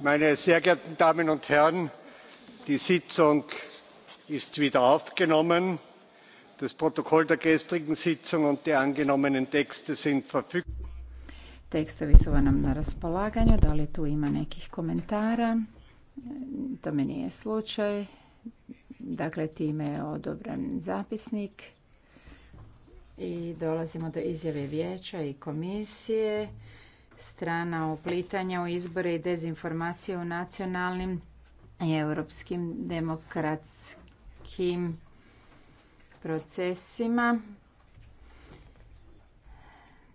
meine sehr geehrten damen und herren! die sitzung ist wieder aufgenommen. das protokoll der gestrigen sitzung und die angenommenen texte sind verfügbar. tekstovi su vam na raspolaganju. da li tu ima nekih komentara? tome nije slučaj. dakle time je odobren zapisnik. i dolazimo do izjave vijeća i komisije strana oplitanja u izbore i dezinformacije u nacionalnim i europskim demokratskim procesima.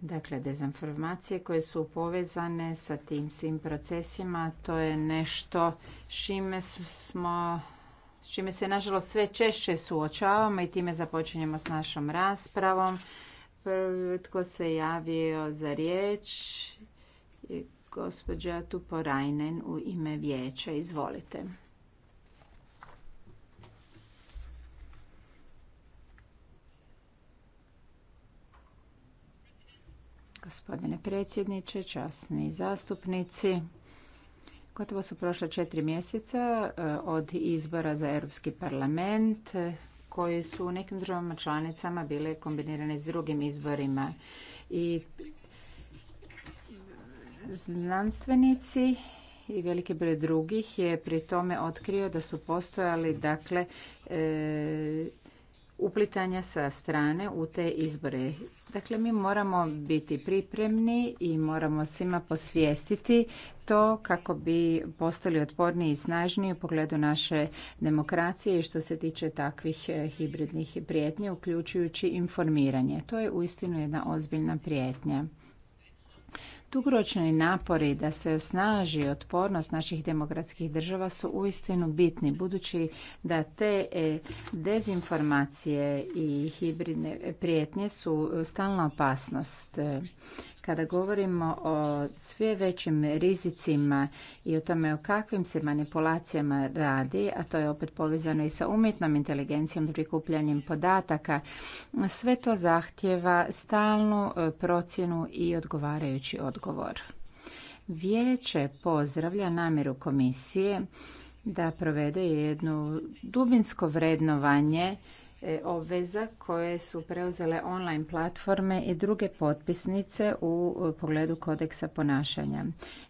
Dakle, dezinformacije koje su povezane sa tim svim procesima, to je nešto čime smo čime se nažalost sve češće suočavamo i time započinjemo s našom raspravom. Prvo, tko se javio za riječ Gospođa Tuporajnen u ime vijeća, izvolite. Gospodine predsjedniče, časni zastupnici, gotovo su prošla četiri mjeseca e, od izbora za Europski parlament e, koji su u nekim državama članicama bile kombinirane s drugim izborima i Znanstvenici i veliki broj drugih je pri tome otkrio da su postojali dakle e, uplitanja sa strane u te izbore. Dakle, mi moramo biti pripremni i moramo svima posvijestiti to kako bi postali otporniji i snažniji u pogledu naše demokracije i što se tiče takvih e, hibridnih prijetnje, uključujući informiranje. To je uistinu jedna ozbiljna prijetnja. Dugoročni napori da se osnaži otpornost naših demokratskih država su uistinu bitni, budući da te e, dezinformacije i hibridne prijetnje su stalna opasnost. Kada govorimo o sve većim rizicima i o tome o kakvim se manipulacijama radi, a to je opet povezano i sa umjetnom inteligencijom, prikupljanjem podataka, sve to zahtjeva stalnu e, procjenu i odgovarajući odgovor. Vijeće pozdravlja namjeru komisije da provede jedno dubinsko vrednovanje E, obveza koje su preuzele online platforme i druge potpisnice u pogledu kodeksa ponašanja.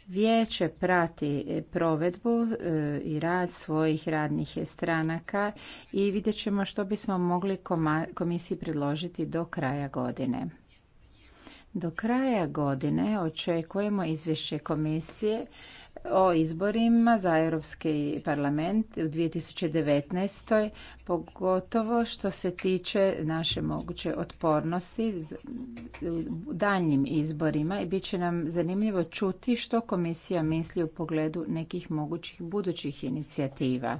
Vijeće prati e, provedbu e, i rad svojih radnih stranaka i vidjet ćemo što bismo mogli komisiji predložiti do kraja godine. Do kraja godine očekujemo izvješće komisije o izborima za Europski parlament u 2019. pogotovo što se tiče naše moguće otpornosti u daljnjim izborima i bit će nam zanimljivo čuti što komisija misli u pogledu nekih mogućih budućih inicijativa.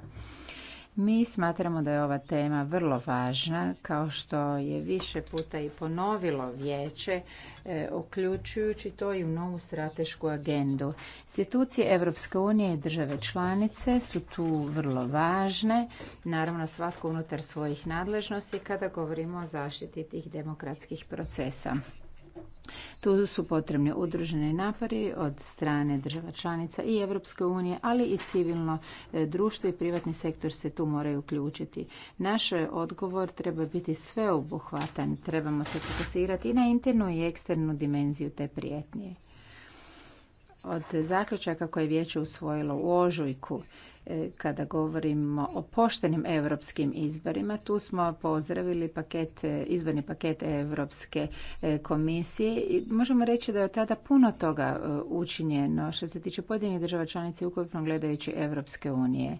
Mi smatramo da je ova tema vrlo važna, kao što je više puta i ponovilo vijeće, e, uključujući to i u novu stratešku agendu. Institucije Europske unije i države članice su tu vrlo važne, naravno svatko unutar svojih nadležnosti kada govorimo o zaštiti tih demokratskih procesa. Tu su potrebni udruženi napori od strane država članica i Europske unije, ali i civilno e, društvo i privatni sektor se tu moraju uključiti. Naš odgovor treba biti sveobuhvatan, trebamo se fokusirati i na internu i eksternu dimenziju te prijetnje. Od zaključaka koje je vijeće usvojilo u ožujku E, kada govorimo o poštenim europskim izborima, tu smo pozdravili paket, e, izborni paket Europske e, komisije i možemo reći da je od tada puno toga učinjeno što se tiče pojedinih država članica ukupno gledajući Europske unije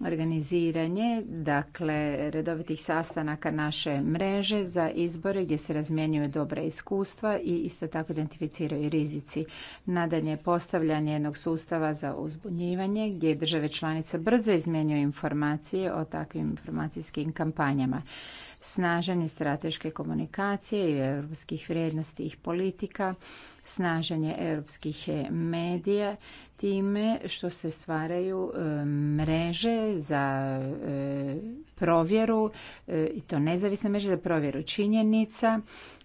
organiziranje dakle redovitih sastanaka naše mreže za izbore gdje se razmjenjuju dobra iskustva i isto tako identificiraju rizici. Nadalje postavljanje jednog sustava za uzbunjivanje gdje države članice brzo izmjenjuju informacije o takvim informacijskim kampanjama. Snažanje strateške komunikacije i europskih vrijednosti i politika, snaženje europskih medija time što se stvaraju e, mreže za e, provjeru e, i to nezavisne mreže za provjeru činjenica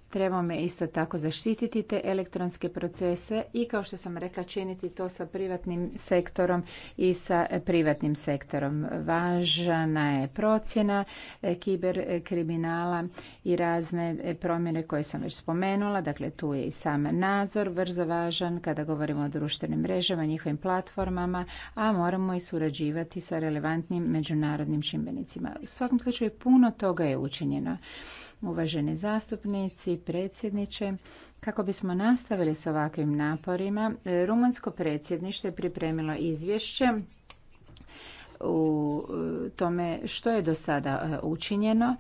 Trebamo isto tako zaštititi te elektronske procese i kao što sam rekla činiti to sa privatnim sektorom i sa privatnim sektorom. Važna je procjena e, kiberkriminala i razne e, promjene koje sam već spomenula. Dakle, tu je i sam nadzor vrzo važan kada govorimo o društvenim mrežama, njihovim platformama, a moramo i surađivati sa relevantnim međunarodnim čimbenicima. U svakom slučaju puno toga je učinjeno uvaženi zastupnici, predsjedniče. Kako bismo nastavili s ovakvim naporima, e, rumunsko predsjedništvo je pripremilo izvješće u e, tome što je do sada e, učinjeno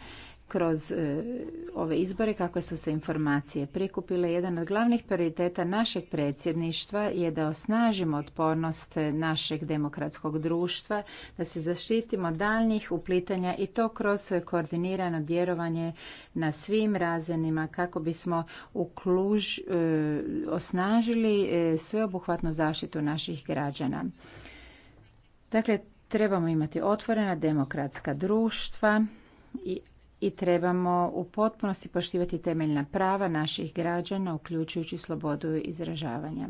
kroz e, ove izbore kakve su se informacije prikupile. Jedan od glavnih prioriteta našeg predsjedništva je da osnažimo otpornost našeg demokratskog društva, da se zaštitimo daljnjih uplitanja i to kroz koordinirano djelovanje na svim razinima kako bismo e, osnažili e, sveobuhvatnu zaštitu naših građana. Dakle, trebamo imati otvorena demokratska društva i i trebamo u potpunosti poštivati temeljna prava naših građana, uključujući slobodu izražavanja.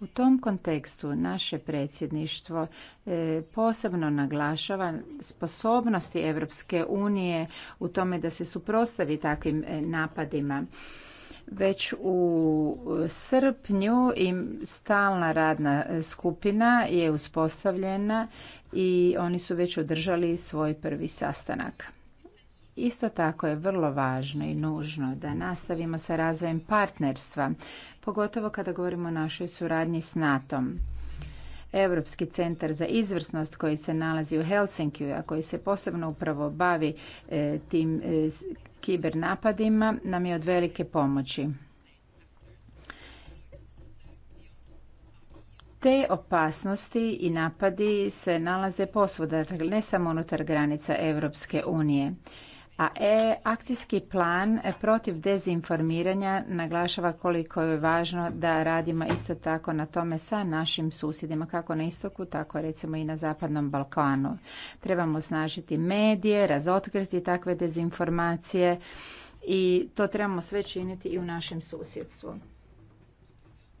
U tom kontekstu naše predsjedništvo e, posebno naglašava sposobnosti Europske unije u tome da se suprotstavi takvim e, napadima. Već u srpnju im stalna radna e, skupina je uspostavljena i oni su već održali svoj prvi sastanak. Isto tako je vrlo važno i nužno da nastavimo sa razvojem partnerstva, pogotovo kada govorimo o našoj suradnji s NATO-om. Europski centar za izvrsnost koji se nalazi u Helsinkiju, a koji se posebno upravo bavi e, tim e, nam je od velike pomoći. Te opasnosti i napadi se nalaze posvuda, dakle, ne samo unutar granica Europske unije a e akcijski plan protiv dezinformiranja naglašava koliko je važno da radimo isto tako na tome sa našim susjedima kako na istoku tako recimo i na zapadnom Balkanu. Trebamo snažiti medije, razotkriti takve dezinformacije i to trebamo sve činiti i u našem susjedstvu.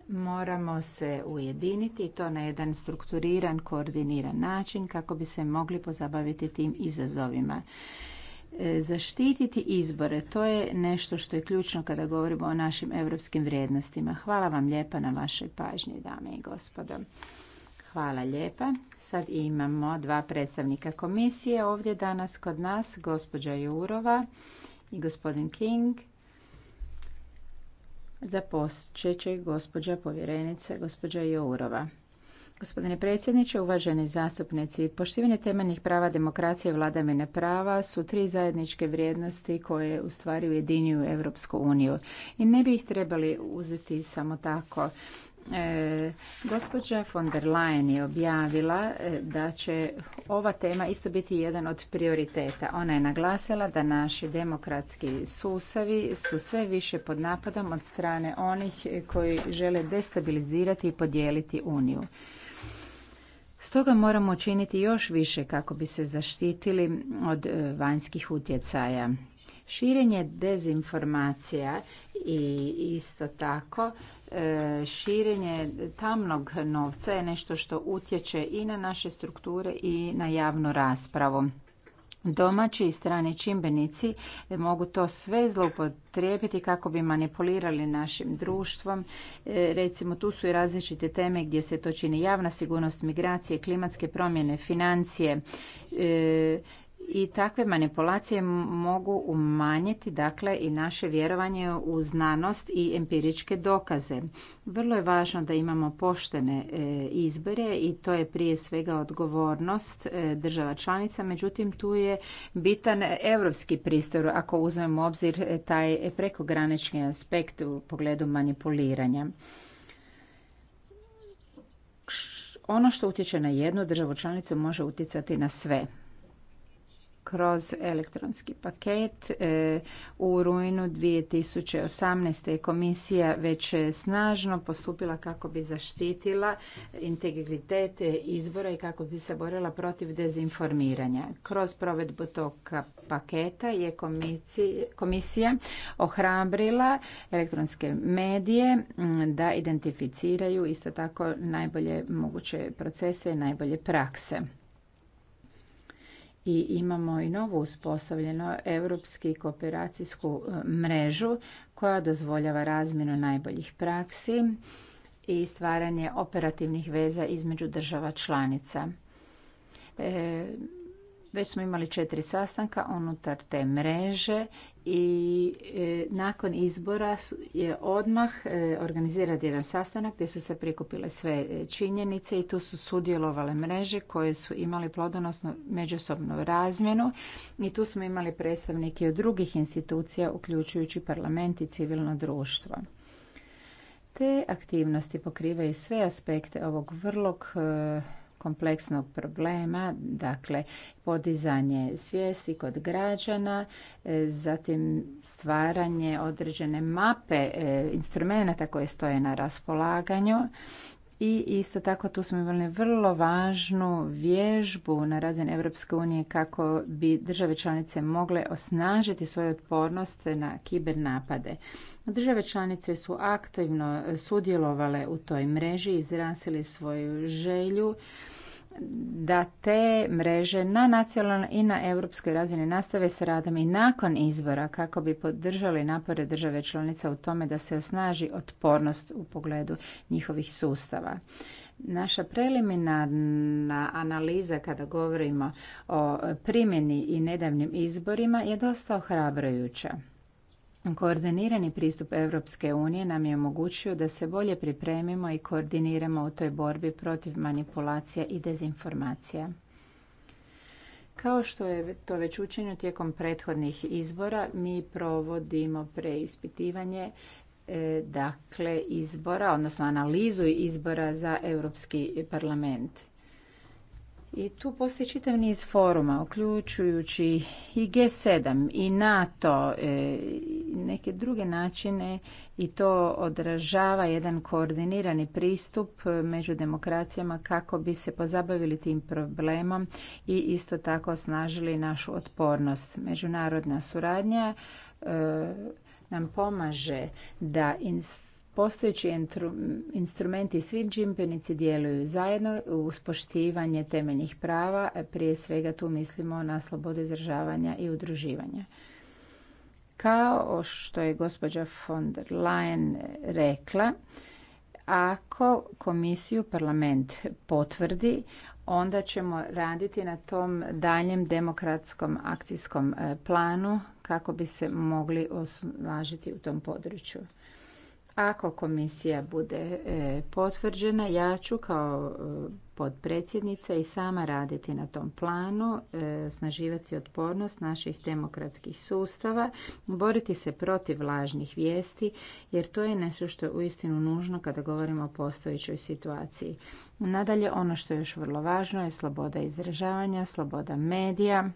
Moramo se ujediniti i to na jedan strukturiran, koordiniran način kako bi se mogli pozabaviti tim izazovima. E, zaštititi izbore. To je nešto što je ključno kada govorimo o našim europskim vrijednostima. Hvala vam lijepa na vašoj pažnji, dame i gospodo. Hvala lijepa. Sad imamo dva predstavnika komisije ovdje danas kod nas, gospođa Jurova i gospodin King. Započet će gospođa povjerenica, gospođa Jourova. Gospodine predsjedniče, uvaženi zastupnici, poštivanje temeljnih prava demokracije i vladavine prava su tri zajedničke vrijednosti koje u stvari ujedinjuju Europsku uniju i ne bi ih trebali uzeti samo tako. E, gospođa von der Leyen je objavila e, da će ova tema isto biti jedan od prioriteta. Ona je naglasila da naši demokratski susavi su sve više pod napadom od strane onih koji žele destabilizirati i podijeliti Uniju. Stoga moramo činiti još više kako bi se zaštitili od e, vanjskih utjecaja. Širenje dezinformacija i isto tako e, širenje tamnog novca je nešto što utječe i na naše strukture i na javnu raspravu domaći i strani čimbenici mogu to sve zloupotrijebiti kako bi manipulirali našim društvom. E, recimo tu su i različite teme gdje se to čini javna sigurnost, migracije, klimatske promjene, financije, e, i takve manipulacije mogu umanjiti dakle i naše vjerovanje u znanost i empiričke dokaze. Vrlo je važno da imamo poštene e, izbore i to je prije svega odgovornost e, država članica, međutim tu je bitan europski pristor ako uzmemo u obzir e, taj prekogranični aspekt u pogledu manipuliranja ono što utječe na jednu državu članicu može utjecati na sve kroz elektronski paket. E, u rujnu 2018. komisija već snažno postupila kako bi zaštitila integritet izbora i kako bi se borila protiv dezinformiranja. Kroz provedbu tog paketa je komisija ohrabrila elektronske medije da identificiraju isto tako najbolje moguće procese i najbolje prakse i imamo i novu uspostavljeno europski kooperacijsku e, mrežu koja dozvoljava razmjenu najboljih praksi i stvaranje operativnih veza između država članica. E, već smo imali četiri sastanka unutar te mreže i e, nakon izbora je odmah e, organiziran jedan sastanak gdje su se prikupile sve e, činjenice i tu su sudjelovale mreže koje su imali plodonosnu međusobnu razmjenu i tu smo imali predstavnike od drugih institucija uključujući parlament i civilno društvo. Te aktivnosti pokrivaju sve aspekte ovog vrlog kompleksnog problema, dakle podizanje svijesti kod građana, e, zatim stvaranje određene mape e, instrumenta koje stoje na raspolaganju i isto tako tu smo imali vrlo važnu vježbu na razini Europske unije kako bi države članice mogle osnažiti svoju otpornost na kiber napade. Države članice su aktivno sudjelovale u toj mreži, izrasili svoju želju da te mreže na nacionalnoj i na europskoj razini nastave s radom i nakon izbora kako bi podržali napore države članica u tome da se osnaži otpornost u pogledu njihovih sustava. Naša preliminarna analiza kada govorimo o primjeni i nedavnim izborima je dosta ohrabrujuća. Koordinirani pristup Europske unije nam je omogućio da se bolje pripremimo i koordiniramo u toj borbi protiv manipulacija i dezinformacija. Kao što je to već učinjeno tijekom prethodnih izbora, mi provodimo preispitivanje e, dakle izbora, odnosno analizu izbora za Europski parlament. I tu postoji čitav niz foruma, uključujući i G7 i NATO, e, neke druge načine i to odražava jedan koordinirani pristup e, među demokracijama kako bi se pozabavili tim problemom i isto tako snažili našu otpornost. Međunarodna suradnja e, nam pomaže da instrumentalno Postojeći instrumenti svi džimpenici djeluju zajedno uz poštivanje temeljnih prava, prije svega tu mislimo na slobodu izražavanja i udruživanja. Kao što je gospođa von der Leyen rekla, ako komisiju parlament potvrdi, onda ćemo raditi na tom daljem demokratskom akcijskom e, planu kako bi se mogli osnažiti u tom području. Ako komisija bude e, potvrđena, ja ću kao e, podpredsjednica i sama raditi na tom planu, e, snaživati otpornost naših demokratskih sustava, boriti se protiv lažnih vijesti, jer to je nešto što je uistinu nužno kada govorimo o postojećoj situaciji. Nadalje, ono što je još vrlo važno je sloboda izražavanja, sloboda medija,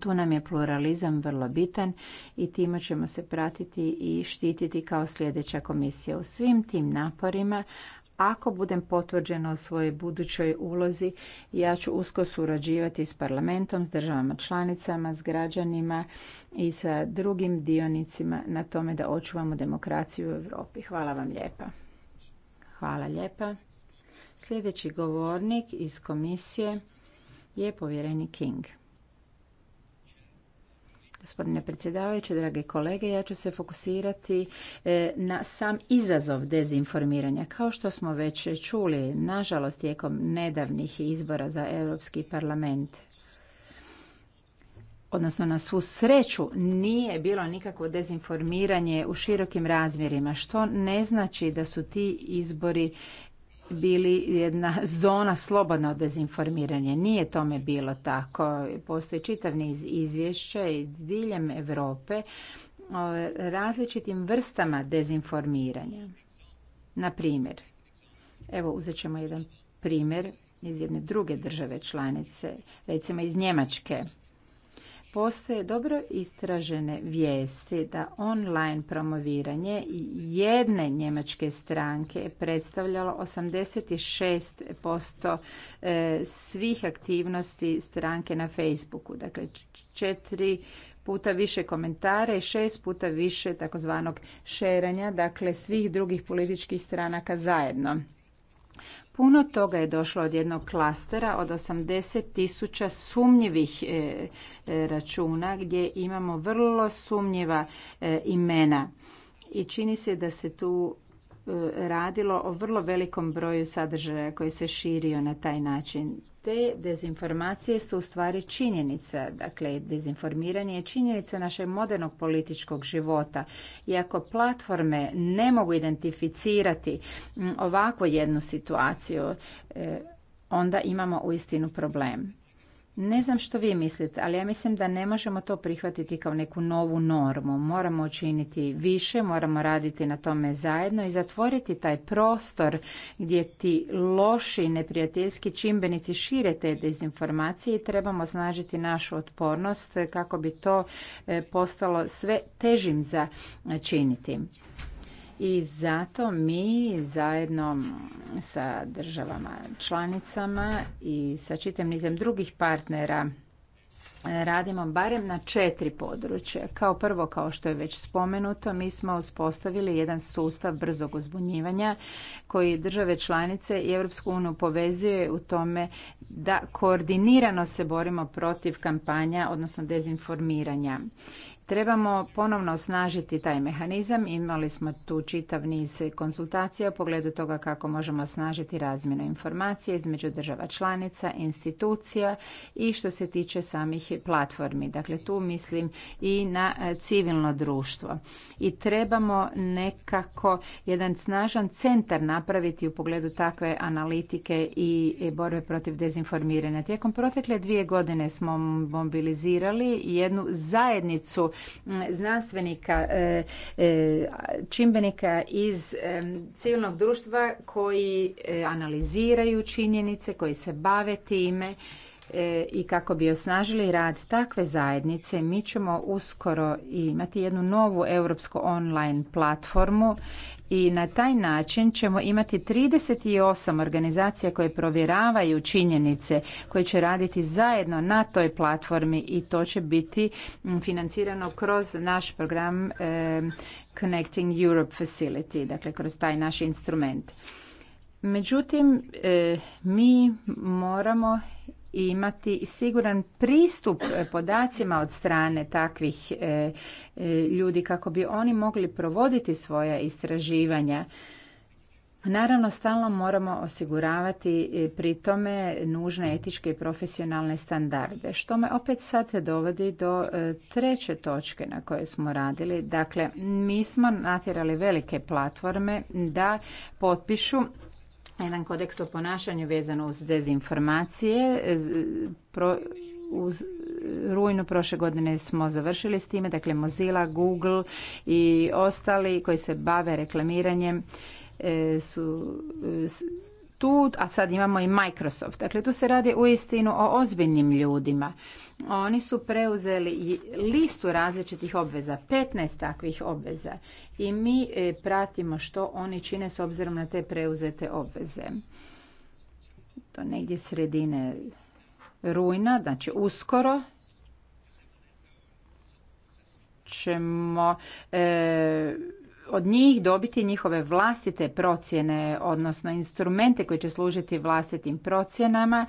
tu nam je pluralizam vrlo bitan i time ćemo se pratiti i štititi kao sljedeća komisija. U svim tim naporima, ako budem potvrđena u svojoj budućoj ulozi, ja ću usko surađivati s parlamentom, s državama članicama, s građanima i sa drugim dionicima na tome da očuvamo demokraciju u Europi. Hvala vam lijepa. Hvala lijepa. Sljedeći govornik iz komisije je povjereni King. Gospodine predsjedavajući, drage kolege, ja ću se fokusirati e, na sam izazov dezinformiranja. Kao što smo već čuli, nažalost, tijekom nedavnih izbora za Europski parlament, odnosno na svu sreću, nije bilo nikakvo dezinformiranje u širokim razmjerima, što ne znači da su ti izbori bili jedna zona slobodna od dezinformiranja. Nije tome bilo tako. Postoji čitav niz izvješća i diljem Europe o različitim vrstama dezinformiranja. Na primjer, evo uzet ćemo jedan primjer iz jedne druge države članice, recimo iz Njemačke. Postoje dobro istražene vijesti da online promoviranje jedne njemačke stranke je predstavljalo 86% e, svih aktivnosti stranke na Facebooku. Dakle, četiri puta više komentara i šest puta više takozvanog šeranja, dakle svih drugih političkih stranaka zajedno. Puno toga je došlo od jednog klastera od 80 tisuća sumnjivih e, e, računa gdje imamo vrlo sumnjiva e, imena. I čini se da se tu radilo o vrlo velikom broju sadržaja koji se širio na taj način. Te dezinformacije su u stvari činjenica, dakle dezinformiranje je činjenica našeg modernog političkog života. I platforme ne mogu identificirati mm, ovakvu jednu situaciju, e, onda imamo uistinu problem. Ne znam što vi mislite, ali ja mislim da ne možemo to prihvatiti kao neku novu normu. Moramo učiniti više, moramo raditi na tome zajedno i zatvoriti taj prostor gdje ti loši neprijateljski čimbenici šire te dezinformacije i trebamo snažiti našu otpornost kako bi to e, postalo sve težim za e, činiti i zato mi zajedno sa državama članicama i sa čitim nizem drugih partnera radimo barem na četiri područja. Kao prvo, kao što je već spomenuto, mi smo uspostavili jedan sustav brzog uzbunjivanja koji države članice i Europsku uniju povezuje u tome da koordinirano se borimo protiv kampanja, odnosno dezinformiranja. Trebamo ponovno osnažiti taj mehanizam. Imali smo tu čitav niz konsultacija u pogledu toga kako možemo osnažiti razmjenu informacije između država članica, institucija i što se tiče samih platformi. Dakle, tu mislim i na e, civilno društvo. I trebamo nekako jedan snažan centar napraviti u pogledu takve analitike i e, borbe protiv dezinformiranja. Tijekom protekle dvije godine smo mobilizirali jednu zajednicu znanstvenika, e, e, čimbenika iz e, civilnog društva koji analiziraju činjenice, koji se bave time i kako bi osnažili rad takve zajednice, mi ćemo uskoro imati jednu novu europsku online platformu i na taj način ćemo imati 38 organizacija koje provjeravaju činjenice koje će raditi zajedno na toj platformi i to će biti mm, financirano kroz naš program Connecting Europe Facility, dakle kroz taj naš instrument. Međutim, eh, mi moramo imati siguran pristup e, podacima od strane takvih e, e, ljudi kako bi oni mogli provoditi svoja istraživanja. Naravno, stalno moramo osiguravati pri tome nužne etičke i profesionalne standarde, što me opet sad dovodi do treće točke na kojoj smo radili. Dakle, mi smo natjerali velike platforme da potpišu jedan kodeks o ponašanju vezano uz dezinformacije. Pro, uz rujnu prošle godine smo završili s time, dakle Mozilla, Google i ostali koji se bave reklamiranjem e, su tu, a sad imamo i Microsoft. Dakle, tu se radi u istinu o ozbiljnim ljudima. Oni su preuzeli listu različitih obveza, 15 takvih obveza i mi e, pratimo što oni čine s obzirom na te preuzete obveze. To negdje sredine rujna, znači uskoro ćemo e, od njih dobiti njihove vlastite procjene, odnosno instrumente koji će služiti vlastitim procjenama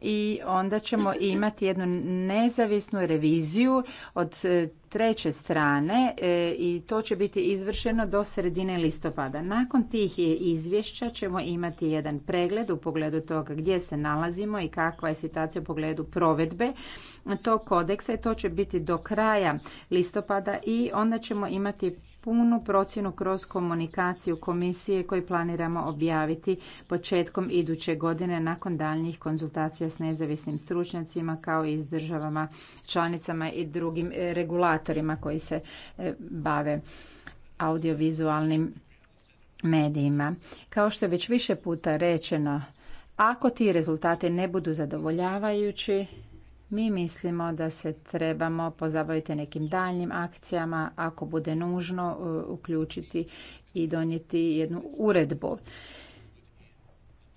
i onda ćemo imati jednu nezavisnu reviziju od e, treće strane e, i to će biti izvršeno do sredine listopada. Nakon tih izvješća ćemo imati jedan pregled u pogledu toga gdje se nalazimo i kakva je situacija u pogledu provedbe tog kodeksa i to će biti do kraja listopada i onda ćemo imati punu procjenu kroz komunikaciju komisije koju planiramo objaviti početkom iduće godine nakon daljnjih konzultacija s nezavisnim stručnjacima kao i s državama, članicama i drugim e, regulatorima koji se e, bave audiovizualnim medijima. Kao što je već više puta rečeno, ako ti rezultati ne budu zadovoljavajući, mi mislimo da se trebamo pozabaviti nekim daljnjim akcijama, ako bude nužno e, uključiti i donijeti jednu uredbu.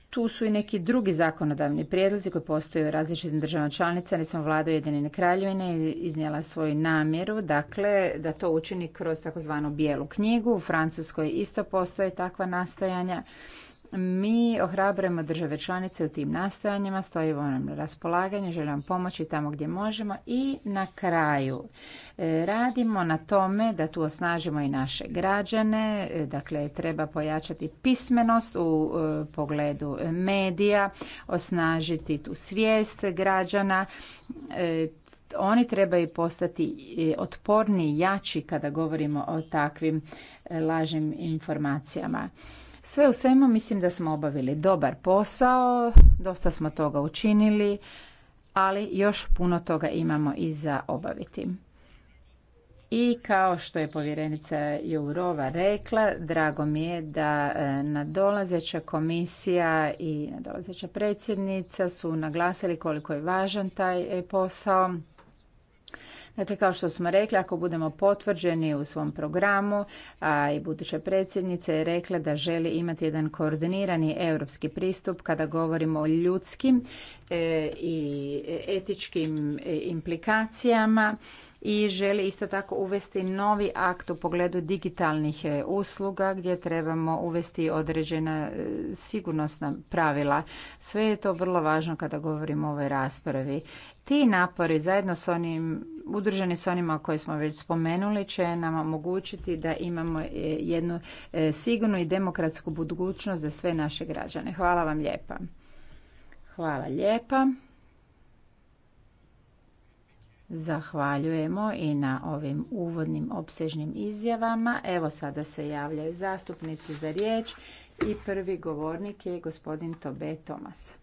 Tu su i neki drugi zakonodavni prijedlozi koji postoje u različitim državama članica, recimo vlada Ujedinjene kraljevine iznijela svoju namjeru, dakle da to učini kroz takozvanu bijelu knjigu, u Francuskoj isto postoje takva nastojanja mi ohrabrujemo države članice u tim nastojanjima, stojimo nam na raspolaganju, želimo vam pomoći tamo gdje možemo i na kraju e, radimo na tome da tu osnažimo i naše građane, e, dakle treba pojačati pismenost u e, pogledu medija, osnažiti tu svijest građana, oni trebaju postati otporniji, jači kada govorimo o takvim lažnim informacijama. Sve u svemu mislim da smo obavili dobar posao, dosta smo toga učinili, ali još puno toga imamo i za obaviti. I kao što je povjerenica Jurova rekla, drago mi je da e, nadolazeća komisija i nadolazeća predsjednica su naglasili koliko je važan taj e, posao Dakle, kao što smo rekli, ako budemo potvrđeni u svom programu, a i buduća predsjednica je rekla da želi imati jedan koordinirani europski pristup kada govorimo o ljudskim e, i etičkim e, implikacijama i želi isto tako uvesti novi akt u pogledu digitalnih e, usluga gdje trebamo uvesti određena e, sigurnosna pravila. Sve je to vrlo važno kada govorimo o ovoj raspravi. Ti napori zajedno s onim udruženi s onima koje smo već spomenuli će nam omogućiti da imamo e, jednu sigurnu i demokratsku budućnost za sve naše građane. Hvala vam lijepa. Hvala lijepa. Zahvaljujemo i na ovim uvodnim opsežnim izjavama. Evo sada se javljaju zastupnici za riječ i prvi govornik je gospodin Tobe Tomas.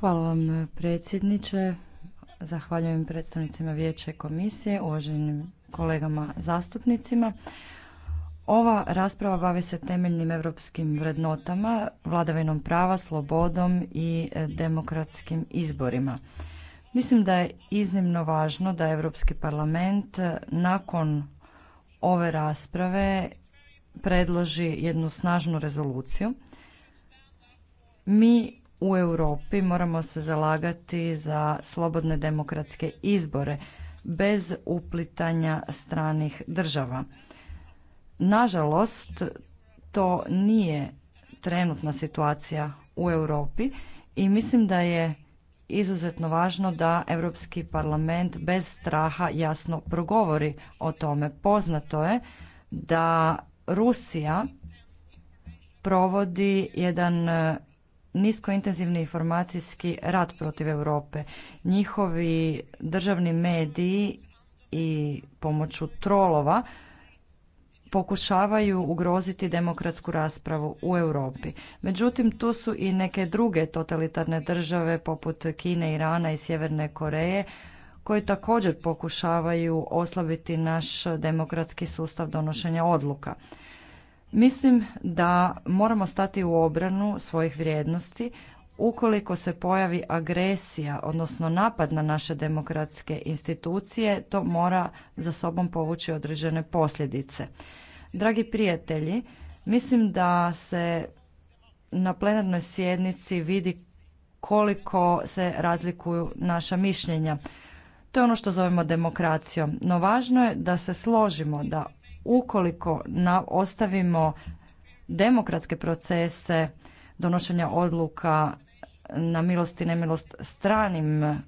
Hvala vam predsjedniče. Zahvaljujem predstavnicima Vijeća komisije, uvaženim kolegama zastupnicima. Ova rasprava bavi se temeljnim europskim vrednotama, vladavinom prava, slobodom i e, demokratskim izborima. Mislim da je iznimno važno da Europski parlament e, nakon ove rasprave predloži jednu snažnu rezoluciju. Mi u Europi moramo se zalagati za slobodne demokratske izbore bez uplitanja stranih država. Nažalost, to nije trenutna situacija u Europi i mislim da je izuzetno važno da Europski parlament bez straha jasno progovori o tome. Poznato je da Rusija provodi jedan niskointenzivni informacijski rat protiv Europe. Njihovi državni mediji i pomoću trolova pokušavaju ugroziti demokratsku raspravu u Europi. Međutim, tu su i neke druge totalitarne države poput Kine, Irana i Sjeverne Koreje koji također pokušavaju oslabiti naš demokratski sustav donošenja odluka. Mislim da moramo stati u obranu svojih vrijednosti ukoliko se pojavi agresija, odnosno napad na naše demokratske institucije, to mora za sobom povući određene posljedice. Dragi prijatelji, mislim da se na plenarnoj sjednici vidi koliko se razlikuju naša mišljenja. To je ono što zovemo demokracijom. No važno je da se složimo da ukoliko na, ostavimo demokratske procese donošenja odluka na milost i nemilost stranim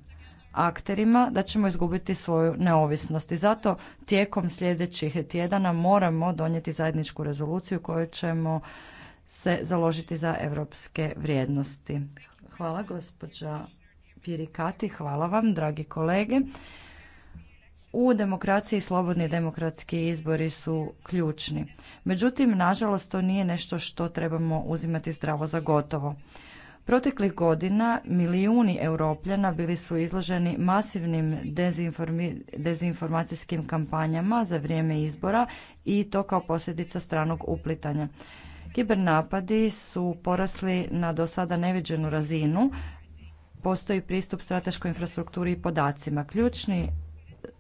akterima, da ćemo izgubiti svoju neovisnost. I zato tijekom sljedećih tjedana moramo donijeti zajedničku rezoluciju koju ćemo se založiti za europske vrijednosti. Hvala gospođa Pirikati, hvala vam dragi kolege u demokraciji slobodni demokratski izbori su ključni. Međutim, nažalost, to nije nešto što trebamo uzimati zdravo za gotovo. Proteklih godina milijuni europljana bili su izloženi masivnim dezinformacijskim kampanjama za vrijeme izbora i to kao posljedica stranog uplitanja. Kibernapadi su porasli na do sada neviđenu razinu, postoji pristup strateškoj infrastrukturi i podacima. Ključni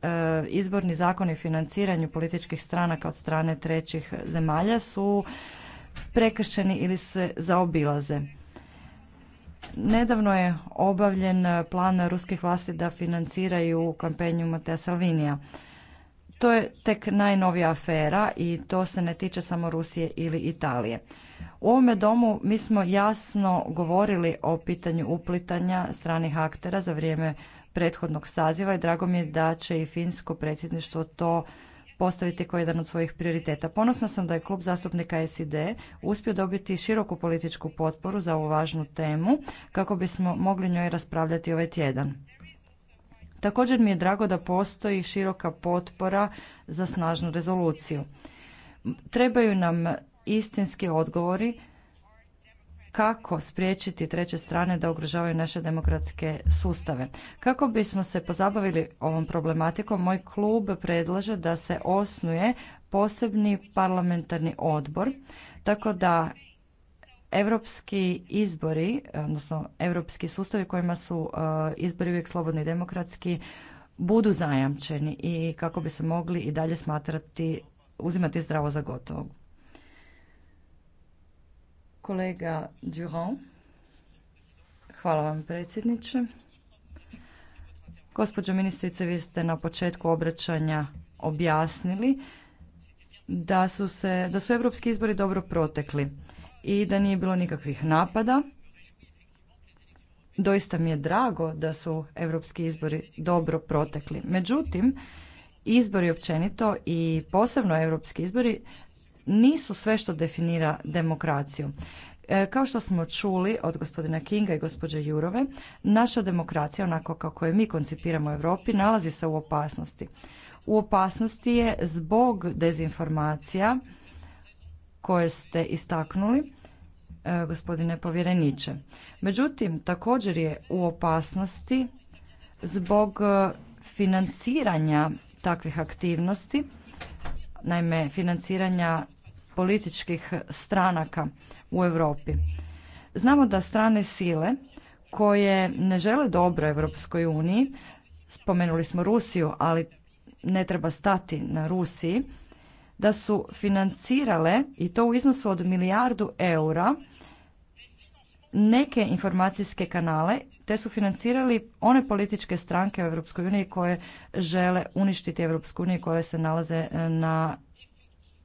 E, izborni zakoni o financiranju političkih stranaka od strane trećih zemalja su prekršeni ili se zaobilaze. Nedavno je obavljen plan ruskih vlasti da financiraju kampenju Matea Salvinija. To je tek najnovija afera i to se ne tiče samo Rusije ili Italije. U ovome domu mi smo jasno govorili o pitanju uplitanja stranih aktera za vrijeme prethodnog saziva i drago mi je da će i finsko predsjedništvo to postaviti kao jedan od svojih prioriteta. Ponosna sam da je klub zastupnika SID uspio dobiti široku političku potporu za ovu važnu temu kako bismo mogli njoj raspravljati ovaj tjedan. Također mi je drago da postoji široka potpora za snažnu rezoluciju. Trebaju nam istinski odgovori kako spriječiti treće strane da ugrožavaju naše demokratske sustave. Kako bismo se pozabavili ovom problematikom, moj klub predlaže da se osnuje posebni parlamentarni odbor, tako da europski izbori, odnosno europski sustavi kojima su e, izbori uvijek slobodni i demokratski, budu zajamčeni i kako bi se mogli i dalje smatrati, uzimati zdravo za gotovo. Kolega Durand. Hvala vam predsjedniče. Gospođo ministrice, vi ste na početku obraćanja objasnili da su, se, da su europski izbori dobro protekli i da nije bilo nikakvih napada. Doista mi je drago da su europski izbori dobro protekli. Međutim, izbori općenito i posebno europski izbori nisu sve što definira demokraciju. E, kao što smo čuli od gospodina Kinga i gospođe Jurove, naša demokracija, onako kako je mi koncipiramo u Europi, nalazi se u opasnosti. U opasnosti je zbog dezinformacija koje ste istaknuli, e, gospodine povjereniče. Međutim, također je u opasnosti zbog e, financiranja takvih aktivnosti, naime financiranja političkih stranaka u Europi. Znamo da strane sile koje ne žele dobro Europskoj uniji, spomenuli smo Rusiju, ali ne treba stati na Rusiji, da su financirale i to u iznosu od milijardu eura neke informacijske kanale te su financirali one političke stranke u Europskoj uniji koje žele uništiti Europsku uniju koje se nalaze e, na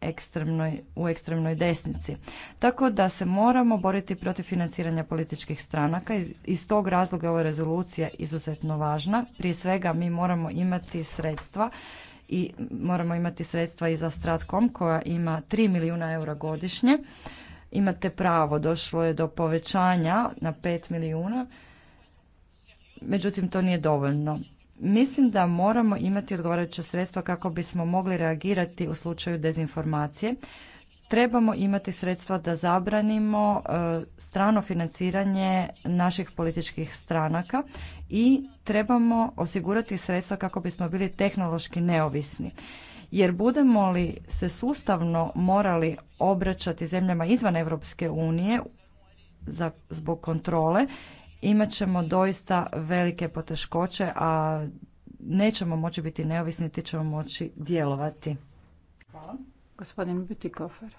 ekstremnoj, u ekstremnoj desnici. Tako da se moramo boriti protiv financiranja političkih stranaka. Iz, iz tog razloga je ova rezolucija izuzetno važna. Prije svega mi moramo imati sredstva i moramo imati sredstva i za Stratkom koja ima 3 milijuna eura godišnje. Imate pravo, došlo je do povećanja na 5 milijuna. Međutim, to nije dovoljno. Mislim da moramo imati odgovarajuća sredstva kako bismo mogli reagirati u slučaju dezinformacije. Trebamo imati sredstva da zabranimo e, strano financiranje naših političkih stranaka i trebamo osigurati sredstva kako bismo bili tehnološki neovisni. Jer budemo li se sustavno morali obraćati zemljama izvan Europske unije zbog kontrole, imat ćemo doista velike poteškoće, a nećemo moći biti neovisni, ti ćemo moći djelovati. Hvala. Gospodin Butikofer.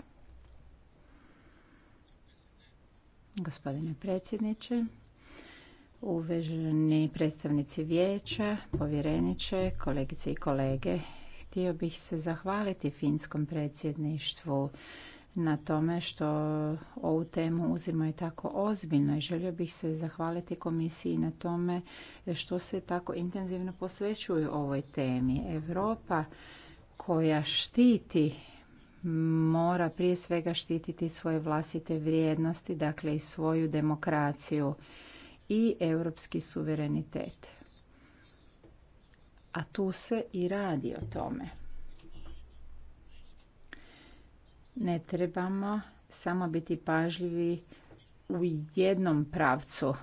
Gospodine predsjedniče, uveženi predstavnici vijeća, povjereniče, kolegice i kolege. Htio bih se zahvaliti finskom predsjedništvu na tome što ovu temu uzimaju tako ozbiljno i želio bih se zahvaliti komisiji na tome što se tako intenzivno posvećuju ovoj temi. Europa koja štiti mora prije svega štititi svoje vlastite vrijednosti, dakle i svoju demokraciju i europski suverenitet. A tu se i radi o tome. ne trebamo samo biti pažljivi u jednom pravcu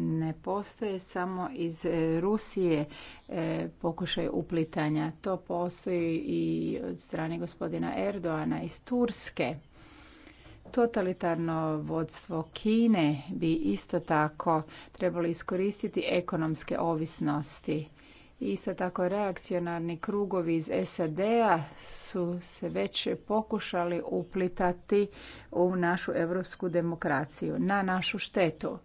ne postoje samo iz Rusije e, pokušaj uplitanja. To postoji i od strane gospodina Erdoana iz Turske. Totalitarno vodstvo Kine bi isto tako trebalo iskoristiti ekonomske ovisnosti Isto tako reakcionarni krugovi iz SAD-a su se već pokušali uplitati u našu europsku demokraciju na našu štetu.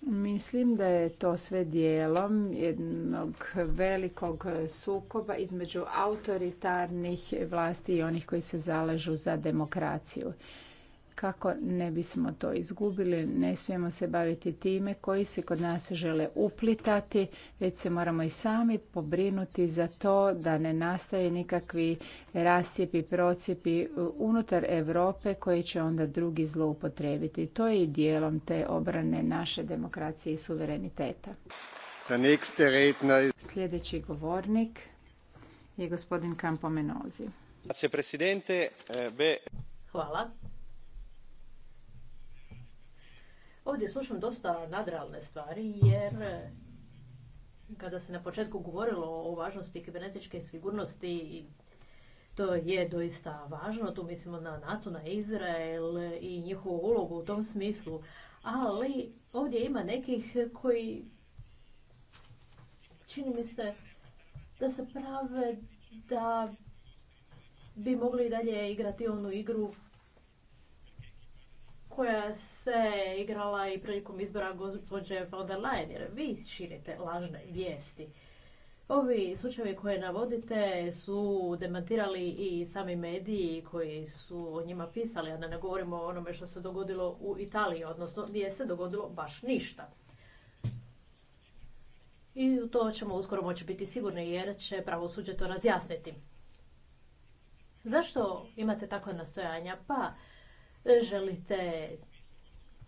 Mislim da je to sve dijelom jednog velikog sukoba između autoritarnih vlasti i onih koji se zalažu za demokraciju kako ne bismo to izgubili, ne smijemo se baviti time koji se kod nas žele uplitati, već se moramo i sami pobrinuti za to da ne nastaje nikakvi rascijepi, procijepi unutar Europe koji će onda drugi zloupotrebiti. To je i dijelom te obrane naše demokracije i suvereniteta. Sljedeći govornik je gospodin Kampomenozi. Eh, Hvala. Ovdje slušam dosta nadrealne stvari jer e, kada se na početku govorilo o važnosti kibernetičke sigurnosti, to je doista važno, tu mislimo na NATO, na Izrael i njihovu ulogu u tom smislu, ali ovdje ima nekih koji čini mi se da se prave da bi mogli dalje igrati onu igru koja se igrala i prilikom izbora gospođe von der Leyen, jer vi širite lažne vijesti. Ovi slučajevi koje navodite su demantirali i sami mediji koji su o njima pisali, a da ne govorimo o onome što se dogodilo u Italiji, odnosno nije se dogodilo baš ništa. I u to ćemo uskoro moći biti sigurni jer će pravosuđe to razjasniti. Zašto imate takva nastojanja? Pa želite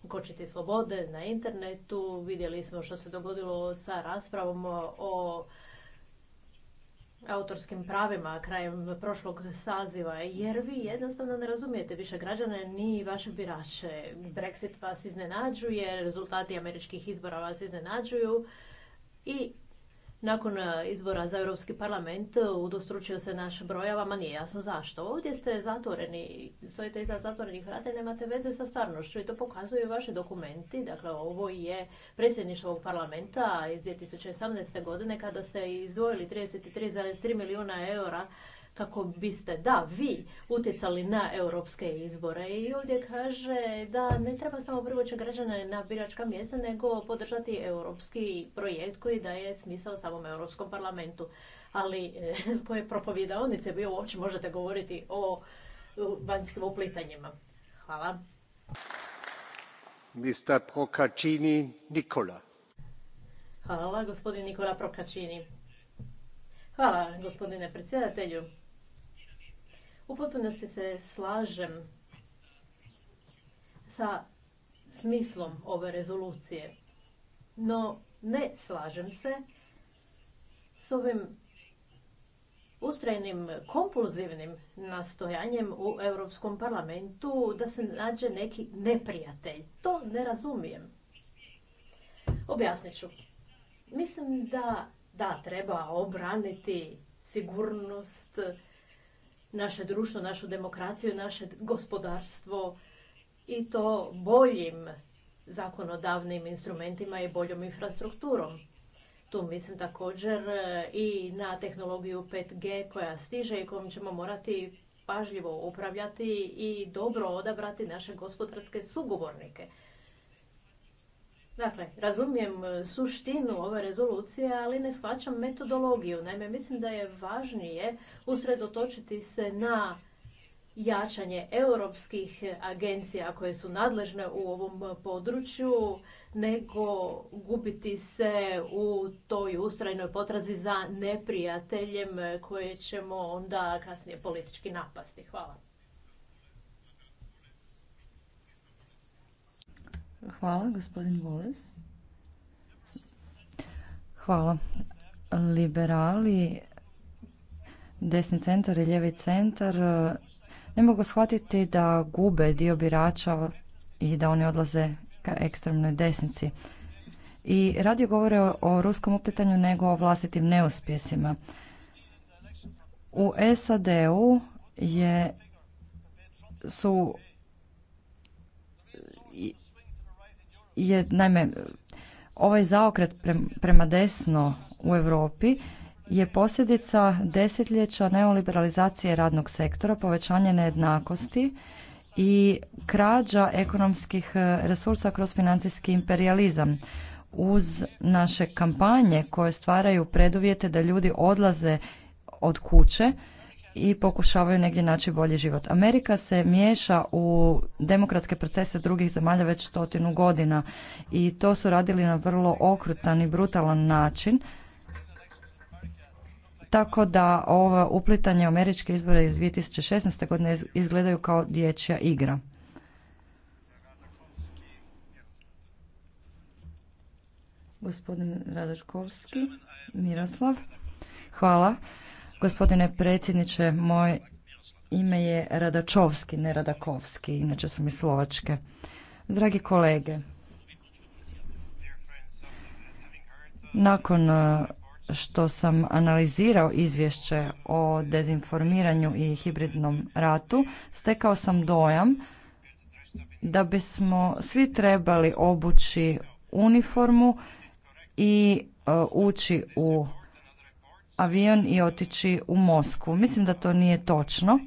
kočiti slobode na internetu. Vidjeli smo što se dogodilo sa raspravom o autorskim pravima krajem prošlog saziva, jer vi jednostavno ne razumijete više građane ni vaše birače. Brexit vas iznenađuje, rezultati američkih izbora vas iznenađuju i nakon e, izbora za Europski parlament e, udostručio se naš vama nije jasno zašto. Ovdje ste zatvoreni, stojite iza zatvorenih vrata i nemate veze sa stvarnošću i to pokazuju vaši dokumenti. Dakle, ovo je predsjedništvo ovog parlamenta iz 2018. godine kada ste izdvojili 33,3 milijuna eura kako biste, da, vi utjecali na europske izbore. I ovdje kaže da ne treba samo privući građane na biračka mjesta, nego podržati europski projekt koji daje smisao samom Europskom parlamentu. Ali e, s koje propovidaonice vi uopće možete govoriti o vanjskim uplitanjima. Hvala. Mr. Procaccini Nikola. Hvala, gospodin Nikola Procaccini. Hvala, gospodine predsjedatelju. U potpunosti se slažem sa smislom ove rezolucije, no ne slažem se s ovim ustrajnim kompulzivnim nastojanjem u Europskom parlamentu da se nađe neki neprijatelj. To ne razumijem. Objasnit ću. Mislim da, da treba obraniti sigurnost naše društvo, našu demokraciju, naše gospodarstvo i to boljim zakonodavnim instrumentima i boljom infrastrukturom. Tu mislim također e, i na tehnologiju 5G koja stiže i kojom ćemo morati pažljivo upravljati i dobro odabrati naše gospodarske sugovornike. Dakle, razumijem e, suštinu ove rezolucije, ali ne shvaćam metodologiju. Naime, mislim da je važnije usredotočiti se na jačanje europskih agencija koje su nadležne u ovom području, nego gubiti se u toj ustrajnoj potrazi za neprijateljem koje ćemo onda kasnije politički napasti. Hvala. Hvala, gospodin Voles. Hvala. Liberali, desni centar i ljevi centar ne mogu shvatiti da gube dio birača i da oni odlaze ka ekstremnoj desnici. I radije govore o, ruskom upitanju nego o vlastitim neuspjesima. U SAD-u je su je, naime, ovaj zaokret prema desno u Europi je posljedica desetljeća neoliberalizacije radnog sektora, povećanje nejednakosti i krađa ekonomskih e, resursa kroz financijski imperializam uz naše kampanje koje stvaraju preduvjete da ljudi odlaze od kuće i pokušavaju negdje naći bolji život. Amerika se miješa u demokratske procese drugih zemalja već stotinu godina i to su radili na vrlo okrutan i brutalan način. Tako da ova uplitanje američke izbore iz 2016. godine izgledaju kao dječja igra. Gospodin Radaškovski, Miroslav. Hvala. Gospodine predsjedniče, moje ime je Radačovski, ne Radakovski, inače sam iz Slovačke. Dragi kolege, nakon e, što sam analizirao izvješće o dezinformiranju i hibridnom ratu, stekao sam dojam da bismo svi trebali obući uniformu i e, ući u avion i otići u Mosku. Mislim da to nije točno.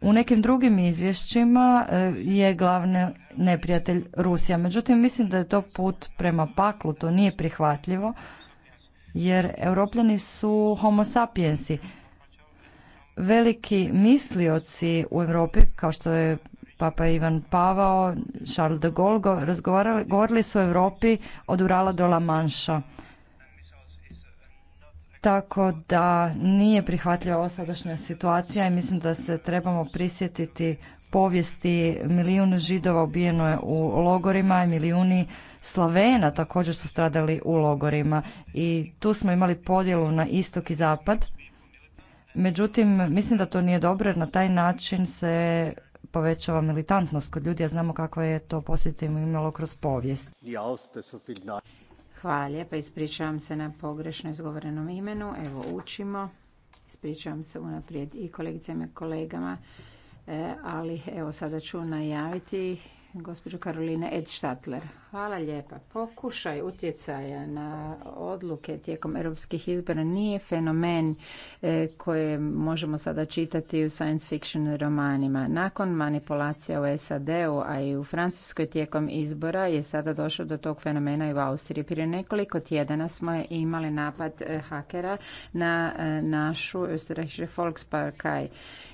U nekim drugim izvješćima e, je glavni neprijatelj Rusija. Međutim, mislim da je to put prema paklu, to nije prihvatljivo, jer europljani su homo sapiensi. Veliki mislioci u Europi, kao što je Papa Ivan Pavao, Charles de Gaulle, govorili su o Europi od Urala do La Manša tako da nije prihvatljiva osadašnja situacija i mislim da se trebamo prisjetiti povijesti milijun židova ubijeno je u logorima i milijuni Slavena također su stradali u logorima i tu smo imali podjelu na istok i zapad. Međutim, mislim da to nije dobro jer na taj način se povećava militantnost kod ljudi, a znamo kakva je to posljedica imalo kroz povijest. Hvala lijepa, ispričavam se na pogrešno izgovorenom imenu. Evo učimo, ispričavam se unaprijed i kolegicama i kolegama, e, ali evo sada ću najaviti gospođo Karolina Ed Hvala lijepa. Pokušaj utjecaja na odluke tijekom europskih izbora nije fenomen e, koje možemo sada čitati u science fiction romanima. Nakon manipulacija u SAD-u, a i u Francuskoj tijekom izbora je sada došlo do tog fenomena i u Austriji. Prije nekoliko tjedana smo imali napad e, hakera na e, našu Österreichische Volksparkaj.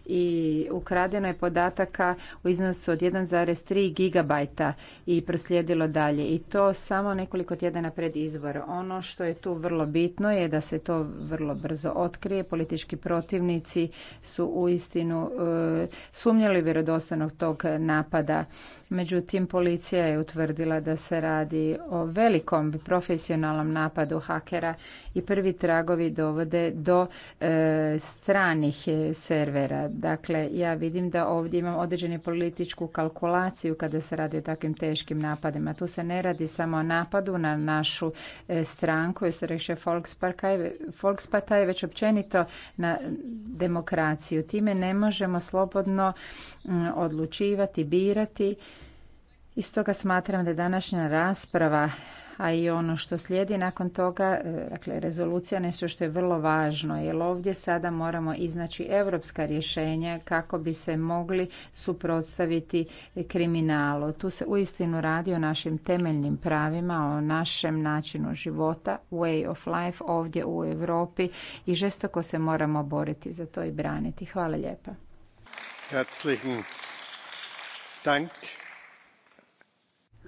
i ukradeno je podataka u iznosu od 1,3 giga gigabajta i proslijedilo dalje i to samo nekoliko tjedana pred izbor. Ono što je tu vrlo bitno je da se to vrlo brzo otkrije. Politički protivnici su uistinu e, sumnjali vjerodostojnog tog napada. Međutim, policija je utvrdila da se radi o velikom profesionalnom napadu hakera i prvi tragovi dovode do e, stranih servera. Dakle, ja vidim da ovdje imam određenu političku kalkulaciju kada se radi o takvim teškim napadima. Tu se ne radi samo o napadu na našu e, stranku, jer se reše Volksparta je već općenito na demokraciju. Time ne možemo slobodno odlučivati, birati i stoga smatram da je današnja rasprava a i ono što slijedi nakon toga, e, dakle rezolucija nešto što je vrlo važno, jer ovdje sada moramo iznaći europska rješenja kako bi se mogli suprotstaviti kriminalu. Tu se uistinu radi o našim temeljnim pravima, o našem načinu života, way of life ovdje u Europi i žestoko se moramo boriti za to i braniti. Hvala lijepa.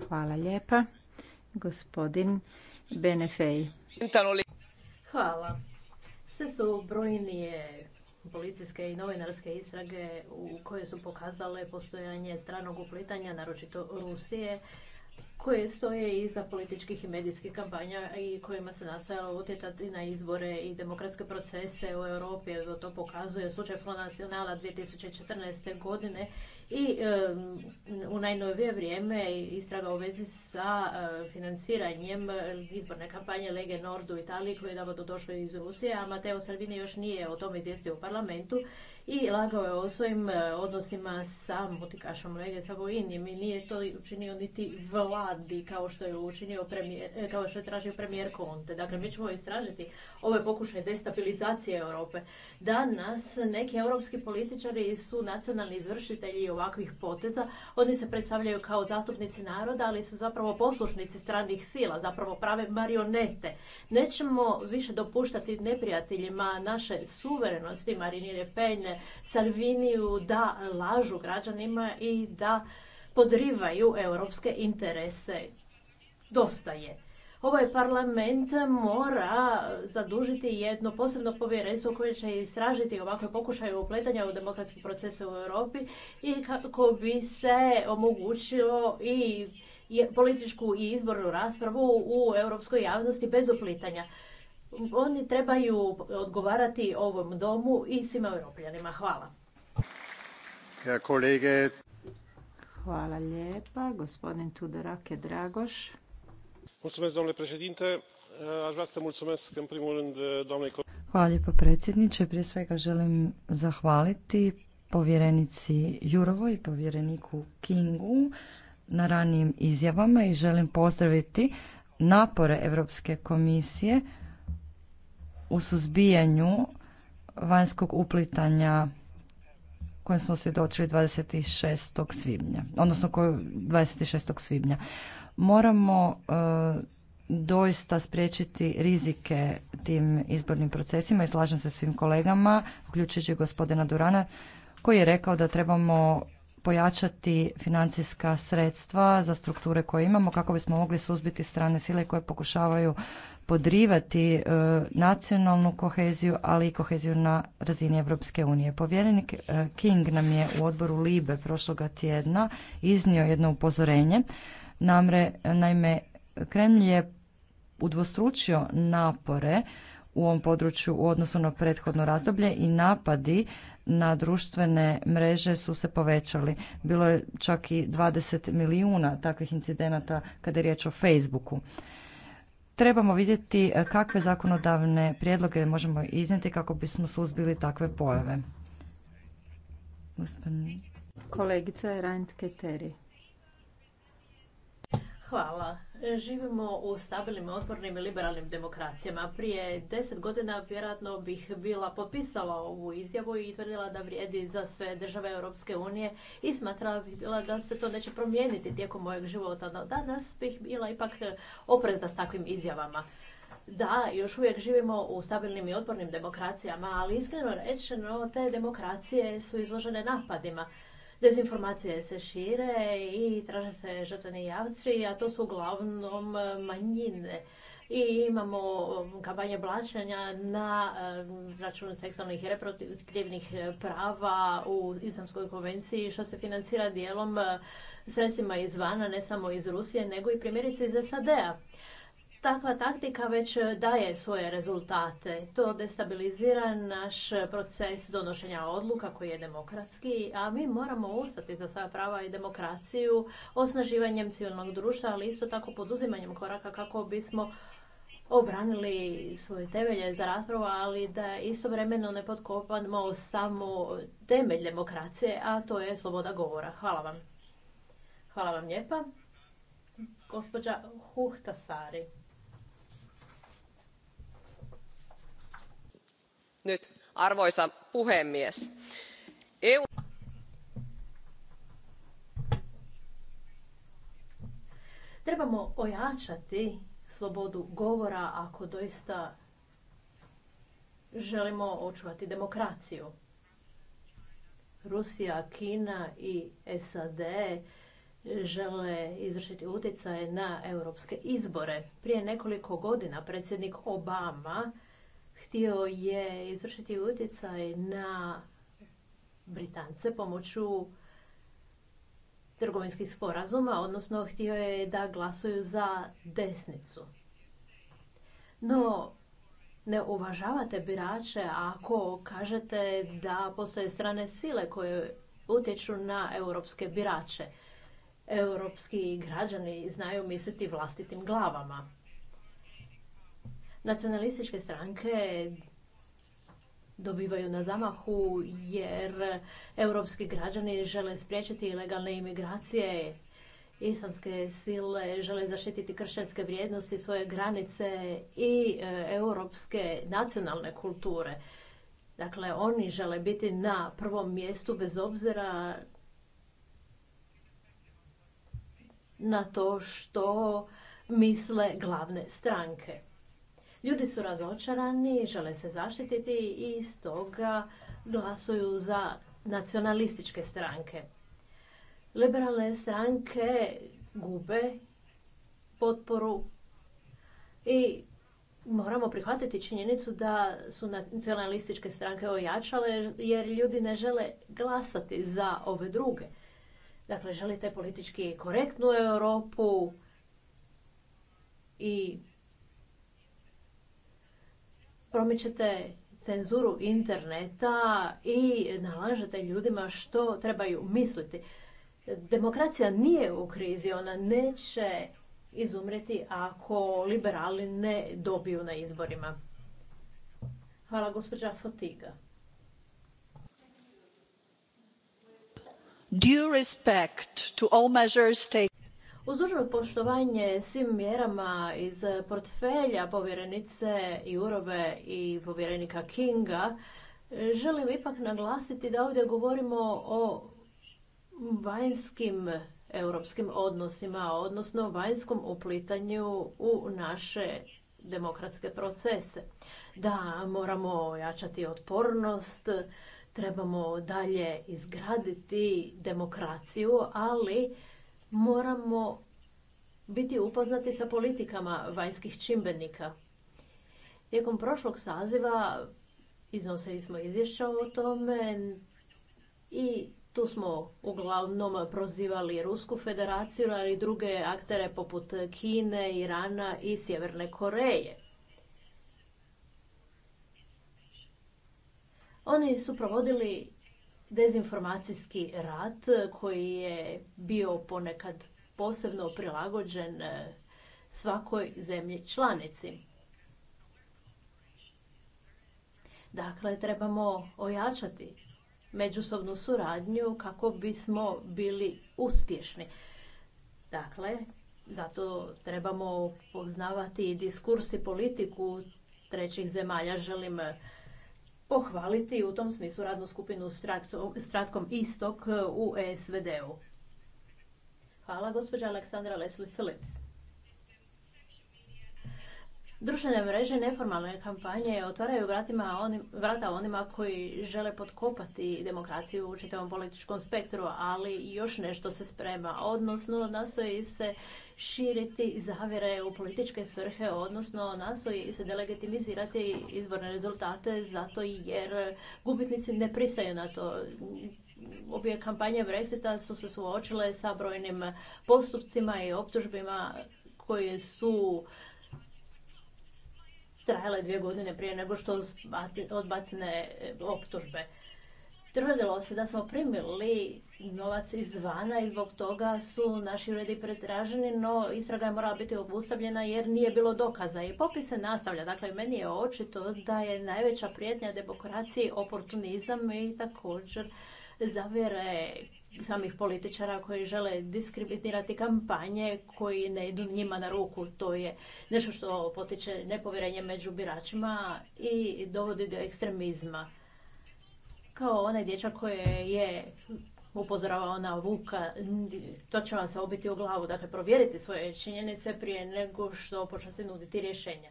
Hvala lijepa. Gospodin Benefej. Hvala. Sve su brojnije policijske i novinarske istrage u koje su pokazale postojanje stranog uplitanja, naročito Rusije, koje stoje iza političkih i medijskih kampanja i kojima se nastojalo utjecati na izbore i demokratske procese u Europi. To pokazuje slučaj tisuće 2014. godine i u najnovije vrijeme istraga u vezi sa financiranjem izborne kampanje Lege Nord u Italiji koje je navodno došlo iz Rusije, a Mateo Salvini još nije o tome izvijestio u parlamentu i lagao je o svojim odnosima sa mutikašom Lege Savojinim i nije to učinio niti vlad svadbi kao što je učinio premijer, e, kao što je tražio premijer Conte. Dakle, mi ćemo istražiti ove pokušaje destabilizacije Europe. Danas neki europski političari su nacionalni izvršitelji ovakvih poteza. Oni se predstavljaju kao zastupnici naroda, ali su zapravo poslušnici stranih sila, zapravo prave marionete. Nećemo više dopuštati neprijateljima naše suverenosti Marine Le Pen, Salviniju da lažu građanima i da podrivaju europske interese. Dosta je. Ovaj parlament mora zadužiti jedno posebno povjerenstvo koje će istražiti ovakve pokušaje upletanja u demokratski proces u Europi i kako bi se omogućilo i političku i izbornu raspravu u europskoj javnosti bez uplitanja. Oni trebaju odgovarati ovom domu i svima europljanima. Hvala. Hvala lijepa. Gospodin Tudorake Dragoš. lijepo predsjedniče. Prije svega želim zahvaliti povjerenici Jurovo i povjereniku Kingu na ranijim izjavama i želim pozdraviti napore Europske komisije u suzbijanju vanjskog uplitanja kojem smo svjedočili 26. svibnja, odnosno 26. svibnja. Moramo e, doista spriječiti rizike tim izbornim procesima i slažem se svim kolegama, uključujući gospodina Durana, koji je rekao da trebamo pojačati financijska sredstva za strukture koje imamo kako bismo mogli suzbiti strane sile koje pokušavaju podrivati e, nacionalnu koheziju, ali i koheziju na razini Europske unije. Povjerenik e, King nam je u odboru Libe prošloga tjedna iznio jedno upozorenje. Namre, naime, Kremlj je udvostručio napore u ovom području u odnosu na prethodno razdoblje i napadi na društvene mreže su se povećali. Bilo je čak i 20 milijuna takvih incidenata kada je riječ o Facebooku trebamo vidjeti e, kakve zakonodavne prijedloge možemo iznijeti kako bismo suzbili takve pojave. Kolegica Rand Keteri. Hvala. Živimo u stabilnim, otpornim i liberalnim demokracijama. Prije deset godina vjerojatno bih bila potpisala ovu izjavu i tvrdila da vrijedi za sve države Europske unije i smatrala bih bila da se to neće promijeniti tijekom mojeg života. No danas bih bila ipak oprezna s takvim izjavama. Da, još uvijek živimo u stabilnim i otpornim demokracijama, ali iskreno rečeno te demokracije su izložene napadima. Dezinformacije se šire i traže se žrtveni javci, a to su uglavnom e, manjine. I imamo e, kampanje blaćanja na e, račun seksualnih i reproduktivnih prava u Islamskoj konvenciji, što se financira dijelom sredstvima izvana, ne samo iz Rusije, nego i primjerice iz SAD-a. Takva taktika već e, daje svoje rezultate. To destabilizira naš proces donošenja odluka koji je demokratski, a mi moramo ustati za svoja prava i demokraciju osnaživanjem civilnog društva, ali isto tako poduzimanjem koraka kako bismo obranili svoje temelje za raspravu, ali da istovremeno ne potkopamo samo temelj demokracije, a to je sloboda govora. Hvala vam. Hvala vam lijepa. Gospođa Huhtasari. arvoisa puhemies e trebamo ojačati slobodu govora ako doista želimo očuvati demokraciju. Rusija, Kina i SAD žele izvršiti utjecaj na europske izbore. Prije nekoliko godina predsjednik Obama htio je izvršiti utjecaj na Britance pomoću trgovinskih sporazuma, odnosno htio je da glasuju za desnicu. No, ne uvažavate birače ako kažete da postoje strane sile koje utječu na europske birače. Europski građani znaju misliti vlastitim glavama nacionalističke stranke dobivaju na zamahu jer europski građani žele spriječiti ilegalne imigracije islamske sile žele zaštititi kršćanske vrijednosti, svoje granice i e, europske nacionalne kulture. Dakle, oni žele biti na prvom mjestu bez obzira na to što misle glavne stranke. Ljudi su razočarani, žele se zaštititi i stoga glasuju za nacionalističke stranke. Liberalne stranke gube potporu i moramo prihvatiti činjenicu da su nacionalističke stranke ojačale jer ljudi ne žele glasati za ove druge. Dakle, želite politički korektnu Europu i promičete cenzuru interneta i nalažete ljudima što trebaju misliti. Demokracija nije u krizi, ona neće izumreti ako liberali ne dobiju na izborima. Hvala gospođa Fotiga. Due respect to all uz dužno poštovanje svim mjerama iz portfelja povjerenice Jurove i povjerenika Kinga, želim ipak naglasiti da ovdje govorimo o vanjskim europskim odnosima, odnosno vanjskom uplitanju u naše demokratske procese. Da, moramo jačati otpornost, trebamo dalje izgraditi demokraciju, ali moramo biti upoznati sa politikama vanjskih čimbenika. Tijekom prošlog saziva iznosili smo izvješća o tome i tu smo uglavnom prozivali Rusku federaciju, ali i druge aktere poput Kine, Irana i Sjeverne Koreje. Oni su provodili dezinformacijski rat eh, koji je bio ponekad posebno prilagođen eh, svakoj zemlji članici. Dakle, trebamo ojačati međusobnu suradnju kako bismo bili uspješni. Dakle, zato trebamo poznavati diskurs i politiku trećih zemalja. Želim eh, pohvaliti u tom smislu radnu skupinu Stratkom Istok e, u SVD-u. Hvala, gospođa Aleksandra Leslie Phillips. Društvene mreže neformalne kampanje otvaraju vrata onima koji žele potkopati demokraciju u čitavom političkom spektru, ali još nešto se sprema, odnosno nastoji se širiti zavjere u političke svrhe, odnosno nastoji se delegitimizirati izborne rezultate zato jer gubitnici ne pristaju na to. Obje kampanje Brexita su se suočile sa brojnim postupcima i optužbima koje su trajale dvije godine prije nego što odbacene optužbe. Tvrdilo se da smo primili novac izvana i zbog toga su naši uredi pretraženi, no istraga je morala biti obustavljena jer nije bilo dokaza. I popis se nastavlja. Dakle, meni je očito da je najveća prijetnja demokraciji oportunizam i također zavjere samih političara koji žele diskriminirati kampanje koji ne idu njima na ruku. To je nešto što potiče nepovjerenje među biračima i dovodi do ekstremizma. Kao onaj dječak koji je upozorava ona Vuka, to će vam se obiti u glavu. Dakle, provjerite svoje činjenice prije nego što počnete nuditi rješenja.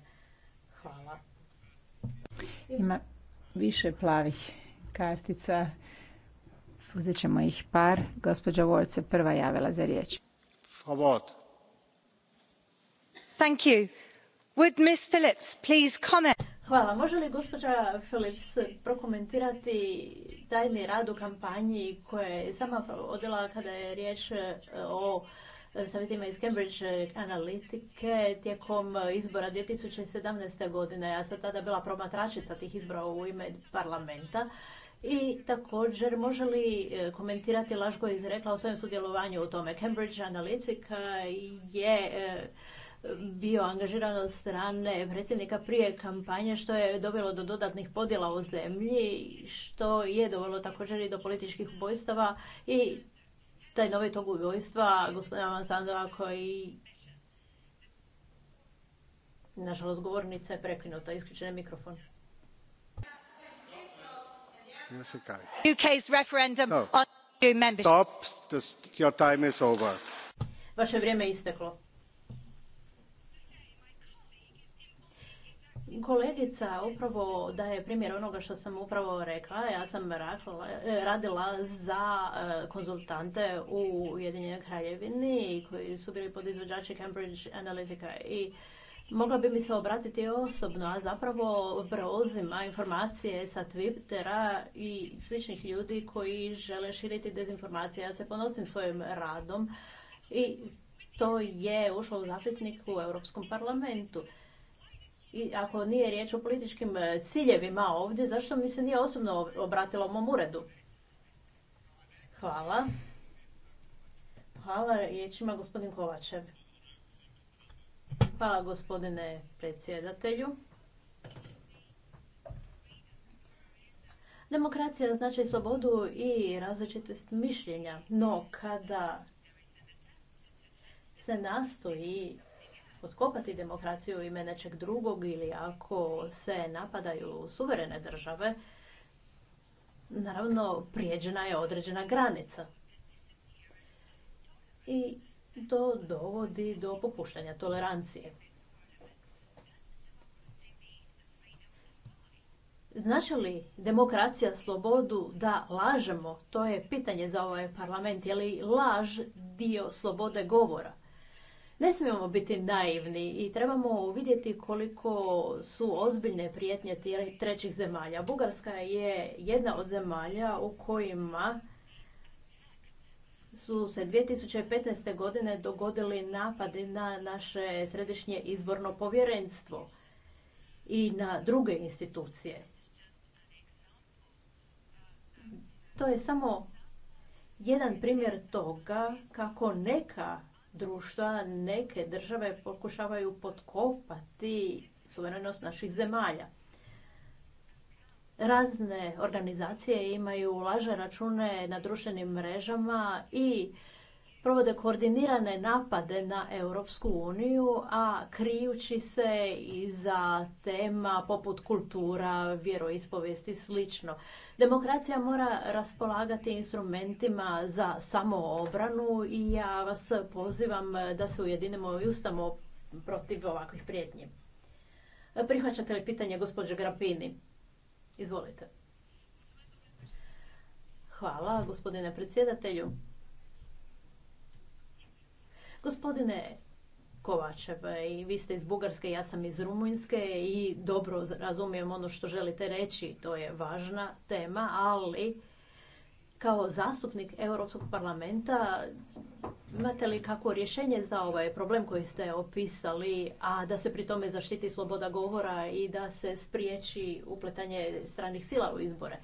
Hvala. Ima više plavih kartica. Uzet ćemo ih par. Gospođa Ward se prva javila za riječ. Ward. Thank you. Would Miss Phillips please comment? Hvala. Može li gospođa Philips prokomentirati tajni rad u kampanji koje je sama odjela kada je riječ e, o e, savjetima iz Cambridge analitike tijekom izbora 2017. godine. Ja sam tada bila promatračica tih izbora u ime parlamenta. I također, može li e, komentirati laž je izrekla o svojem sudjelovanju u tome? Cambridge Analytica je bio angažiran od strane predsjednika prije kampanje, što je dovelo do dodatnih podjela u zemlji, što je dovelo također i do političkih ubojstava i taj novi tog ubojstva gospodina Mansandova koji Nažalost, govornica je prekinuta. Isključen mikrofon. Vaše vrijeme je isteklo. Kolegica upravo daje primjer onoga što sam upravo rekla. Ja sam eh, radila za eh, konzultante u Ujedinjenoj kraljevini koji su bili podizvođači Cambridge Analytica i mogla bi mi se obratiti osobno, a zapravo preuzima informacije sa Twittera i sličnih ljudi koji žele širiti dezinformacije. Ja se ponosim svojim radom i to je ušlo u zapisnik u Europskom parlamentu i ako nije riječ o političkim e, ciljevima ovdje, zašto mi se nije osobno obratila u mom uredu? Hvala. Hvala, riječ ima gospodin Kovačev. Hvala gospodine predsjedatelju. Demokracija znači slobodu i različitost mišljenja, no kada se nastoji potkopati demokraciju u ime nečeg drugog ili ako se napadaju suverene države, naravno prijeđena je određena granica. I to dovodi do popuštanja tolerancije. Znači li demokracija slobodu da lažemo? To je pitanje za ovaj parlament. Je li laž dio slobode govora? Ne smijemo biti naivni i trebamo vidjeti koliko su ozbiljne prijetnje trećih zemalja. Bugarska je jedna od zemalja u kojima su se 2015. godine dogodili napadi na naše središnje izborno povjerenstvo i na druge institucije. To je samo jedan primjer toga kako neka društva neke države pokušavaju potkopati suverenost naših zemalja. Razne organizacije imaju laže račune na društvenim mrežama i provode koordinirane napade na Europsku uniju, a krijući se i za tema poput kultura, vjeroispovijesti i slično. Demokracija mora raspolagati instrumentima za samoobranu i ja vas pozivam da se ujedinimo i ustamo protiv ovakvih prijetnji. Prihvaćate li pitanje gospođe Grapini? Izvolite. Hvala gospodine predsjedatelju. Gospodine Kovačev, i vi ste iz Bugarske, ja sam iz Rumunjske i dobro razumijem ono što želite reći, to je važna tema, ali kao zastupnik Europskog parlamenta imate li kako rješenje za ovaj problem koji ste opisali, a da se pri tome zaštiti sloboda govora i da se spriječi upletanje stranih sila u izbore?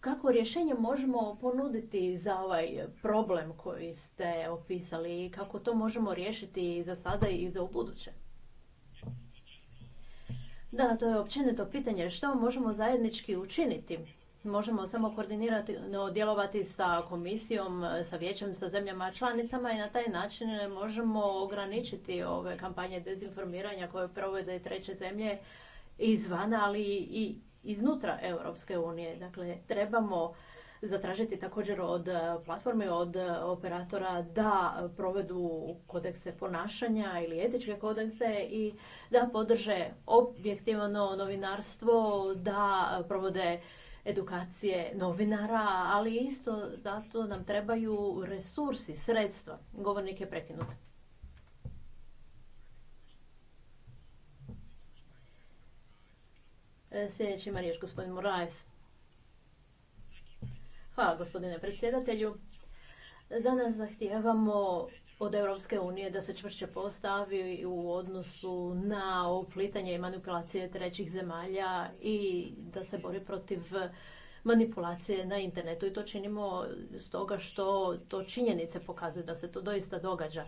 kako rješenje možemo ponuditi za ovaj problem koji ste opisali i kako to možemo riješiti i za sada i za ubuduće? Da, to je općenito pitanje što možemo zajednički učiniti. Možemo samo koordinirati, no, djelovati sa komisijom, sa vijećem, sa zemljama članicama i na taj način možemo ograničiti ove kampanje dezinformiranja koje provode treće zemlje izvana, ali i iznutra Europske unije. Dakle, trebamo zatražiti također od e, platforme, od e, operatora da provedu kodekse ponašanja ili etičke kodekse i da podrže objektivno novinarstvo, da provode edukacije novinara, ali isto zato nam trebaju resursi, sredstva. Govornik je prekinut. E, sljedeći ima riječ gospodin Moraes. Hvala gospodine predsjedatelju. Danas zahtijevamo od Europske unije da se čvršće postavi u odnosu na uplitanje i manipulacije trećih zemalja i da se bori protiv manipulacije na internetu. I to činimo stoga što to činjenice pokazuju da se to doista događa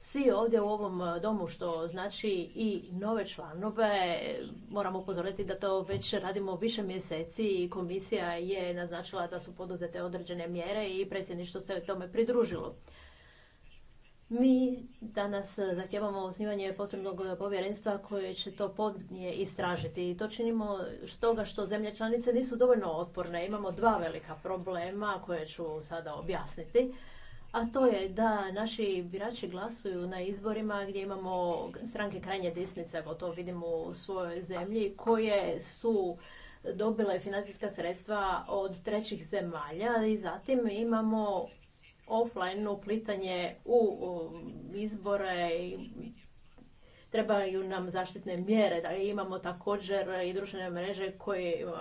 svi ovdje u ovom e, domu, što znači i nove članove. Moramo upozoriti da to već radimo više mjeseci i komisija je naznačila da su poduzete određene mjere i predsjedništvo se tome pridružilo. Mi danas zahtjevamo osnivanje posebnog povjerenstva koje će to podnije istražiti. I to činimo stoga što zemlje članice nisu dovoljno otporne. Imamo dva velika problema koje ću sada objasniti a to je da naši birači glasuju na izborima gdje imamo stranke krajnje desnice, evo to vidimo u svojoj zemlji, koje su dobile financijska sredstva od trećih zemalja i zatim imamo offline uplitanje u um, izbore i trebaju nam zaštitne mjere, da imamo također i društvene mreže koje uh,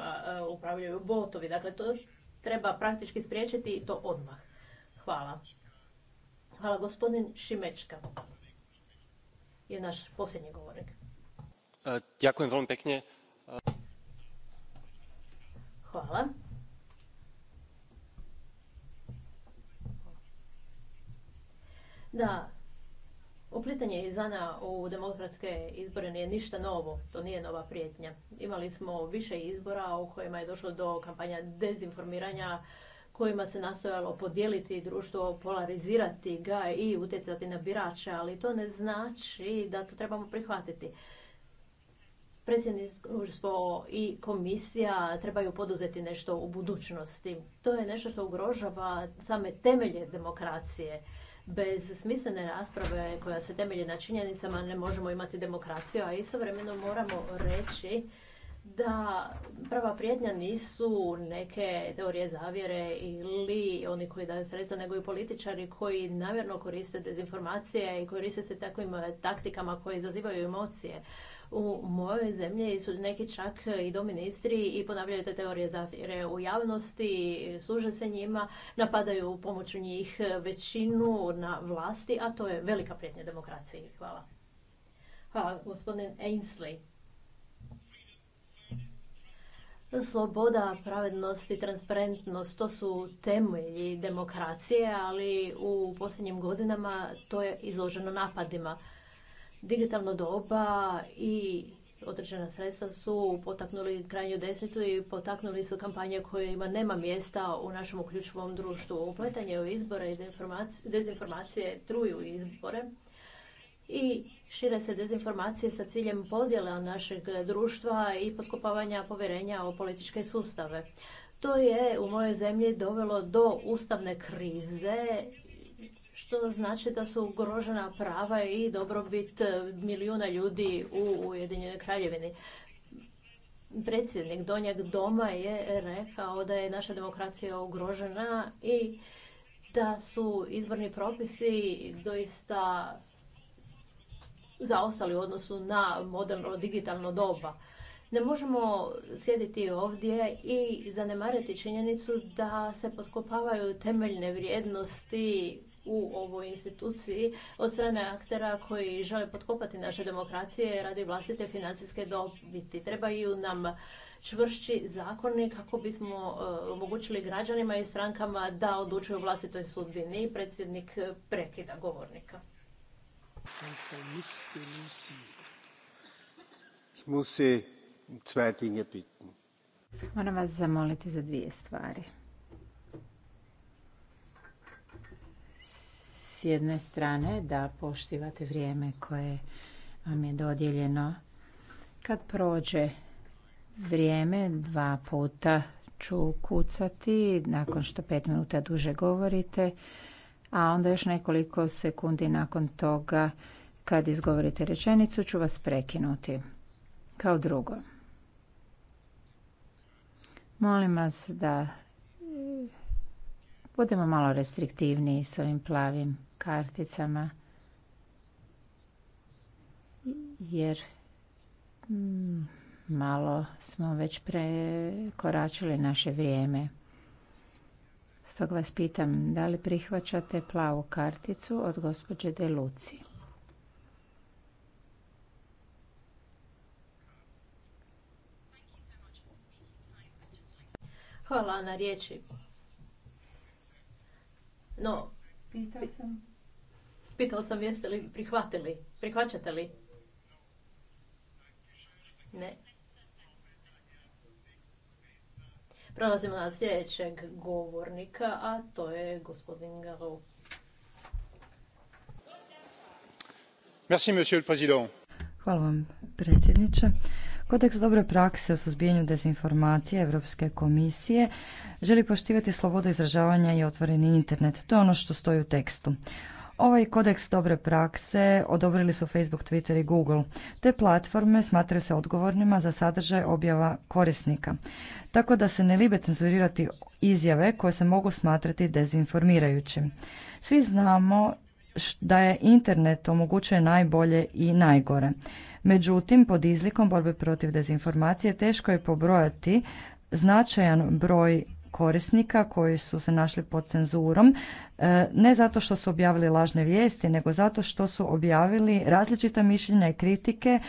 upravljaju botovi. Dakle, to treba praktički spriječiti i to odmah. Hvala. Hvala, gospodin Šimečka je naš posljednji govornik. E, ďakujem veľmi pekne. E, Hvala. Da, uplitanje Izana u demokratske izbore nije ništa novo, to nije nova prijetnja. Imali smo više izbora u kojima je došlo do kampanja dezinformiranja, kojima se nastojalo podijeliti društvo, polarizirati ga i utjecati na birače, ali to ne znači da to trebamo prihvatiti. Predsjedništvo i komisija trebaju poduzeti nešto u budućnosti. To je nešto što ugrožava same temelje demokracije. Bez smislene rasprave koja se temelji na činjenicama ne možemo imati demokraciju, a istovremeno moramo reći da prava prijetnja nisu neke teorije zavjere ili oni koji daju sredstva, nego i političari koji namjerno koriste dezinformacije i koriste se takvim e, taktikama koje izazivaju emocije. U mojoj zemlji su neki čak i doministri i ponavljaju te teorije zavjere u javnosti, služe se njima, napadaju pomoću njih većinu na vlasti, a to je velika prijetnja demokraciji. Hvala. Hvala, gospodin Ainsley. Sloboda, pravednost i transparentnost to su temelji demokracije, ali u posljednjim godinama to je izloženo napadima. Digitalno doba i određena sredstva su potaknuli krajnju desetu i potaknuli su kampanje kojima nema mjesta u našem uključivom društvu. Upletanje u izbore i dezinformacije truju izbore i Šire se dezinformacije sa ciljem podjela našeg društva i potkopavanja povjerenja o političke sustave. To je u mojoj zemlji dovelo do ustavne krize što znači da su ugrožena prava i dobrobit milijuna ljudi u Ujedinjenoj kraljevini. Predsjednik Donjeg doma je rekao da je naša demokracija ugrožena i da su izborni propisi doista zaostali u odnosu na moderno digitalno doba. Ne možemo sjediti ovdje i zanemariti činjenicu da se potkopavaju temeljne vrijednosti u ovoj instituciji od strane aktera koji žele potkopati naše demokracije radi vlastite financijske dobiti. Trebaju nam čvršći zakoni kako bismo e, omogućili građanima i strankama da odlučuju o vlastitoj sudbini. Predsjednik prekida govornika. Um Moram vas zamoliti za dvije stvari. S jedne strane da poštivate vrijeme koje vam je dodijeljeno. Kad prođe vrijeme dva puta ću kucati nakon što pet minuta duže govorite a onda još nekoliko sekundi nakon toga kad izgovorite rečenicu ću vas prekinuti. Kao drugo, molim vas da e, budemo malo restriktivniji s ovim plavim karticama jer mm, malo smo već prekoračili naše vrijeme. Stoga vas pitam, da li prihvaćate plavu karticu od gospođe De Luci? Hvala na riječi. No, pitao sam... Pitao sam jeste li prihvatili, prihvaćate li? Ne. Prelazimo na sljedećeg govornika, a to je gospodin Garou. Hvala vam, predsjedniče. Kodeks dobre prakse o suzbijanju dezinformacije Europske komisije želi poštivati slobodu izražavanja i otvoreni internet. To je ono što stoji u tekstu. Ovaj kodeks dobre prakse odobrili su Facebook, Twitter i Google. Te platforme smatraju se odgovornima za sadržaj objava korisnika. Tako da se ne libe cenzurirati izjave koje se mogu smatrati dezinformirajućim. Svi znamo da je internet omogućuje najbolje i najgore. Međutim, pod izlikom borbe protiv dezinformacije teško je pobrojati značajan broj korisnika koji su se našli pod cenzurom, e, ne zato što su objavili lažne vijesti, nego zato što su objavili različita mišljenja i kritike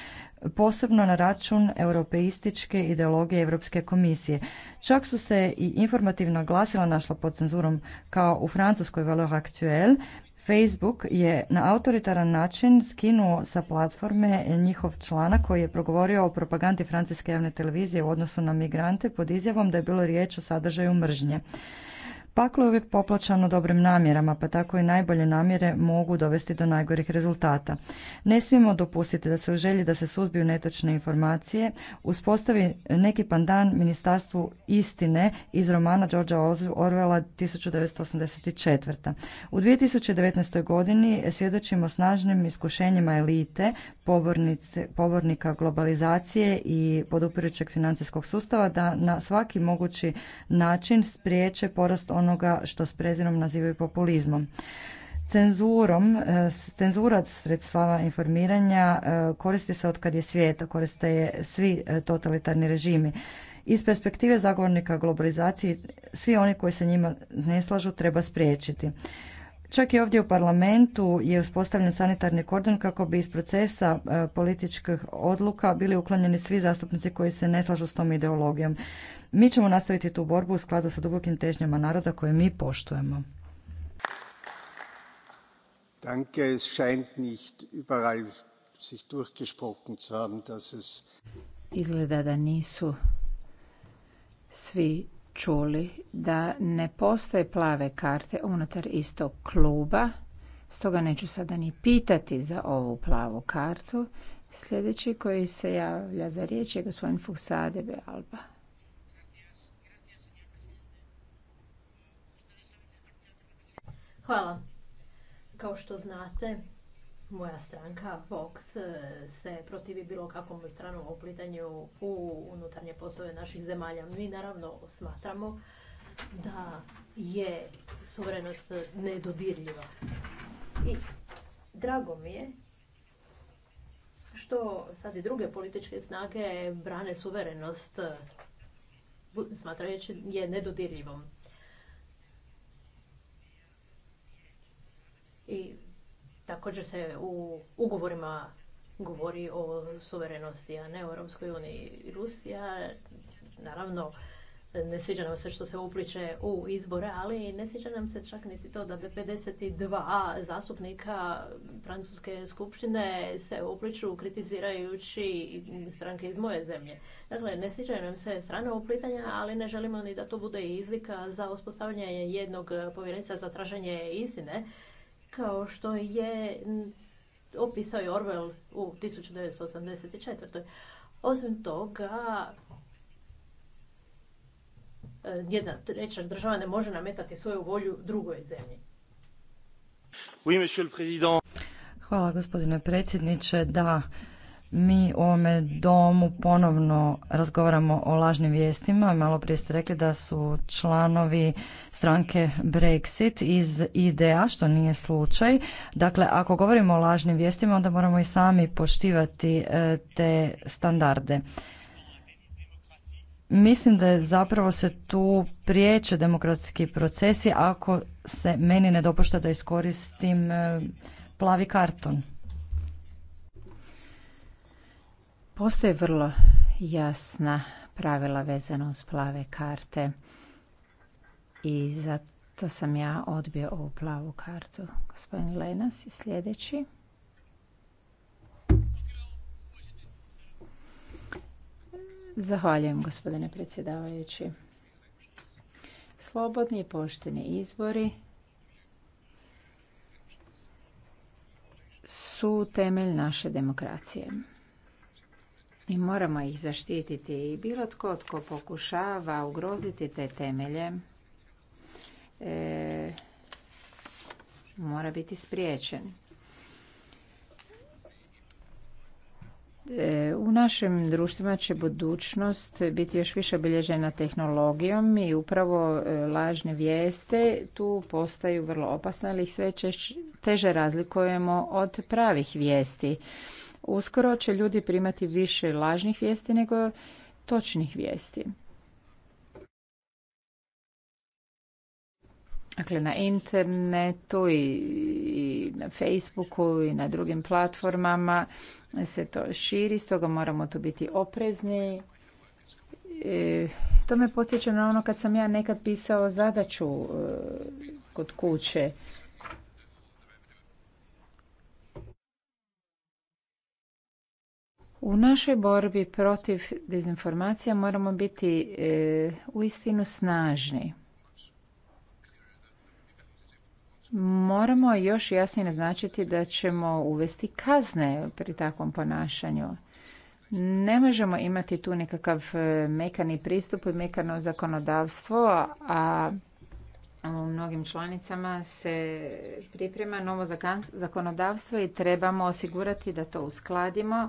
posebno na račun europeističke ideologije Europske komisije. Čak su se i informativna glasila našla pod cenzurom kao u Francuskoj Valor Actuel, Facebook je na autoritaran način skinuo sa platforme njihov članak koji je progovorio o propagandi francuske javne televizije u odnosu na migrante pod izjavom da je bilo riječ o sadržaju mržnje. Paklo je uvijek poplaćano dobrim namjerama, pa tako i najbolje namjere mogu dovesti do najgorih rezultata. Ne smijemo dopustiti da se u želji da se suzbiju netočne informacije uspostavi neki pandan Ministarstvu istine iz romana Georgia Orwella 1984. U 2019. godini svjedočimo snažnim iskušenjima elite, pobornika globalizacije i podupirućeg financijskog sustava da na svaki mogući način spriječe porast ono onoga što s prezirom nazivaju populizmom. Cenzurom, e, cenzura sredstava informiranja e, koristi se od je svijeta, koriste je svi e, totalitarni režimi. Iz perspektive zagovornika globalizacije, svi oni koji se njima ne slažu treba spriječiti. Čak i ovdje u parlamentu je uspostavljen sanitarni kordon kako bi iz procesa e, političkih odluka bili uklonjeni svi zastupnici koji se ne slažu s tom ideologijom. Mi ćemo nastaviti tu borbu u skladu sa dubokim težnjama naroda koje mi poštujemo. Danke, es scheint nicht überall sich durchgesprochen zu haben, dass es Izgleda da nisu svi čuli da ne postoje plave karte unutar istog kluba, stoga neću sada ni pitati za ovu plavu kartu. Sljedeći koji se javlja za riječ je gospodin Fuksade Alba. Hvala. Kao što znate, moja stranka, Vox, e, se protivi bilo kakvom stranom oplitanju u unutarnje poslove naših zemalja. Mi naravno smatramo da je suverenost nedodirljiva. I drago mi je što sad i druge političke snage brane suverenost e, smatrajući je nedodirljivom. I Također se u ugovorima govori o suverenosti, a ne o Europskoj uniji. Rusija, naravno, ne sviđa nam se što se upliče u izbore, ali ne sviđa nam se čak niti to da 52 zastupnika Francuske skupštine se upliču kritizirajući stranke iz moje zemlje. Dakle, ne sviđa nam se strana uplitanja, ali ne želimo ni da to bude izlika za uspostavljanje jednog povjerenstva za traženje istine, kao što je mm, opisao je Orwell u 1984. Osim toga, e, jedna treća država ne može nametati svoju volju drugoj zemlji. Hvala gospodine predsjedniče. Da, mi u ovome domu ponovno razgovaramo o lažnim vijestima. Malo prije ste rekli da su članovi stranke Brexit iz IDEA, što nije slučaj. Dakle, ako govorimo o lažnim vijestima, onda moramo i sami poštivati e, te standarde. Mislim da je zapravo se tu priječe demokratski procesi ako se meni ne dopušta da iskoristim e, plavi karton. Postoje vrlo jasna pravila vezana uz plave karte i zato sam ja odbio ovu plavu kartu. Gospodin Lenas je sljedeći. Zahvaljujem gospodine predsjedavajući. Slobodni i pošteni izbori su temelj naše demokracije i moramo ih zaštititi. I bilo tko tko pokušava ugroziti te temelje e, mora biti spriječen. E, u našem društvima će budućnost biti još više obilježena tehnologijom i upravo e, lažne vijeste tu postaju vrlo opasne, ali ih sve teže razlikujemo od pravih vijesti. Uskoro će ljudi primati više lažnih vijesti nego točnih vijesti. Dakle, na internetu i na Facebooku i na drugim platformama se to širi, stoga moramo tu biti oprezni. E, to me posjeća na ono kad sam ja nekad pisao zadaću e, kod kuće U našoj borbi protiv dezinformacija moramo biti e, uistinu snažni. Moramo još jasnije naznačiti da ćemo uvesti kazne pri takvom ponašanju. Ne možemo imati tu nekakav e, mekani pristup i mekano zakonodavstvo, a u mnogim članicama se priprema novo zakonodavstvo i trebamo osigurati da to uskladimo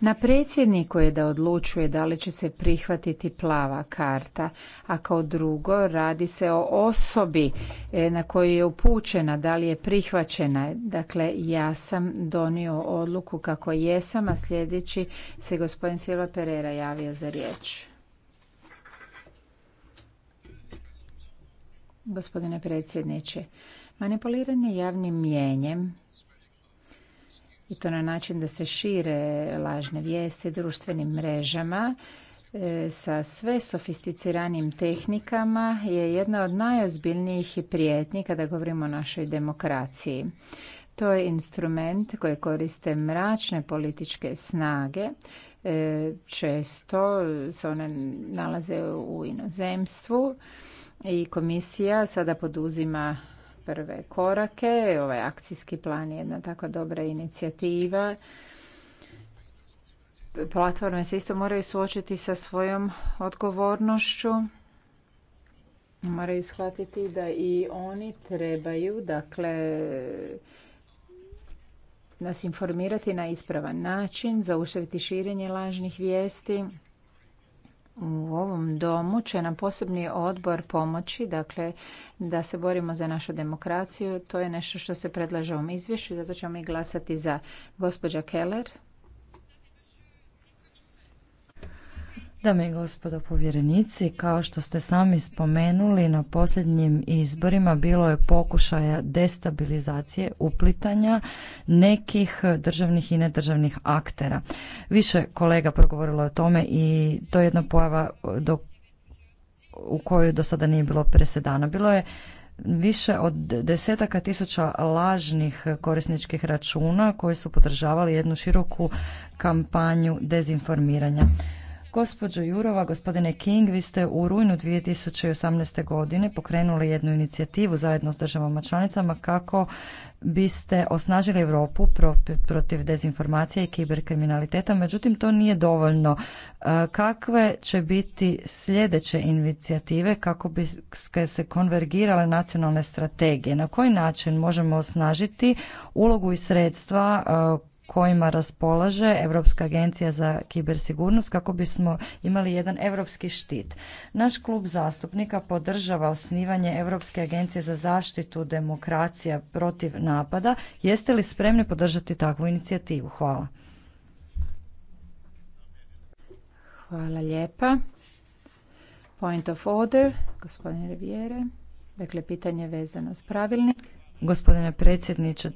Na predsjedniku je da odlučuje da li će se prihvatiti plava karta, a kao drugo radi se o osobi e, na koju je upućena, da li je prihvaćena. Dakle, ja sam donio odluku kako jesam, a sljedeći se gospodin Silva Pereira javio za riječ. Gospodine predsjedniče, manipuliranje javnim mjenjem i to na način da se šire lažne vijesti društvenim mrežama e, sa sve sofisticiranim tehnikama je jedna od najozbiljnijih i prijetnji kada govorimo o našoj demokraciji. To je instrument koji koriste mračne političke snage. E, često se one nalaze u inozemstvu i komisija sada poduzima prve korake. Ovaj akcijski plan je jedna tako dobra inicijativa. Platforme se isto moraju suočiti sa svojom odgovornošću. Moraju shvatiti da i oni trebaju, dakle, nas informirati na ispravan način, zaustaviti širenje lažnih vijesti u ovom domu će nam posebni odbor pomoći, dakle da se borimo za našu demokraciju. To je nešto što se predlaže u ovom izvješću, zato ćemo i glasati za gospođa Keller. Dame i gospodo povjerenici, kao što ste sami spomenuli, na posljednjim izborima bilo je pokušaja destabilizacije uplitanja nekih državnih i nedržavnih aktera. Više kolega progovorilo o tome i to je jedna pojava do, u kojoj do sada nije bilo presedana. Bilo je više od desetaka tisuća lažnih korisničkih računa koji su podržavali jednu široku kampanju dezinformiranja. Gospođo Jurova, gospodine King, vi ste u rujnu 2018. godine pokrenuli jednu inicijativu zajedno s državama članicama kako biste osnažili Europu protiv dezinformacije i kiberkriminaliteta, međutim to nije dovoljno. E, kakve će biti sljedeće inicijative kako bi se konvergirale nacionalne strategije? Na koji način možemo osnažiti ulogu i sredstva e, kojima raspolaže Europska agencija za kibersigurnost kako bismo imali jedan europski štit. Naš klub zastupnika podržava osnivanje Europske agencije za zaštitu demokracija protiv napada. Jeste li spremni podržati takvu inicijativu? Hvala. Hvala lijepa. Point of order, gospodine Riviere. Dakle, pitanje vezano s pravilnik. Gospodine predsjedniče,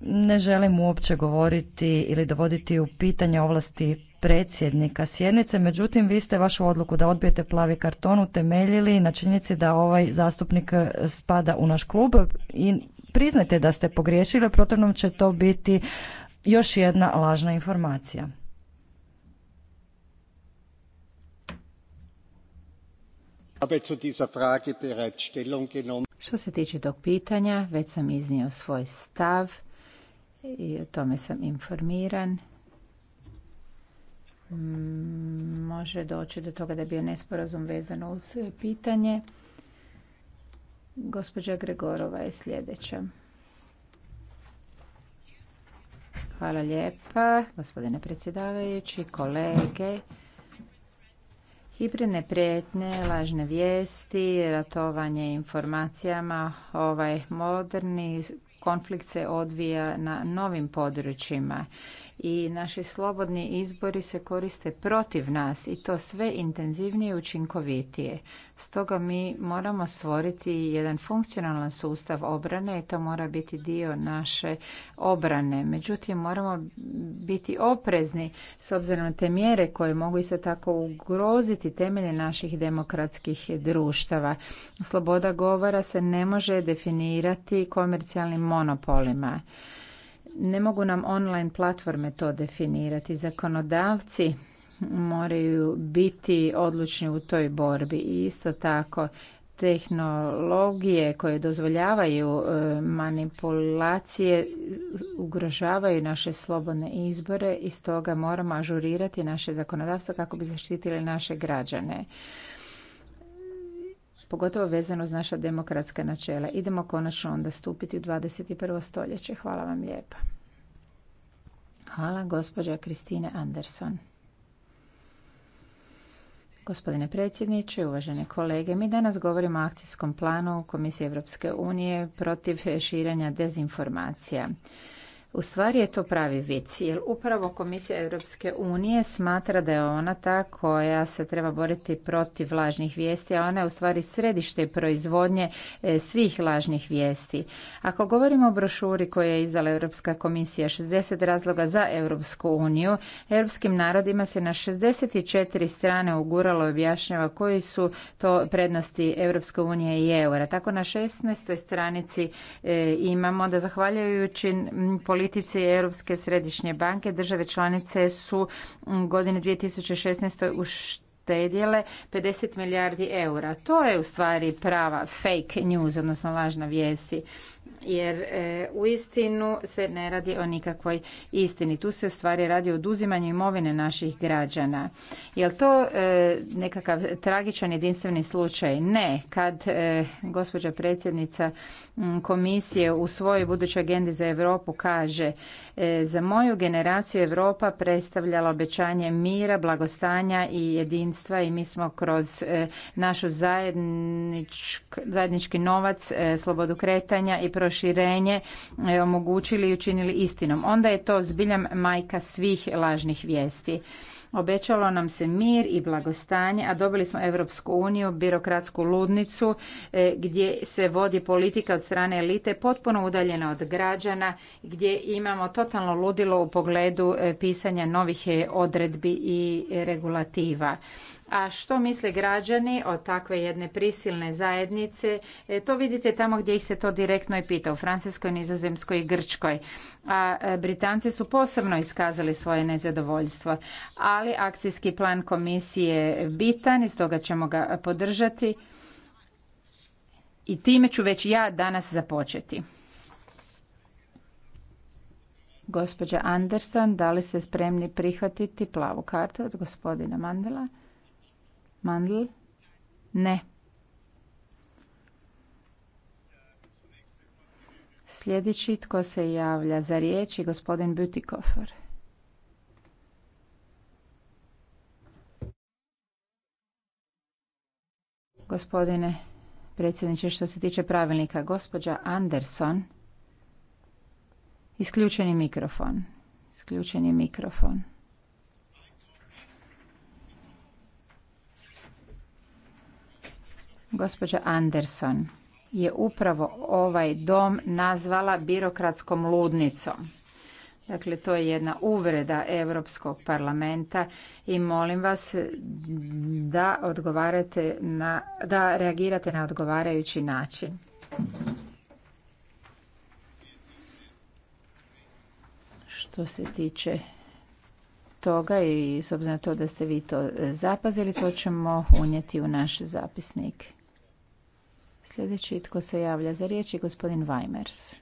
ne želim uopće govoriti ili dovoditi u pitanje ovlasti predsjednika sjednice, međutim vi ste vašu odluku da odbijete plavi karton utemeljili na činjenici da ovaj zastupnik spada u naš klub i priznajte da ste pogriješili, protivnom će to biti još jedna lažna informacija. Što se tiče tog pitanja, već sam iznio svoj stav i o tome sam informiran. Mm, može doći do toga da je bio nesporazum vezano uz pitanje. Gospođa Gregorova je sljedeća. Hvala lijepa, gospodine predsjedavajući, kolege. Hibridne prijetnje, lažne vijesti, ratovanje informacijama, ovaj moderni konflikt se odvija na novim područjima i naši slobodni izbori se koriste protiv nas i to sve intenzivnije i učinkovitije. Stoga mi moramo stvoriti jedan funkcionalan sustav obrane i to mora biti dio naše obrane. Međutim, moramo biti oprezni s obzirom na te mjere koje mogu isto tako ugroziti temelje naših demokratskih društava. Sloboda govora se ne može definirati komercijalnim monopolima. Ne mogu nam online platforme to definirati. Zakonodavci moraju biti odlučni u toj borbi i isto tako tehnologije koje dozvoljavaju e, manipulacije ugrožavaju naše slobodne izbore i stoga moramo ažurirati naše zakonodavstvo kako bi zaštitili naše građane pogotovo vezano uz naša demokratska načela. Idemo konačno onda stupiti u 21. stoljeće. Hvala vam lijepa. Hvala gospođa Kristine Anderson. Gospodine predsjedniče, uvažene kolege, mi danas govorimo o akcijskom planu Komisije Europske unije protiv širenja dezinformacija. U stvari je to pravi vic, jer upravo Komisija Europske unije smatra da je ona ta koja se treba boriti protiv lažnih vijesti, a ona je u stvari središte proizvodnje e, svih lažnih vijesti. Ako govorimo o brošuri koju je izdala Europska komisija 60 razloga za Europsku uniju, europskim narodima se na 64 strane uguralo i objašnjava koji su to prednosti Europske unije i eura. Tako na 16. stranici e, imamo da zahvaljujući politici Europske središnje banke države članice su godine 2016. u 50 milijardi eura. To je u stvari prava fake news, odnosno lažna vijesti jer e, u istinu se ne radi o nikakvoj istini. Tu se u stvari radi o oduzimanju imovine naših građana. Je li to e, nekakav tragičan jedinstveni slučaj? Ne. Kad e, gospođa predsjednica komisije u svojoj budućoj agendi za Europu kaže za moju generaciju Europa predstavljala obećanje mira, blagostanja i jedinstva i mi smo kroz našu zajednički novac, slobodu kretanja i proširenje e, omogućili i učinili istinom. Onda je to zbiljam majka svih lažnih vijesti. Obećalo nam se mir i blagostanje, a dobili smo Europsku uniju, birokratsku ludnicu e, gdje se vodi politika od strane elite potpuno udaljena od građana, gdje imamo totalno ludilo u pogledu e, pisanja novih odredbi i regulativa. A što misle građani o takve jedne prisilne zajednice? E, to vidite tamo gdje ih se to direktno i pita, u Francuskoj, Nizozemskoj i Grčkoj. A e, Britanci su posebno iskazali svoje nezadovoljstvo. Ali akcijski plan komisije je bitan i stoga ćemo ga podržati. I time ću već ja danas započeti. Gospođa Anderson, da li ste spremni prihvatiti plavu kartu od gospodina Mandela? Mandl? Ne. Sljedeći tko se javlja za riječ je gospodin Butikofer. Gospodine predsjedniče, što se tiče pravilnika, gospođa Anderson, isključeni mikrofon. Isključeni mikrofon. Gospođa Anderson je upravo ovaj dom nazvala birokratskom ludnicom. Dakle, to je jedna uvreda Europskog parlamenta i molim vas da odgovarate na, da reagirate na odgovarajući način. Što se tiče toga i s obzirom na to da ste vi to zapazili, to ćemo unijeti u naš zapisnik. Sljedeći tko se javlja za riječ je gospodin Weimers.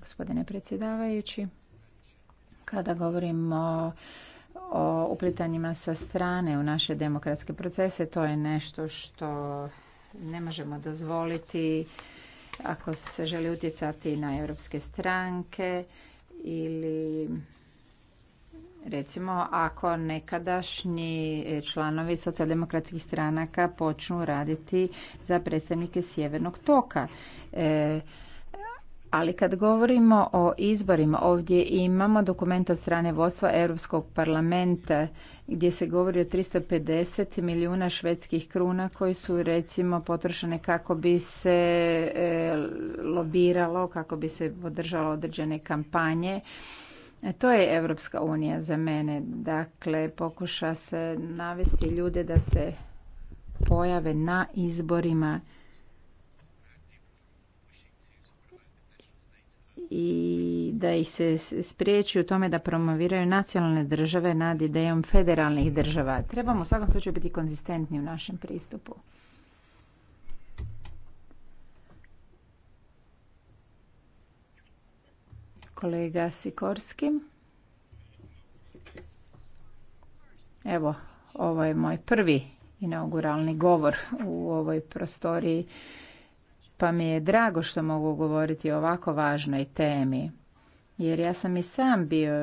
Gospodine predsjedavajući, kada govorimo o uplitanjima sa strane u naše demokratske procese, to je nešto što ne možemo dozvoliti ako se želi utjecati na europske stranke ili Recimo, ako nekadašnji članovi socijaldemokratskih stranaka počnu raditi za predstavnike Sjevernog toka. E, ali kad govorimo o izborima, ovdje imamo dokument od strane vodstva Europskog parlamenta gdje se govori o 350 milijuna švedskih kruna koji su recimo potrošene kako bi se e, lobiralo, kako bi se podržalo određene kampanje. E, to je Europska unija za mene. Dakle, pokuša se navesti ljude da se pojave na izborima i da ih se spriječi u tome da promoviraju nacionalne države nad idejom federalnih država. Trebamo u svakom slučaju biti konzistentni u našem pristupu. kolega Sikorskim. Evo, ovo je moj prvi inauguralni govor u ovoj prostoriji, pa mi je drago što mogu govoriti o ovako važnoj temi. Jer ja sam i sam bio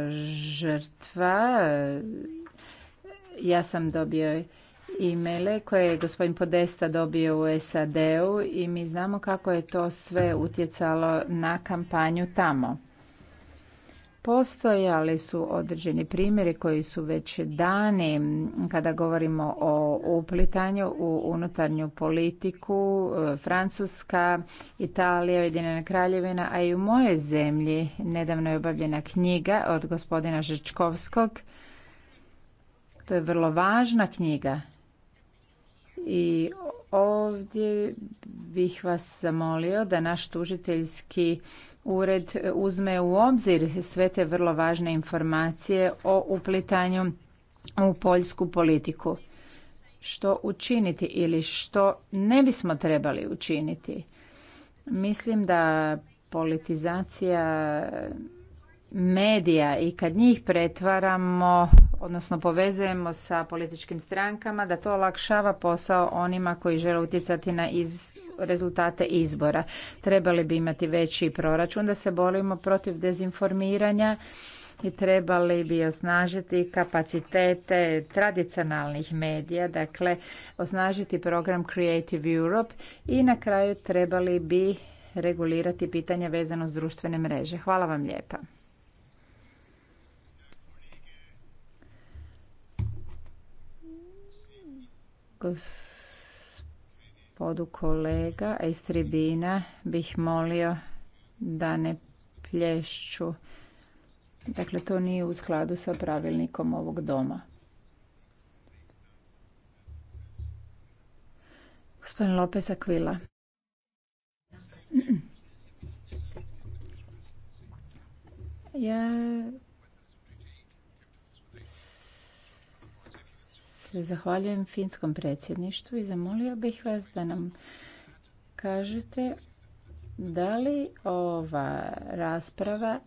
žrtva, ja sam dobio e-maile koje je gospodin Podesta dobio u SAD-u i mi znamo kako je to sve utjecalo na kampanju tamo. Postojali su određeni primjeri koji su već dani kada govorimo o uplitanju u unutarnju politiku e, Francuska, Italija, Ujedinjena kraljevina, a i u mojoj zemlji nedavno je obavljena knjiga od gospodina Žičkovskog. To je vrlo važna knjiga i ovdje bih vas zamolio da naš tužiteljski ured uzme u obzir sve te vrlo važne informacije o uplitanju u poljsku politiku. Što učiniti ili što ne bismo trebali učiniti? Mislim da politizacija medija i kad njih pretvaramo, odnosno povezujemo sa političkim strankama, da to olakšava posao onima koji žele utjecati na iz rezultate izbora. Trebali bi imati veći proračun da se borimo protiv dezinformiranja i trebali bi osnažiti kapacitete tradicionalnih medija, dakle osnažiti program Creative Europe i na kraju trebali bi regulirati pitanja vezano s društvene mreže. Hvala vam lijepa. Odu kolega, iz tribina bih molio da ne plješću. Dakle, to nije u skladu sa pravilnikom ovog doma. Gospodin Lopez Akvila. Ja Zahvaljujem finskom predsjedništvu i zamolio bih vas da nam kažete da li ova rasprava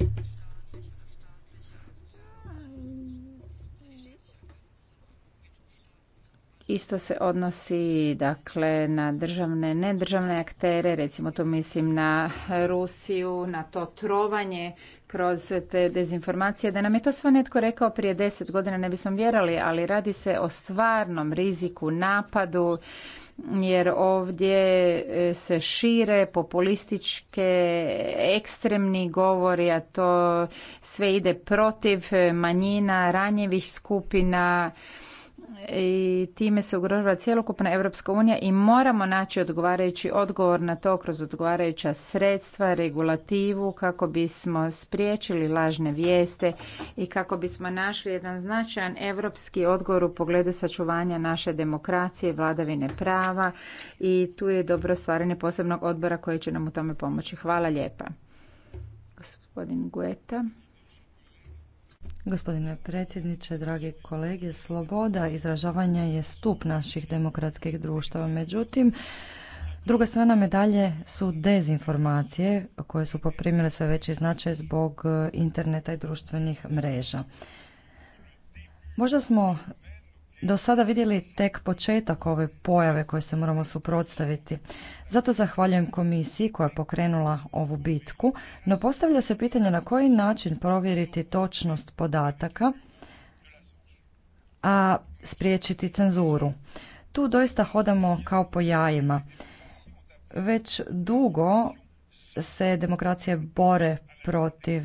Isto se odnosi dakle na državne, nedržavne aktere, recimo to mislim na Rusiju, na to trovanje kroz te dezinformacije. Da nam je to sve netko rekao prije deset godina ne bismo vjerali, ali radi se o stvarnom riziku, napadu, jer ovdje e, se šire populističke, ekstremni govori, a to sve ide protiv e, manjina, ranjivih skupina, i time se ugrožava cjelokupna Europska unija i moramo naći odgovarajući odgovor na to kroz odgovarajuća sredstva, regulativu kako bismo spriječili lažne vijeste i kako bismo našli jedan značajan europski odgovor u pogledu sačuvanja naše demokracije, vladavine prava i tu je dobro stvaranje posebnog odbora koji će nam u tome pomoći. Hvala lijepa. Gospodin Gueta. Gospodine predsjedniče, dragi kolege, sloboda izražavanja je stup naših demokratskih društava. Međutim, druga strana medalje su dezinformacije koje su poprimile sve veći značaj zbog interneta i društvenih mreža. Možda smo do sada vidjeli tek početak ove pojave koje se moramo suprotstaviti. Zato zahvaljujem komisiji koja je pokrenula ovu bitku, no postavlja se pitanje na koji način provjeriti točnost podataka, a spriječiti cenzuru. Tu doista hodamo kao po jajima. Već dugo se demokracije bore protiv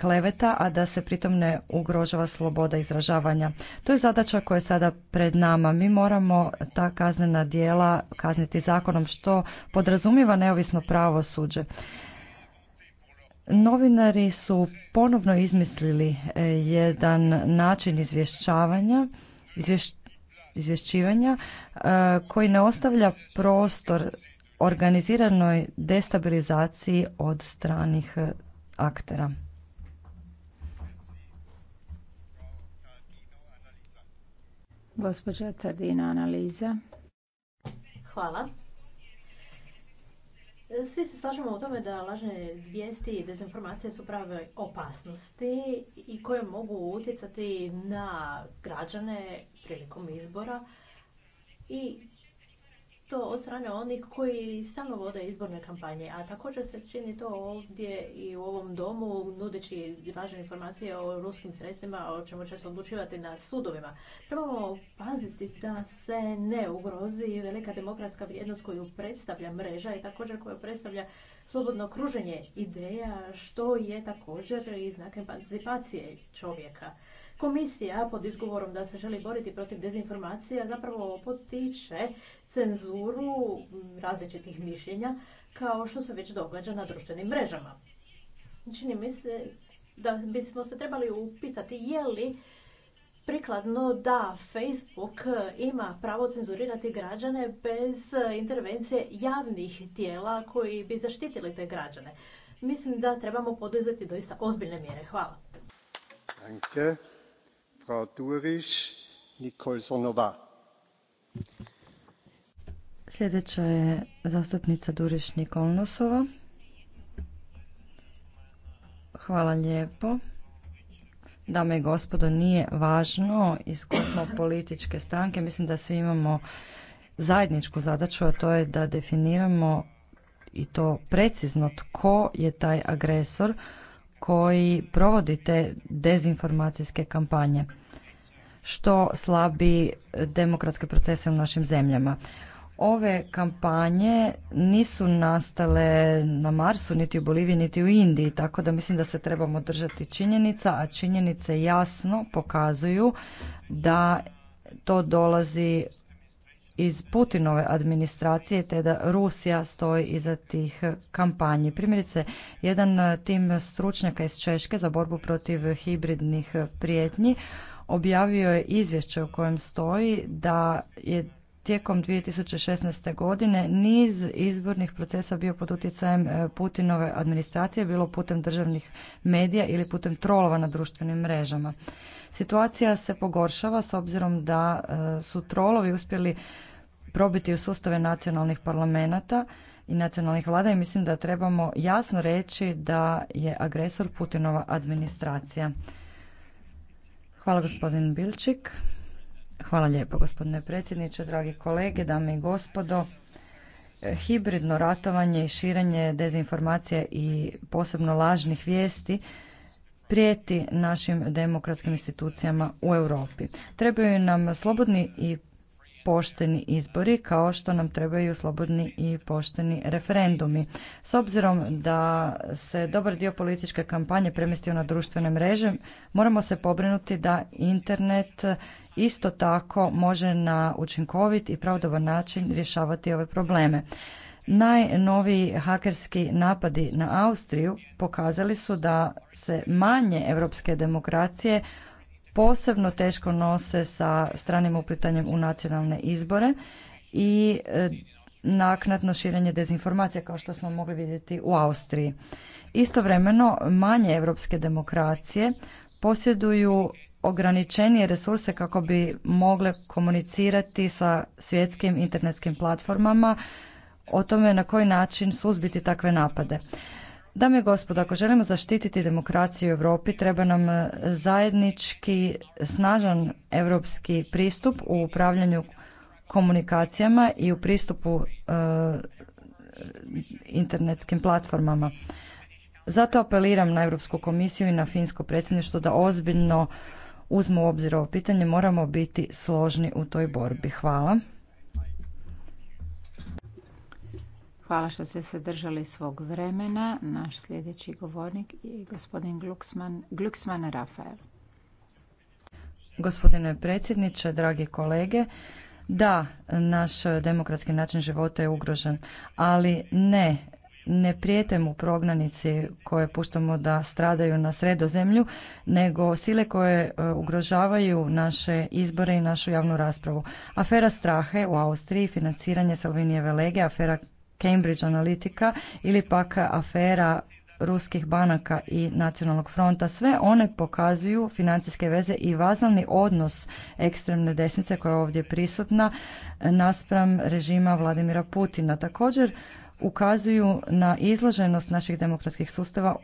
kleveta, a da se pritom ne ugrožava sloboda izražavanja. To je zadaća koja je sada pred nama. Mi moramo ta kaznena dijela kazniti zakonom što podrazumijeva neovisno pravo suđe. Novinari su ponovno izmislili e, jedan način izvješćavanja, izvješćivanja e, koji ne ostavlja prostor organiziranoj destabilizaciji od stranih e, aktera. Gospođa Tardina Analiza. Hvala. Svi se slažemo u tome da lažne vijesti i dezinformacije su prave opasnosti i koje mogu utjecati na građane prilikom izbora i od strane onih koji stalno vode izborne kampanje, a također se čini to ovdje i u ovom domu nudeći važne informacije o ruskim sredstvima, o čemu će se odlučivati na sudovima. Trebamo paziti da se ne ugrozi velika demokratska vrijednost koju predstavlja mreža i također koju predstavlja slobodno kruženje ideja, što je također i znak emancipacije čovjeka. Komisija pod izgovorom da se želi boriti protiv dezinformacija zapravo potiče cenzuru različitih mišljenja kao što se već događa na društvenim mrežama. Čini mi se da bismo se trebali upitati je li prikladno da Facebook ima pravo cenzurirati građane bez intervencije javnih tijela koji bi zaštitili te građane. Mislim da trebamo poduzeti doista ozbiljne mjere. Hvala. Sljedeća je zastupnica Duriš Nikolnosova. Hvala lijepo. Dame i gospodo, nije važno iz koje smo političke stranke. Mislim da svi imamo zajedničku zadaću, a to je da definiramo i to precizno tko je taj agresor koji provodite dezinformacijske kampanje što slabi demokratske procese u našim zemljama. Ove kampanje nisu nastale na Marsu, niti u Boliviji, niti u Indiji, tako da mislim da se trebamo držati činjenica, a činjenice jasno pokazuju da to dolazi iz Putinove administracije te da Rusija stoji iza tih kampanji. Primjerice, jedan e, tim stručnjaka iz Češke za borbu protiv hibridnih prijetnji objavio je izvješće u kojem stoji da je tijekom 2016. godine niz izbornih procesa bio pod utjecajem e, Putinove administracije, bilo putem državnih medija ili putem trolova na društvenim mrežama. Situacija se pogoršava s obzirom da e, su trolovi uspjeli probiti u sustave nacionalnih parlamenata i nacionalnih vlada i mislim da trebamo jasno reći da je agresor Putinova administracija. Hvala gospodin Bilčik. Hvala lijepo gospodine predsjedniče, dragi kolege, dame i gospodo. E, hibridno ratovanje i širenje dezinformacija i posebno lažnih vijesti prijeti našim demokratskim institucijama u Europi. Trebaju nam slobodni i pošteni izbori kao što nam trebaju slobodni i pošteni referendumi. S obzirom da se dobar dio političke kampanje premestio na društvene mreže, moramo se pobrinuti da internet isto tako može na učinkovit i pravdovan način rješavati ove probleme. Najnoviji hakerski napadi na Austriju pokazali su da se manje europske demokracije posebno teško nose sa stranim uplitanjem u nacionalne izbore i e, naknadno širenje dezinformacija kao što smo mogli vidjeti u Austriji. Istovremeno manje europske demokracije posjeduju ograničenije resurse kako bi mogle komunicirati sa svjetskim internetskim platformama o tome na koji način suzbiti takve napade. Dame i gospodo, ako želimo zaštititi demokraciju u Europi, treba nam e, zajednički snažan europski pristup u upravljanju komunikacijama i u pristupu e, internetskim platformama. Zato apeliram na Europsku komisiju i na finsko predsjedništvo da ozbiljno uzmu u obzir ovo pitanje, moramo biti složni u toj borbi. Hvala. Hvala što ste se držali svog vremena. Naš sljedeći govornik je gospodin Gluksman, Gluksman Rafael. Gospodine predsjedniče, dragi kolege, da, naš demokratski način života je ugrožen, ali ne, ne prijete u prognanici koje puštamo da stradaju na sredozemlju, nego sile koje e, ugrožavaju naše izbore i našu javnu raspravu. Afera Strahe u Austriji, financiranje Salvinijeve lege, afera Cambridge Analytica ili pak afera ruskih banaka i nacionalnog fronta, sve one pokazuju financijske veze i vazalni odnos ekstremne desnice koja je ovdje prisutna naspram režima Vladimira Putina. Također ukazuju na izloženost naših demokratskih sustava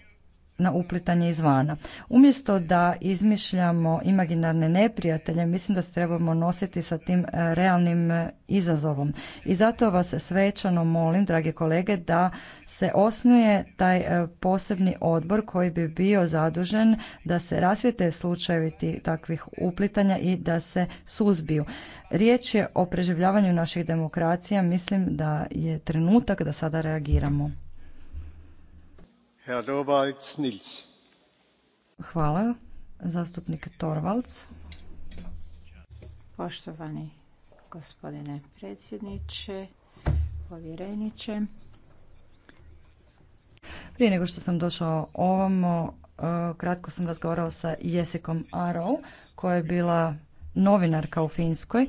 na uplitanje izvana. Umjesto da izmišljamo imaginarne neprijatelje, mislim da se trebamo nositi sa tim e, realnim e, izazovom. I zato vas svečano molim, drage kolege, da se osnuje taj e, posebni odbor koji bi bio zadužen da se rasvijete slučajevi takvih uplitanja i da se suzbiju. Riječ je o preživljavanju naših demokracija. Mislim da je trenutak da sada reagiramo. Hvala. Zastupnik Torvalds. Poštovani gospodine predsjedniče, povjereniče. Prije nego što sam došao ovamo, e, kratko sam razgovarao sa Jesikom aro koja je bila novinarka u Finskoj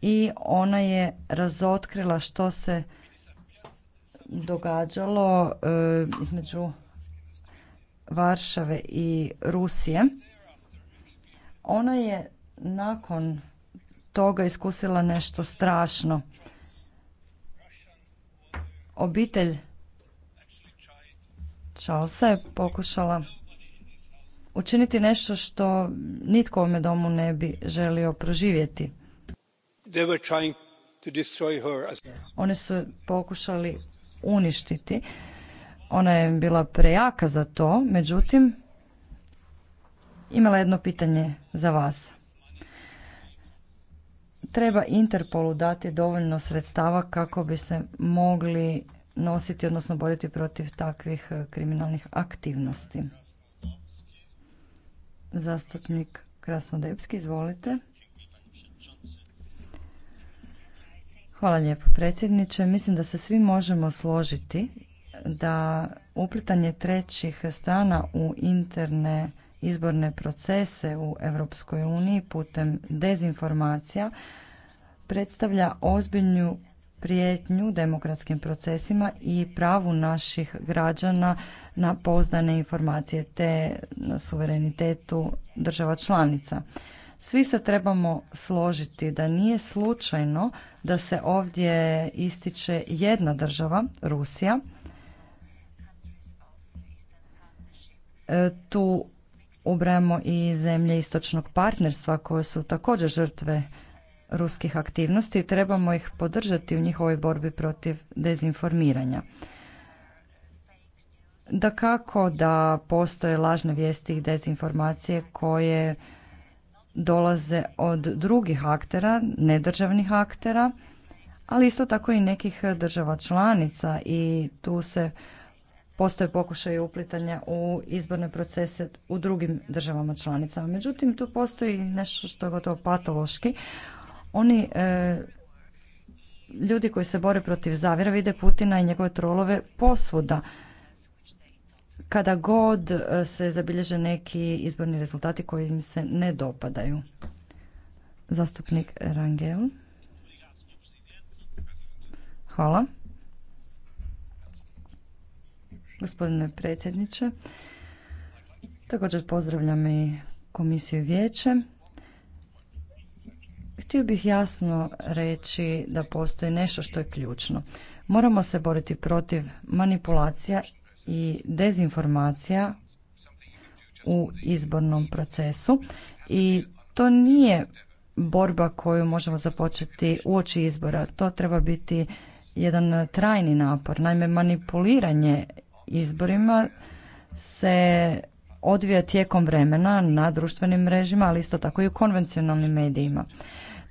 i ona je razotkrila što se događalo e, između Varšave i Rusije. Ona je nakon toga iskusila nešto strašno. Obitelj Charlesa je pokušala učiniti nešto što nitko u ovome domu ne bi želio proživjeti. Oni su pokušali uništiti ona je bila prejaka za to, međutim, imala jedno pitanje za vas. Treba Interpolu dati dovoljno sredstava kako bi se mogli nositi, odnosno boriti protiv takvih e, kriminalnih aktivnosti. Zastupnik Krasnodepski, izvolite. Hvala lijepo predsjedniče. Mislim da se svi možemo složiti da uplitanje trećih strana u interne izborne procese u Europskoj uniji putem dezinformacija predstavlja ozbiljnu prijetnju demokratskim procesima i pravu naših građana na pouzdane informacije te na suverenitetu država članica. Svi se trebamo složiti da nije slučajno da se ovdje ističe jedna država, Rusija, E, tu ubrajamo i zemlje istočnog partnerstva koje su također žrtve ruskih aktivnosti i trebamo ih podržati u njihovoj borbi protiv dezinformiranja. Da kako da postoje lažne vijesti i dezinformacije koje dolaze od drugih aktera, nedržavnih aktera, ali isto tako i nekih država članica i tu se postoje pokušaj uplitanja u izborne procese u drugim državama članicama. Međutim, tu postoji nešto što je gotovo patološki. Oni e, ljudi koji se bore protiv zavjera vide Putina i njegove trolove posvuda. Kada god e, se zabilježe neki izborni rezultati koji im se ne dopadaju. Zastupnik Rangel. Hvala gospodine predsjedniče. Također pozdravljam i komisiju vijeće. Htio bih jasno reći da postoji nešto što je ključno. Moramo se boriti protiv manipulacija i dezinformacija u izbornom procesu i to nije borba koju možemo započeti uoči izbora. To treba biti jedan trajni napor. Naime, manipuliranje izborima se odvija tijekom vremena na društvenim mrežima, ali isto tako i u konvencionalnim medijima.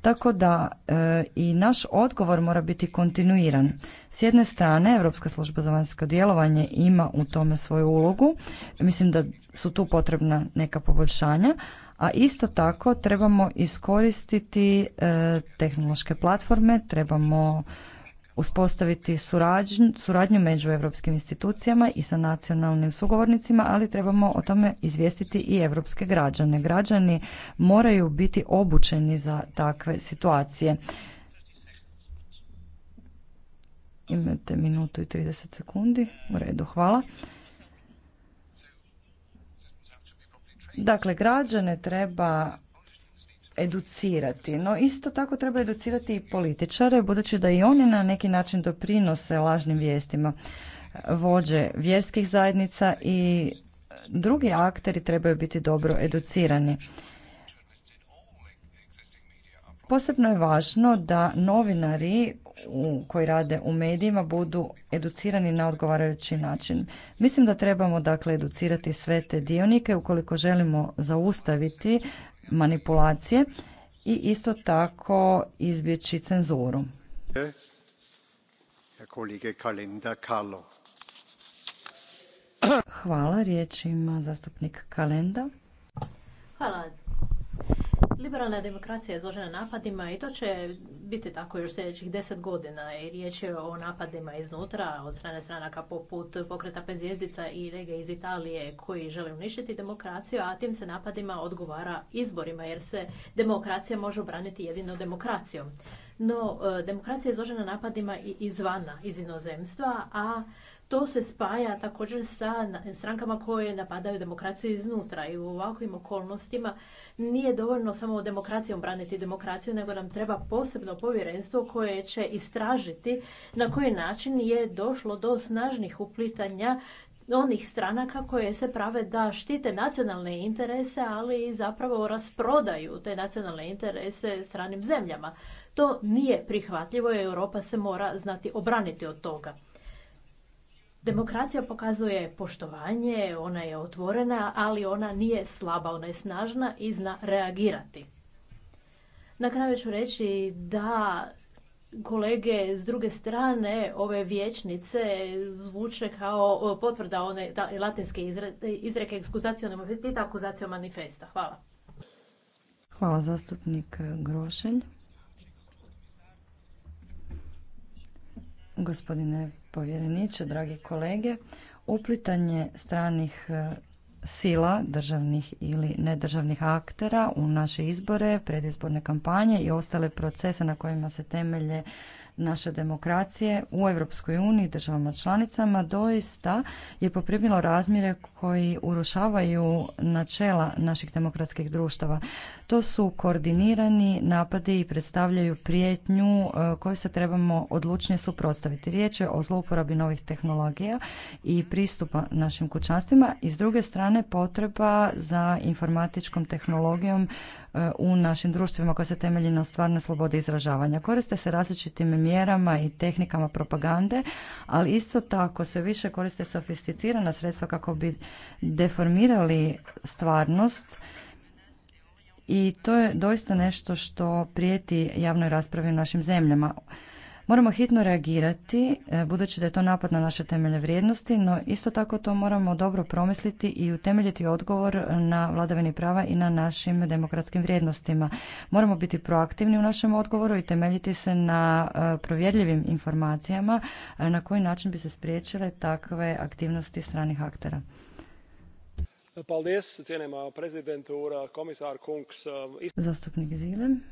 Tako da e, i naš odgovor mora biti kontinuiran. S jedne strane, Europska služba za vanjsko djelovanje ima u tome svoju ulogu. Mislim da su tu potrebna neka poboljšanja, a isto tako trebamo iskoristiti e, tehnološke platforme, trebamo uspostaviti suradnju među europskim institucijama i sa nacionalnim sugovornicima, ali trebamo o tome izvijestiti i europske građane. Građani moraju biti obučeni za takve situacije. Imate minutu i 30 sekundi. U redu, hvala. Dakle, građane treba educirati. No isto tako treba educirati i političare, budući da i oni na neki način doprinose lažnim vijestima. Vođe vjerskih zajednica i drugi akteri trebaju biti dobro educirani. Posebno je važno da novinari koji rade u medijima budu educirani na odgovarajući način. Mislim da trebamo dakle educirati sve te dionike ukoliko želimo zaustaviti manipulacije i isto tako izbjeći cenzuru. Hvala, riječ ima zastupnik Kalenda. Hvala Liberalna demokracija je izložena napadima i to će biti tako još sljedećih deset godina. I riječ je o napadima iznutra, od strane stranaka poput pokreta pet i lege iz Italije koji žele uništiti demokraciju, a tim se napadima odgovara izborima jer se demokracija može obraniti jedino demokracijom. No, e, demokracija je izložena napadima i izvana, iz inozemstva, a to se spaja također sa strankama koje napadaju demokraciju iznutra i u ovakvim okolnostima nije dovoljno samo demokracijom braniti demokraciju, nego nam treba posebno povjerenstvo koje će istražiti na koji način je došlo do snažnih uplitanja onih stranaka koje se prave da štite nacionalne interese, ali i zapravo rasprodaju te nacionalne interese stranim zemljama. To nije prihvatljivo i Europa se mora znati obraniti od toga. Demokracija pokazuje poštovanje, ona je otvorena, ali ona nije slaba, ona je snažna i zna reagirati. Na kraju ću reći da kolege s druge strane ove vječnice zvuče kao potvrda one da, latinske izre, izreke ekskuzacijona manifesta, manifesta. Hvala. Hvala zastupnik Grošelj. Gospodine povjereniče, dragi kolege. Uplitanje stranih e, sila državnih ili nedržavnih aktera u naše izbore, predizborne kampanje i ostale procese na kojima se temelje naše demokracije u Europskoj uniji, državama članicama doista je poprimilo razmjere koji urušavaju načela naših demokratskih društava. To su koordinirani napadi i predstavljaju prijetnju e, koju se trebamo odlučnije suprotstaviti. Riječ je o zlouporabi novih tehnologija i pristupa našim kućanstvima i s druge strane potreba za informatičkom tehnologijom e, u našim društvima koja se temelji na stvarnoj slobodi izražavanja. Koriste se različitim mjerama i tehnikama propagande, ali isto tako sve više koriste sofisticirana sredstva kako bi deformirali stvarnost i to je doista nešto što prijeti javnoj raspravi u našim zemljama. Moramo hitno reagirati, e, budući da je to napad na naše temelje vrijednosti, no isto tako to moramo dobro promisliti i utemeljiti odgovor na vladavini prava i na našim demokratskim vrijednostima. Moramo biti proaktivni u našem odgovoru i temeljiti se na e, provjerljivim informacijama e, na koji način bi se spriječile takve aktivnosti stranih aktera. Um, Zastupnik Zilem.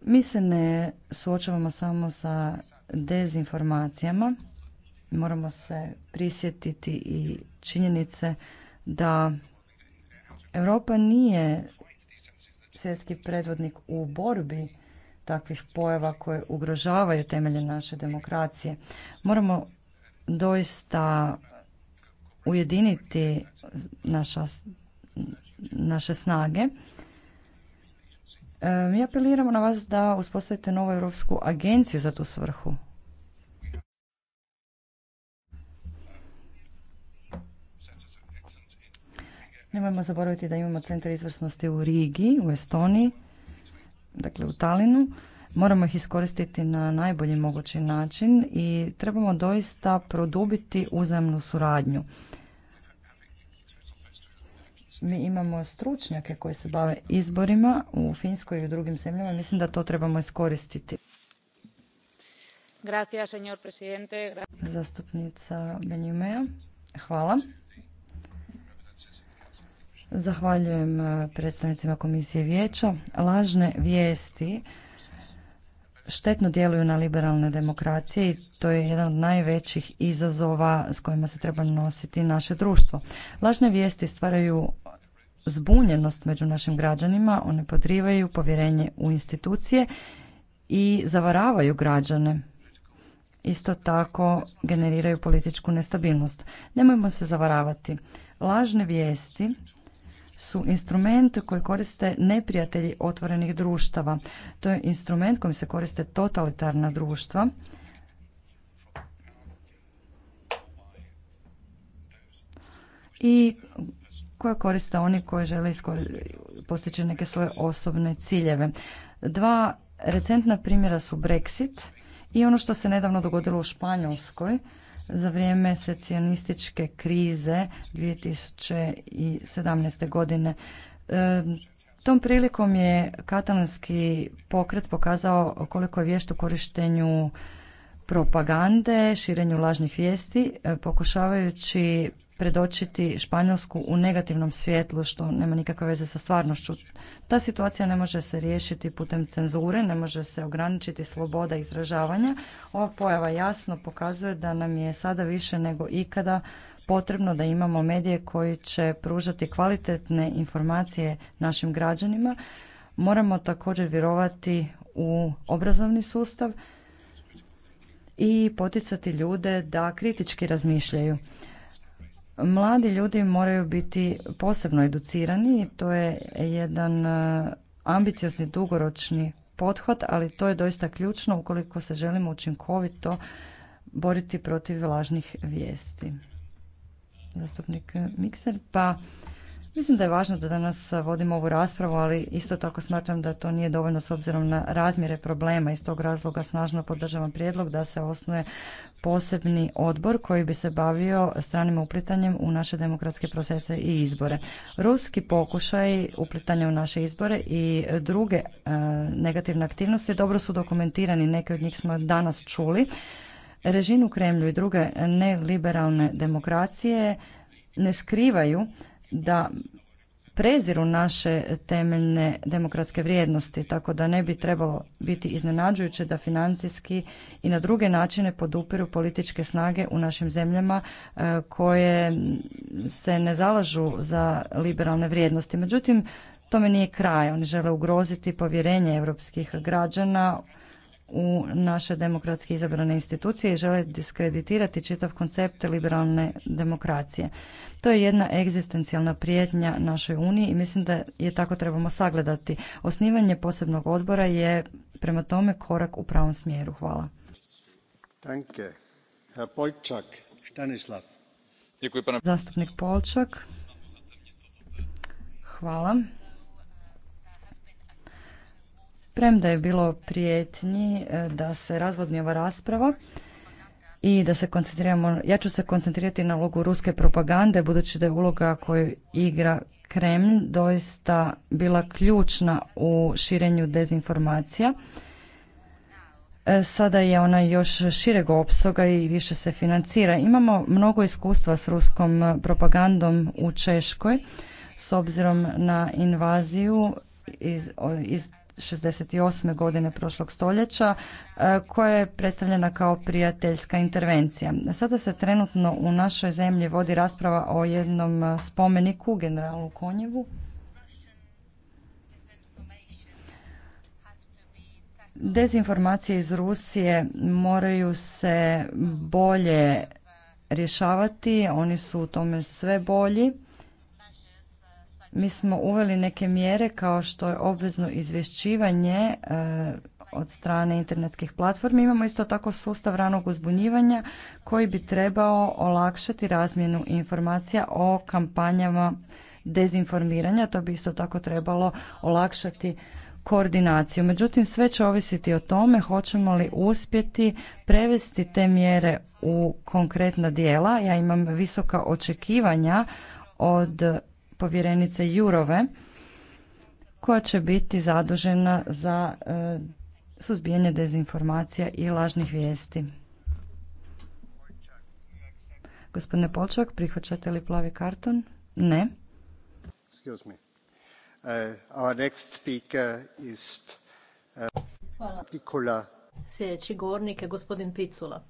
Mi se ne suočavamo samo sa dezinformacijama, moramo se prisjetiti i činjenice da Europa nije svjetski predvodnik u borbi takvih pojava koje ugrožavaju temelje naše demokracije. Moramo doista ujediniti naša, naše snage. E, mi apeliramo na vas da uspostavite novu Europsku agenciju za tu svrhu. Nemojmo zaboraviti da imamo centar izvrsnosti u Rigi, u Estoniji dakle u Talinu. Moramo ih iskoristiti na najbolji mogući način i trebamo doista produbiti uzajamnu suradnju. Mi imamo stručnjake koji se bave izborima u Finskoj i u drugim zemljama. Mislim da to trebamo iskoristiti. Gracias, señor presidente. Zastupnica Benjumea. Hvala. Zahvaljujem e, predstavnicima Komisije vijeća. Lažne vijesti štetno djeluju na liberalne demokracije i to je jedan od najvećih izazova s kojima se treba nositi naše društvo. Lažne vijesti stvaraju zbunjenost među našim građanima, one podrivaju povjerenje u institucije i zavaravaju građane. Isto tako generiraju političku nestabilnost. Nemojmo se zavaravati. Lažne vijesti su instrument koji koriste neprijatelji otvorenih društava. To je instrument kojim se koriste totalitarna društva. I koja koriste oni koji žele postići neke svoje osobne ciljeve. Dva recentna primjera su Brexit i ono što se nedavno dogodilo u Španjolskoj za vrijeme secionističke krize 2017. godine. E, tom prilikom je katalanski pokret pokazao koliko je vješt u korištenju propagande, širenju lažnih vijesti, e, pokušavajući predočiti Španjolsku u negativnom svjetlu što nema nikakve veze sa stvarnošću. Ta situacija ne može se riješiti putem cenzure, ne može se ograničiti sloboda izražavanja. Ova pojava jasno pokazuje da nam je sada više nego ikada potrebno da imamo medije koji će pružati kvalitetne informacije našim građanima. Moramo također vjerovati u obrazovni sustav i poticati ljude da kritički razmišljaju. Mladi ljudi moraju biti posebno educirani i to je jedan e, ambiciozni dugoročni pothod, ali to je doista ključno ukoliko se želimo učinkovito boriti protiv lažnih vijesti. Zastupnik Mikser, pa Mislim da je važno da danas vodimo ovu raspravu, ali isto tako smatram da to nije dovoljno s obzirom na razmjere problema. Iz tog razloga snažno podržavam prijedlog da se osnuje posebni odbor koji bi se bavio stranim uplitanjem u naše demokratske procese i izbore. Ruski pokušaj uplitanja u naše izbore i druge negativne aktivnosti dobro su dokumentirani, neke od njih smo danas čuli. Režim u Kremlju i druge neliberalne demokracije ne skrivaju da preziru naše temeljne demokratske vrijednosti, tako da ne bi trebalo biti iznenađujuće da financijski i na druge načine podupiru političke snage u našim zemljama e, koje se ne zalažu za liberalne vrijednosti. Međutim, tome nije kraj. Oni žele ugroziti povjerenje europskih građana u naše demokratski izabrane institucije i žele diskreditirati čitav koncept liberalne demokracije. To je jedna egzistencijalna prijetnja našoj Uniji i mislim da je tako trebamo sagledati. Osnivanje posebnog odbora je prema tome korak u pravom smjeru. Hvala. Danke. Herr Zastupnik Polčak. Hvala. Da je bilo prijetnji e, da se razvodni ova rasprava i da se koncentriramo, ja ću se koncentrirati na ulogu ruske propagande budući da je uloga koju igra Kreml doista bila ključna u širenju dezinformacija. E, sada je ona još šireg opsoga i više se financira. Imamo mnogo iskustva s ruskom propagandom u Češkoj s obzirom na invaziju iz, iz 68. godine prošlog stoljeća e, koja je predstavljena kao prijateljska intervencija. Sada se trenutno u našoj zemlji vodi rasprava o jednom spomeniku generalu Konjevu. Dezinformacije iz Rusije moraju se bolje rješavati, oni su u tome sve bolji mi smo uveli neke mjere kao što je obvezno izvješćivanje e, od strane internetskih platformi. Imamo isto tako sustav ranog uzbunjivanja koji bi trebao olakšati razmjenu informacija o kampanjama dezinformiranja. To bi isto tako trebalo olakšati koordinaciju. Međutim, sve će ovisiti o tome hoćemo li uspjeti prevesti te mjere u konkretna dijela. Ja imam visoka očekivanja od povjerenice Jurove koja će biti zadužena za e, suzbijanje dezinformacija i lažnih vijesti. Gospodine Polčak, prihvaćate li plavi karton? Ne. Excuse uh, uh, Sljedeći govornik je gospodin Picula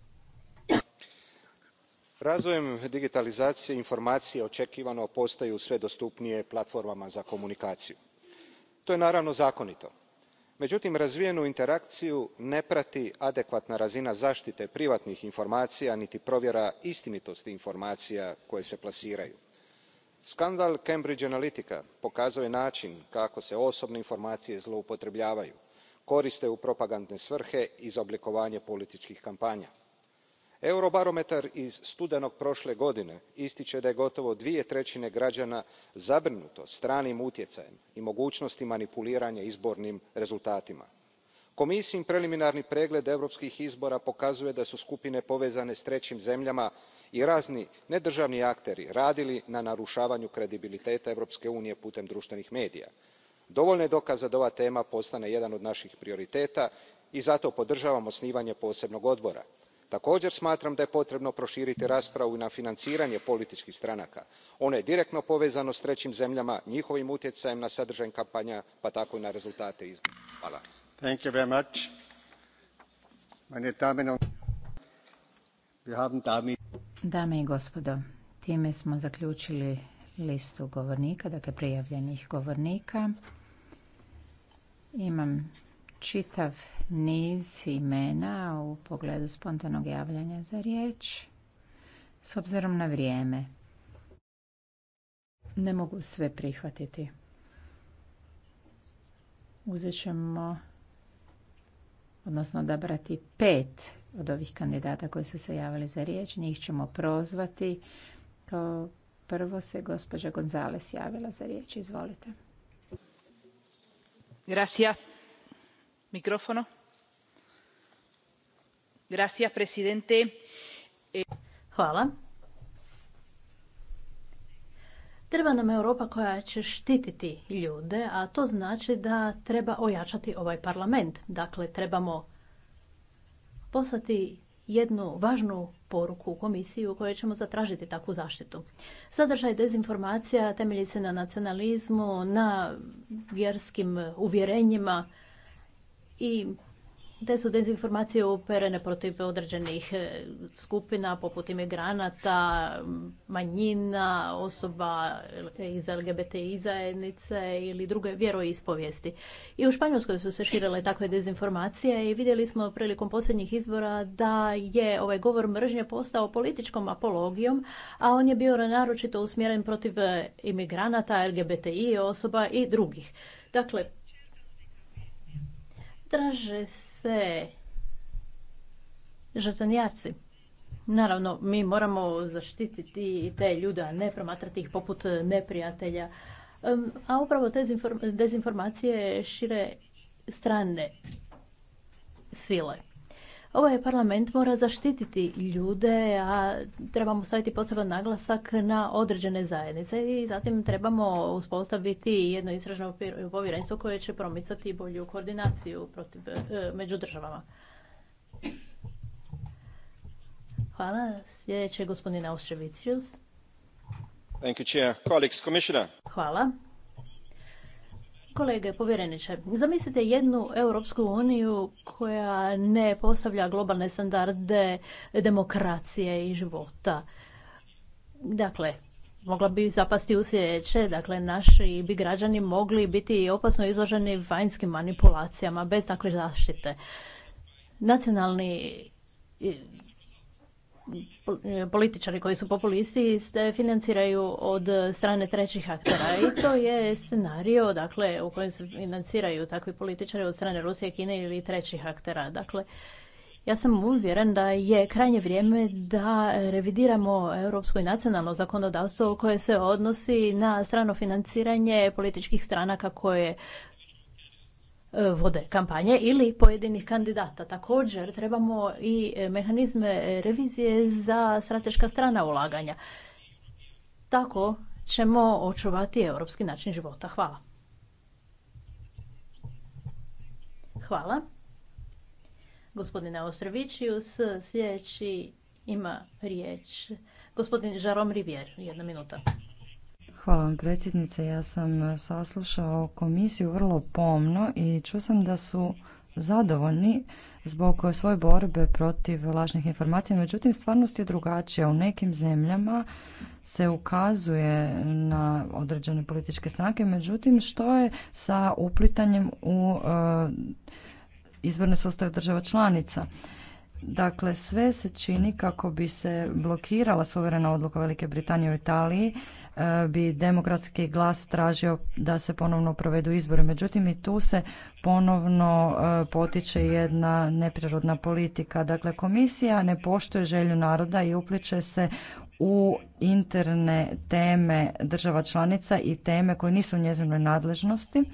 razvojem digitalizacije informacije očekivano postaju sve dostupnije platformama za komunikaciju. to je naravno zakonito. Međutim, razvijenu interakciju ne prati adekvatna razina zaštite privatnih informacija niti provjera istinitosti informacija koje se plasiraju. skandal cambridge Analytica pokazao je nain kako se osobne informacije zloupotrebljavaju koriste u propagandne svrhe i za oblikovanje politikih kampanja eurobarometar iz studenog prošle godine ističe da je gotovo dvije treine građana zabrinuto stranim utjecajem i mogućnosti manipuliranja izbornim rezultatima. komisijin preliminarni pregled europskih izbora pokazuje da su skupine povezane s trećim zemljama i razni nedržavni akteri radili na narušavanju kredibiliteta europske unije putem društvenih medija. dovoljno je dokaza da ova tema postane jedan od naših prioriteta i zato podržavam osnivanje posebnog odbora. Također smatram da je potrebno proširiti raspravu i na financiranje političkih stranaka ono je direktno povezano s trećim zemljama njihovim utjecajem na sadraj kampanja pa tako i na rezultate izbora. dame i gospodo time smo listu govornika dakle prijavljenih govornika. imam čitav niz imena u pogledu spontanog javljanja za riječ s obzirom na vrijeme. Ne mogu sve prihvatiti. Uzet ćemo, odnosno odabrati pet od ovih kandidata koji su se javili za riječ. Njih ćemo prozvati. Kao prvo se gospođa Gonzales javila za riječ. Izvolite. Gracias gospođo predsjednice treba nam europa koja će štititi ljude a to znači da treba ojačati ovaj parlament. dakle trebamo poslati jednu važnu poruku u komisiju u kojoj ćemo zatražiti takvu zaštitu. Sadržaj dezinformacija temelji se na nacionalizmu, na vjerskim uvjerenjima i te su dezinformacije uperene protiv određenih e, skupina poput imigranata, manjina, osoba iz LGBTI zajednice ili druge vjeroispovijesti. I u Španjolskoj su se širile takve dezinformacije i vidjeli smo prilikom posljednjih izbora da je ovaj govor mržnje postao političkom apologijom, a on je bio naročito usmjeren protiv imigranata, LGBTI osoba i drugih. Dakle, traže se žetonjaci. Naravno, mi moramo zaštititi te ljude, a ne promatrati ih poput neprijatelja. A upravo te dezinformacije šire strane sile. Ovaj parlament mora zaštititi ljude, a trebamo staviti poseban naglasak na određene zajednice i zatim trebamo uspostaviti jedno istražno povjerenstvo koje će promicati bolju koordinaciju protiv, e, među državama. Hvala. Sljedeće je gospodin Commissioner. Hvala. Kolege, povjereniče, zamislite jednu Europsku uniju koja ne postavlja globalne standarde demokracije i života. Dakle, mogla bi zapasti u sljedeće, dakle naši bi građani mogli biti opasno izloženi vanjskim manipulacijama bez takve zaštite. Nacionalni E, političari koji su populisti financiraju od strane trećih aktera i to je scenario dakle, u kojem se financiraju takvi političari od strane Rusije, Kine ili trećih aktera. Dakle, ja sam uvjeren da je krajnje vrijeme da revidiramo europsko i nacionalno zakonodavstvo koje se odnosi na strano financiranje političkih stranaka koje E, vode kampanje ili pojedinih kandidata. Također trebamo i e, mehanizme revizije za strateška strana ulaganja. Tako ćemo očuvati europski način života. Hvala. Hvala. Gospodine Ostrovićius, sljedeći ima riječ. Gospodin Žarom Rivjer, jedna minuta. Hvala vam predsjednice. Ja sam e, saslušao komisiju vrlo pomno i čuo sam da su zadovoljni zbog svoje borbe protiv lažnih informacija. Međutim, stvarnost je drugačija. U nekim zemljama se ukazuje na određene političke stranke. Međutim, što je sa uplitanjem u e, izborne sustave država članica? Dakle, sve se čini kako bi se blokirala suverena odluka Velike Britanije u Italiji bi demokratski glas tražio da se ponovno provedu izbori. Međutim, i tu se ponovno e, potiče jedna neprirodna politika. Dakle, komisija ne poštuje želju naroda i upliče se u interne teme država članica i teme koje nisu u njezinoj nadležnosti.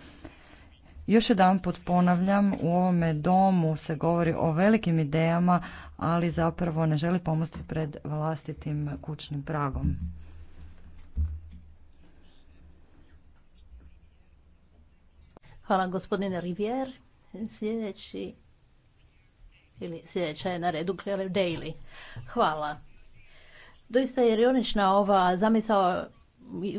Još jedan put ponavljam, u ovome domu se govori o velikim idejama, ali zapravo ne želi pomosti pred vlastitim kućnim pragom. Hvala gospodine Rivier. Sljedeći ili sljedeća je na redu Claire Daily. Hvala. Doista je ironična ova zamisao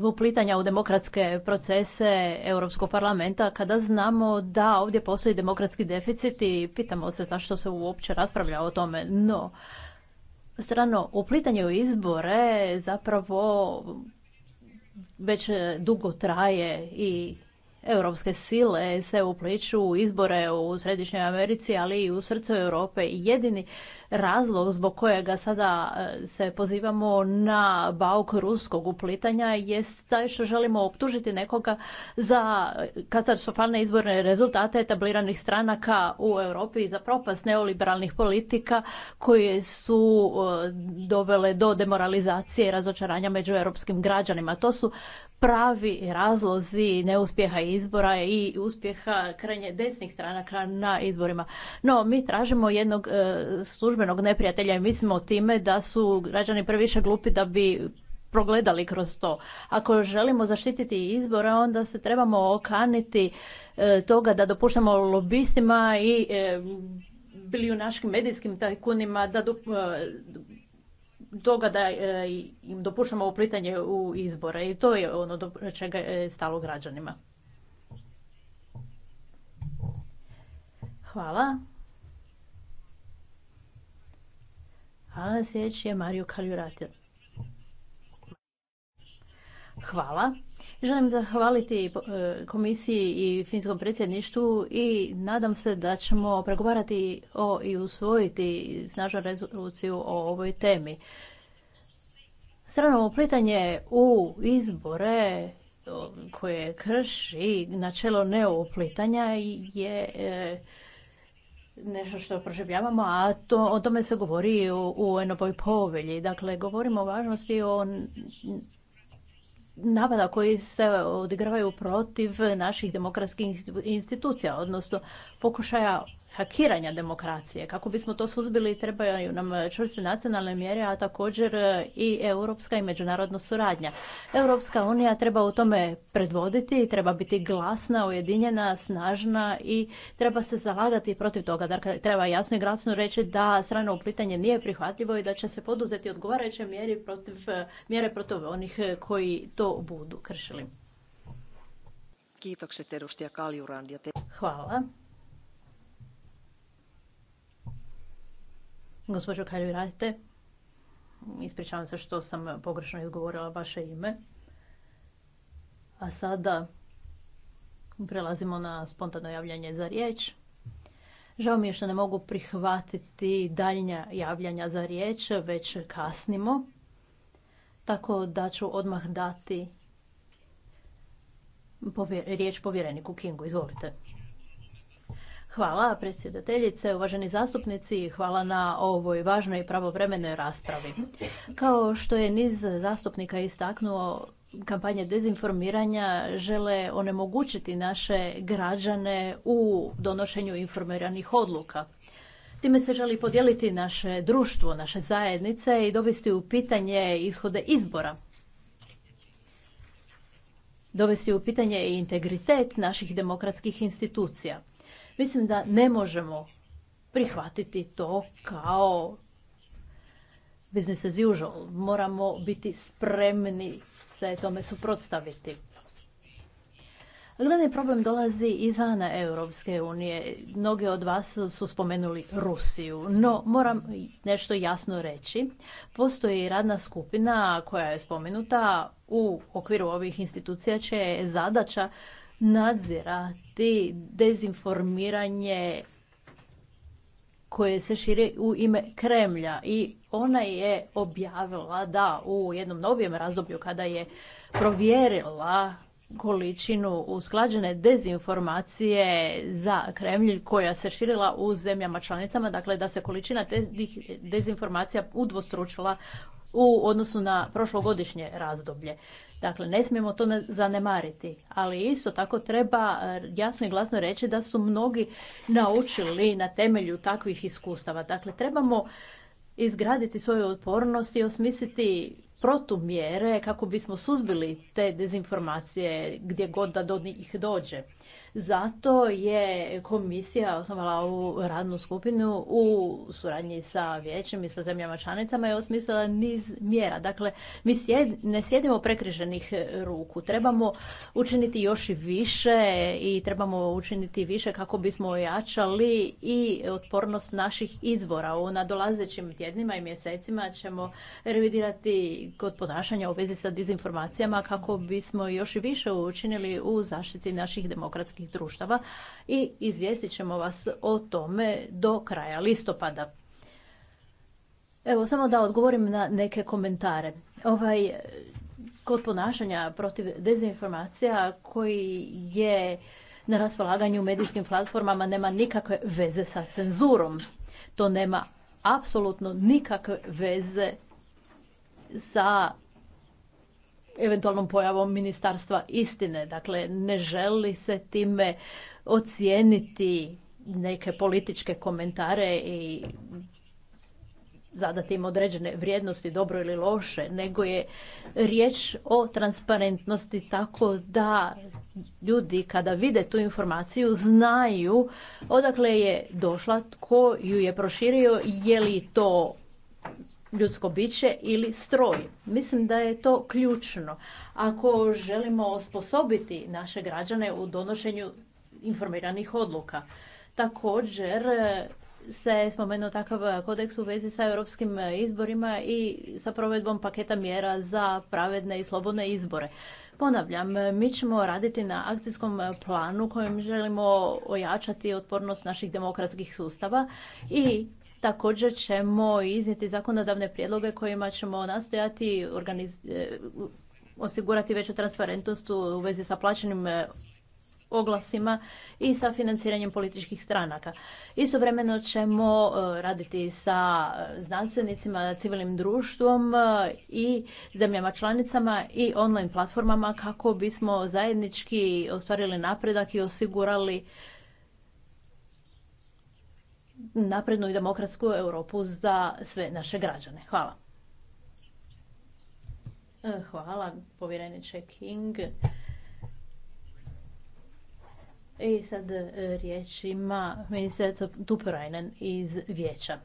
uplitanja u demokratske procese Europskog parlamenta kada znamo da ovdje postoji demokratski deficit i pitamo se zašto se uopće raspravlja o tome. No, strano uplitanje u izbore zapravo već dugo traje i europske sile se upliču u izbore u Središnjoj Americi, ali i u srcu Europe. I jedini razlog zbog kojega sada e, se pozivamo na bauk ruskog uplitanja jest taj što želimo optužiti nekoga za katastrofalne izborne rezultate etabliranih stranaka u Europi i za propast neoliberalnih politika koje su e, dovele do demoralizacije i razočaranja među europskim građanima. To su pravi razlozi neuspjeha izbora i uspjeha krajnje desnih stranaka na izborima. No, mi tražimo jednog e, službenog neprijatelja i mislimo time da su građani previše glupi da bi progledali kroz to. Ako želimo zaštititi izbore, onda se trebamo okaniti e, toga da dopuštamo lobistima i e, bilijunaškim medijskim tajkunima da toga da e, im dopuštamo uplitanje u izbore i to je ono do čega je stalo građanima. Hvala. Hvala, sljedeći je Mario Kaljuratir. Hvala. Želim zahvaliti e, komisiji i finskom predsjedništvu i nadam se da ćemo pregovarati o i usvojiti snažnu rezoluciju o ovoj temi. Strano uplitanje u izbore koje krši načelo neuplitanja je e, nešto što proživljavamo, a to, o tome se govori u, u povelji. Dakle, govorimo o važnosti o napada koji se odigravaju protiv naših demokratskih institucija, odnosno pokušaja hakiranja demokracije. Kako bismo to suzbili trebaju nam čvrste nacionalne mjere, a također i europska i međunarodna suradnja. Europska unija treba u tome predvoditi, treba biti glasna, ujedinjena, snažna i treba se zalagati protiv toga. Dakle, treba jasno i glasno reći da strano uplitanje nije prihvatljivo i da će se poduzeti odgovarajuće mjere protiv, mjere protiv onih koji to budu kršili. Hvala. Gospođo Kalju ispričavam se što sam pogrešno izgovorila vaše ime. A sada prelazimo na spontano javljanje za riječ. Žao mi je što ne mogu prihvatiti daljnja javljanja za riječ, već kasnimo. Tako da ću odmah dati riječ povjereniku Kingu. Izvolite. Hvala predsjedateljice, uvaženi zastupnici, hvala na ovoj važnoj i pravovremenoj raspravi. Kao što je niz zastupnika istaknuo, kampanje dezinformiranja žele onemogućiti naše građane u donošenju informiranih odluka. Time se želi podijeliti naše društvo, naše zajednice i dovesti u pitanje ishode izbora. Dovesti u pitanje i integritet naših demokratskih institucija. Mislim da ne možemo prihvatiti to kao business as usual. Moramo biti spremni se tome suprotstaviti. Glavni problem dolazi izvana Europske unije. Mnogi od vas su spomenuli Rusiju, no moram nešto jasno reći. Postoji radna skupina koja je spomenuta u okviru ovih institucija će zadaća nadzirati dezinformiranje koje se širi u ime Kremlja i ona je objavila da u jednom novijem razdoblju kada je provjerila količinu usklađene dezinformacije za Kremlj koja se širila u zemljama članicama, dakle da se količina tih dezinformacija udvostručila u odnosu na prošlogodišnje razdoblje. Dakle, ne smijemo to zanemariti, ali isto tako treba e, jasno i glasno reći da su mnogi naučili na temelju takvih iskustava. Dakle, trebamo izgraditi svoju otpornost i osmisliti protumjere kako bismo suzbili te dezinformacije gdje god da do njih dođe. Zato je komisija osnovala ovu radnu skupinu u suradnji sa vijećem i sa zemljama članicama i osmislila niz mjera. Dakle, mi ne sjedimo prekriženih ruku. Trebamo učiniti još i više i trebamo učiniti više kako bismo ojačali i otpornost naših izvora. U nadolazećim tjednima i mjesecima ćemo revidirati kod ponašanja u vezi sa dezinformacijama kako bismo još i više učinili u zaštiti naših demokracija demokratskih društava i izvijestit ćemo vas o tome do kraja listopada. Evo, samo da odgovorim na neke komentare. Ovaj, kod ponašanja protiv dezinformacija koji je na raspolaganju medijskim platformama nema nikakve veze sa cenzurom. To nema apsolutno nikakve veze sa eventualnom pojavom ministarstva istine. Dakle, ne želi se time ocijeniti neke političke komentare i zadati im određene vrijednosti, dobro ili loše, nego je riječ o transparentnosti tako da ljudi kada vide tu informaciju znaju odakle je došla, tko ju je proširio, je li to ljudsko biće ili stroj. Mislim da je to ključno. Ako želimo osposobiti naše građane u donošenju informiranih odluka. Također e, se spomenuo takav kodeks u vezi sa europskim izborima i sa provedbom paketa mjera za pravedne i slobodne izbore. Ponavljam, mi ćemo raditi na akcijskom planu kojim želimo ojačati otpornost naših demokratskih sustava i Također ćemo iznijeti zakonodavne prijedloge kojima ćemo nastojati e, osigurati veću transparentnost u vezi sa plaćenim e, oglasima i sa financiranjem političkih stranaka. Istovremeno ćemo e, raditi sa znanstvenicima, civilnim društvom i zemljama članicama i online platformama kako bismo zajednički ostvarili napredak i osigurali naprednu i demokratsku Europu za sve naše građane. Hvala. E, hvala, povjereniče King. I sad e, riječ ima ministrica Tuporajnen iz Vijeća.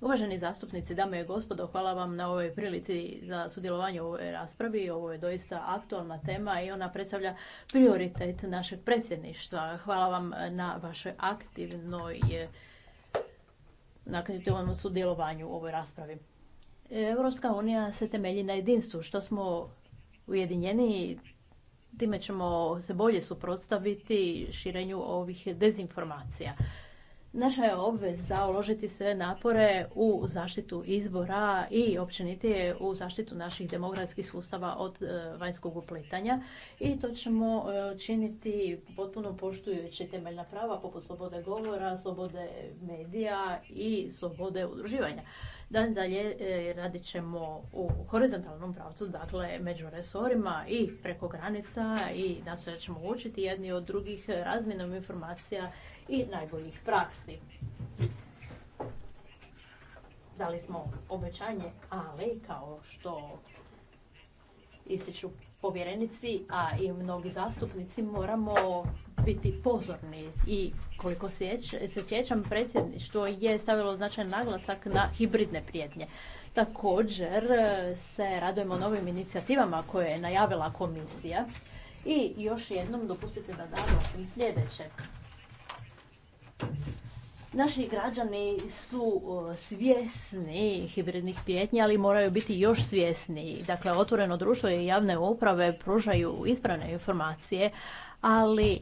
Uvaženi zastupnici, dame i gospodo, hvala vam na ovoj prilici za sudjelovanje u ovoj raspravi. Ovo je doista aktualna tema i ona predstavlja prioritet našeg predsjedništva. Hvala vam na vašoj aktivnoj na kreditovom sudjelovanju u ovoj raspravi. Europska unija se temelji na jedinstvu. Što smo ujedinjeni, time ćemo se bolje suprotstaviti širenju ovih dezinformacija. Naša je obveza uložiti sve napore u zaštitu izbora i općenitije u zaštitu naših demokratskih sustava od e, vanjskog uplitanja i to ćemo e, činiti potpuno poštujući temeljna prava poput slobode govora, slobode medija i slobode udruživanja. Dan dalje e, radit ćemo u horizontalnom pravcu, dakle među resorima i preko granica i nastojat ćemo učiti jedni od drugih razmjenom informacija i najboljih praksi. Dali smo obećanje, ali kao što ističu povjerenici, a i mnogi zastupnici, moramo biti pozorni i koliko se sjećam, predsjedništvo je stavilo značajan naglasak na hibridne prijetnje. Također e, se radujemo novim inicijativama koje je najavila komisija i još jednom dopustite da naglasim sljedeće. Naši građani su svjesni hibridnih prijetnji, ali moraju biti još svjesniji. Dakle, otvoreno društvo i javne uprave pružaju ispravne informacije, ali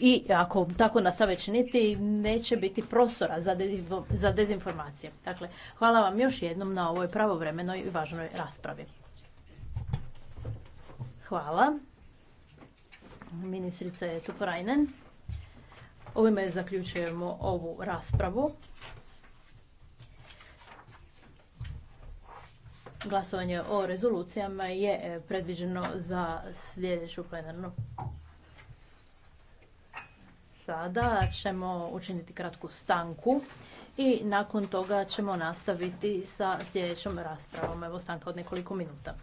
i ako tako nas već niti, neće biti prostora za dezinformacije. Dakle, hvala vam još jednom na ovoj pravovremenoj i važnoj raspravi. Hvala. Ministrica je Ovime zaključujemo ovu raspravu. Glasovanje o rezolucijama je e, predviđeno za sljedeću plenarnu. Sada ćemo učiniti kratku stanku i nakon toga ćemo nastaviti sa sljedećom raspravom. Evo stanka od nekoliko minuta.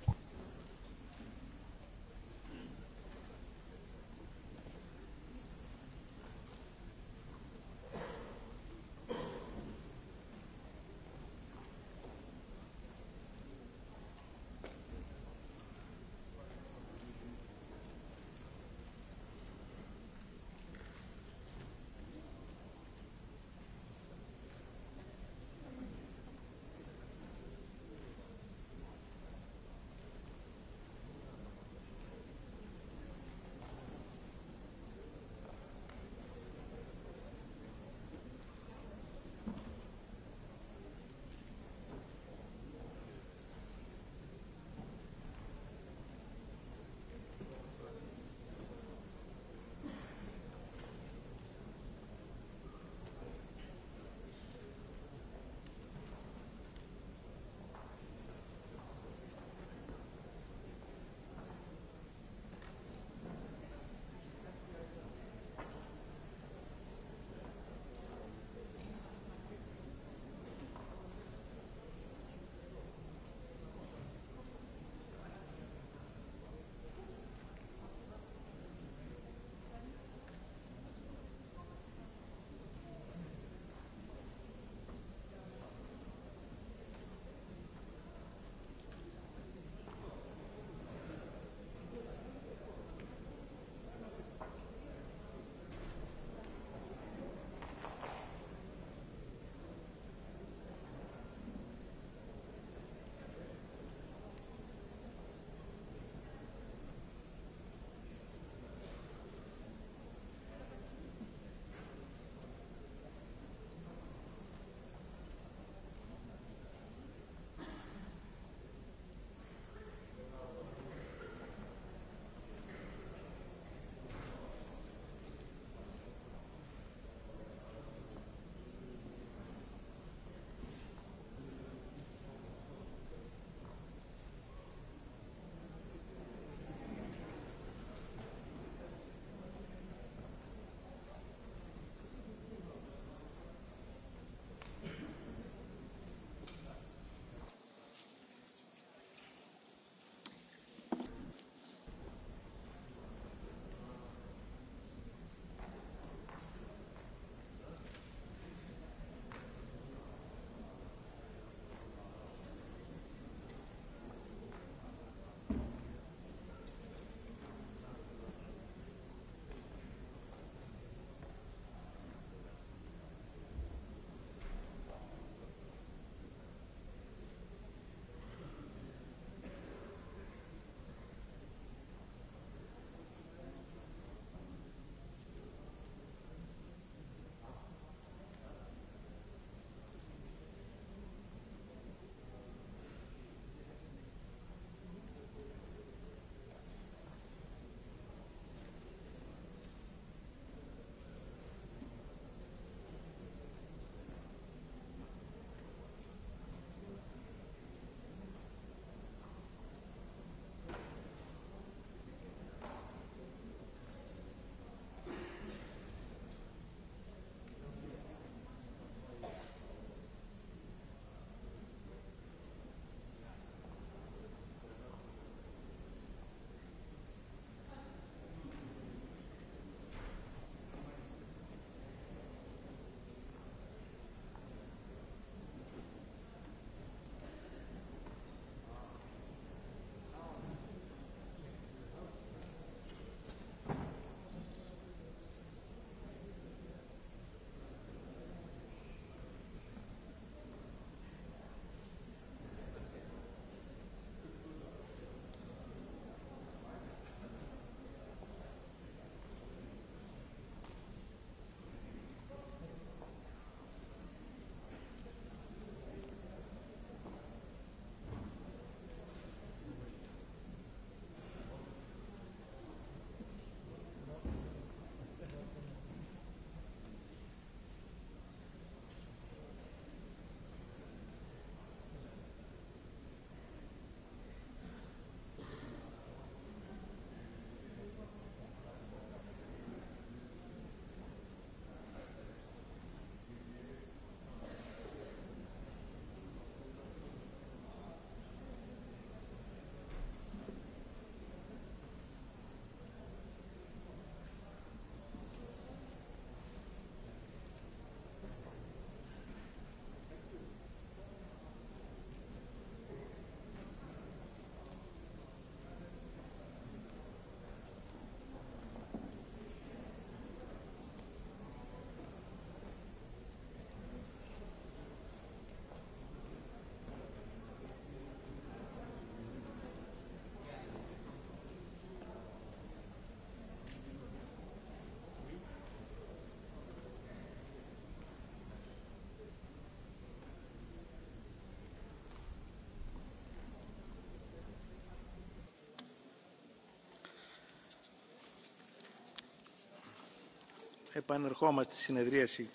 joj homoseks medrijaši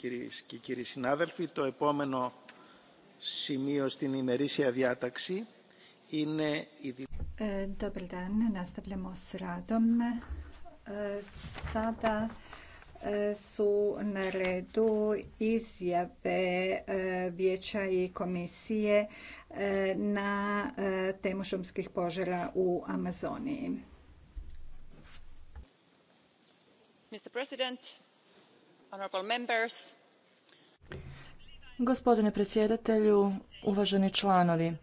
kiriš navrah i to je pomanuo si mio štimi merise avijatak i ne dobar dan nastavljamo s radom sada su na redu izjave e, vijeća i komisije e, na e, temu šumskih požara u Amazoniji. jeste prostiran Gospodine predsjedatelju, uvaženi članovi,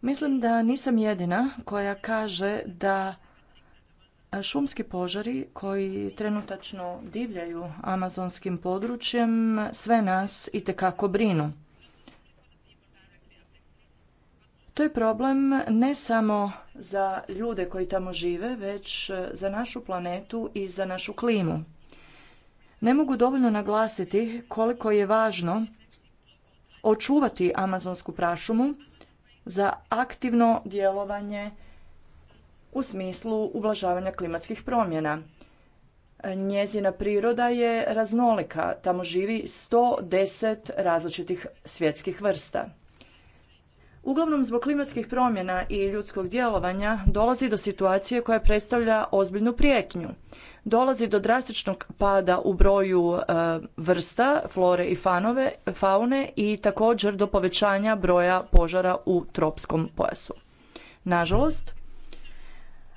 mislim da nisam jedina koja kaže da šumski požari koji trenutačno divljaju amazonskim područjem sve nas itekako brinu. To je problem ne samo za ljude koji tamo žive, već za našu planetu i za našu klimu. Ne mogu dovoljno naglasiti koliko je važno očuvati amazonsku prašumu za aktivno djelovanje u smislu ublažavanja klimatskih promjena. Njezina priroda je raznolika, tamo živi 110 različitih svjetskih vrsta. Uglavnom zbog klimatskih promjena i ljudskog djelovanja dolazi do situacije koja predstavlja ozbiljnu prijetnju. Dolazi do drastičnog pada u broju e, vrsta, flore i faune i također do povećanja broja požara u tropskom pojasu. Nažalost,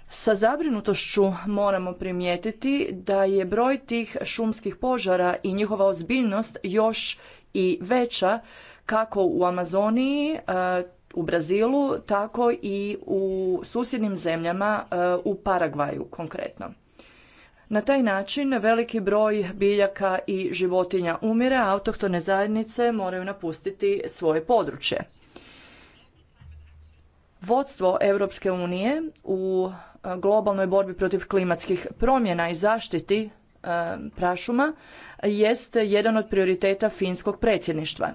sa zabrinutošću moramo primijetiti da je broj tih šumskih požara i njihova ozbiljnost još i veća kako u Amazoniji, e, u Brazilu, tako i u susjednim zemljama eh, u Paragvaju konkretno. Na taj način veliki broj biljaka i životinja umire, a autohtone zajednice moraju napustiti svoje područje. Vodstvo Europske unije u eh, globalnoj borbi protiv klimatskih promjena i zaštiti eh, prašuma jest jedan od prioriteta finskog predsjedništva.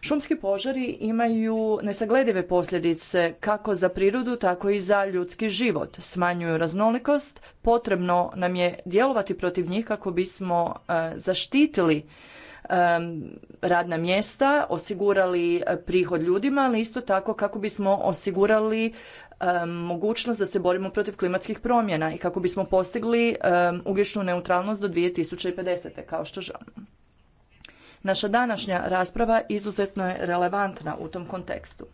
Šumski požari imaju nesagledive posljedice kako za prirodu, tako i za ljudski život. Smanjuju raznolikost, potrebno nam je djelovati protiv njih kako bismo e, zaštitili e, radna mjesta, osigurali e, prihod ljudima, ali isto tako kako bismo osigurali mogućnost da se borimo protiv klimatskih promjena i kako bismo postigli ugljičnu neutralnost do 2050. kao što želimo. Naša današnja rasprava izuzetno je relevantna u tom kontekstu.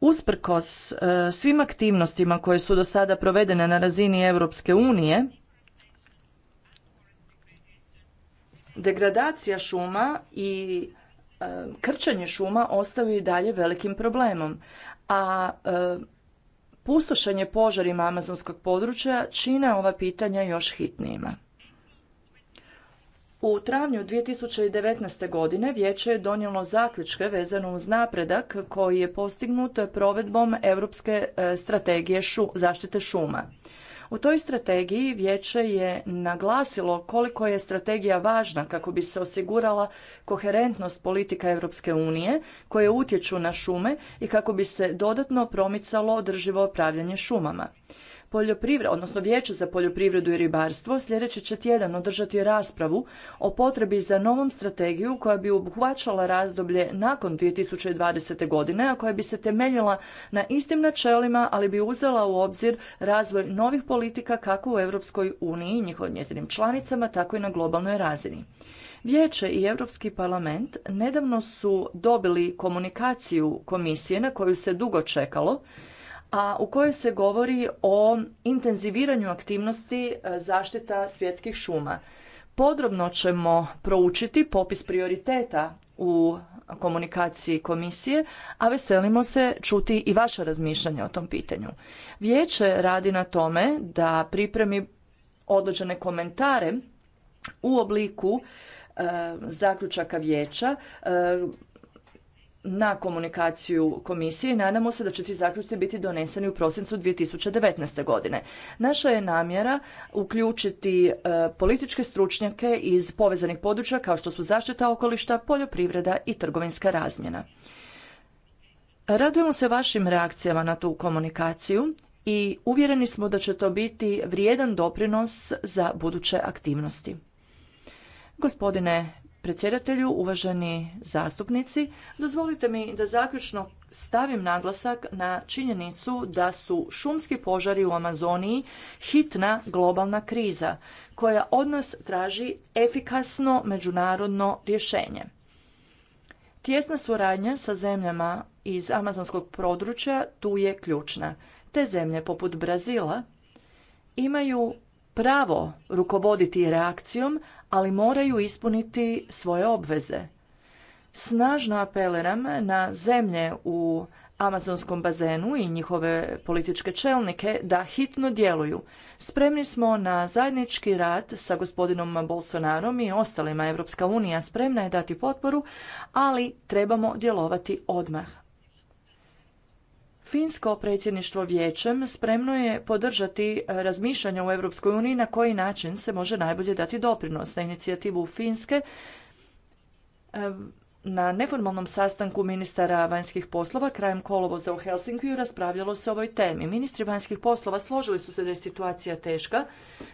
Usprkos e, svim aktivnostima koje su do sada provedene na razini Europske unije, degradacija šuma i e, krčenje šuma ostaju i dalje velikim problemom, a e, pustošenje požarima amazonskog područja čine ova pitanja još hitnijima. U travnju 2019. godine vijeće je donijelo zaključke vezano uz napredak koji je postignut provedbom Europske e, strategije šu, zaštite šuma. U toj strategiji vijeće je naglasilo koliko je strategija važna kako bi se osigurala koherentnost politika Europske unije koje utječu na šume i kako bi se dodatno promicalo održivo upravljanje šumama poljoprivreda, odnosno Vijeće za poljoprivredu i ribarstvo sljedeći će tjedan održati raspravu o potrebi za novom strategiju koja bi obuhvaćala razdoblje nakon 2020. godine, a koja bi se temeljila na istim načelima, ali bi uzela u obzir razvoj novih politika kako u Europskoj uniji i njihovim njezinim članicama, tako i na globalnoj razini. Vijeće i Europski parlament nedavno su dobili komunikaciju komisije na koju se dugo čekalo, a u kojoj se govori o intenziviranju aktivnosti e, zaštita svjetskih šuma. Podrobno ćemo proučiti popis prioriteta u komunikaciji komisije, a veselimo se čuti i vaše razmišljanje o tom pitanju. Vijeće radi na tome da pripremi određene komentare u obliku e, zaključaka vijeća e, na komunikaciju komisije i nadamo se da će ti zaključci biti doneseni u prosincu 2019. godine. Naša je namjera uključiti e, političke stručnjake iz povezanih područja kao što su zaštita okolišta, poljoprivreda i trgovinska razmjena. Radujemo se vašim reakcijama na tu komunikaciju i uvjereni smo da će to biti vrijedan doprinos za buduće aktivnosti. Gospodine predsjedatelju, uvaženi zastupnici, dozvolite mi da zaključno stavim naglasak na činjenicu da su šumski požari u Amazoniji hitna globalna kriza koja od nas traži efikasno međunarodno rješenje. Tjesna suradnja sa zemljama iz amazonskog područja tu je ključna. Te zemlje poput Brazila imaju pravo rukovoditi reakcijom, ali moraju ispuniti svoje obveze. Snažno apeliram na zemlje u Amazonskom bazenu i njihove političke čelnike da hitno djeluju. Spremni smo na zajednički rad sa gospodinom Bolsonarom i ostalima. Evropska unija spremna je dati potporu, ali trebamo djelovati odmah. Finsko predsjedništvo vijećem spremno je podržati e, razmišljanja u Europskoj uniji na koji način se može najbolje dati doprinos na inicijativu Finske e, na neformalnom sastanku ministara vanjskih poslova krajem kolovoza u Helsinkiju raspravljalo se o ovoj temi. Ministri vanjskih poslova složili su se da je situacija teška,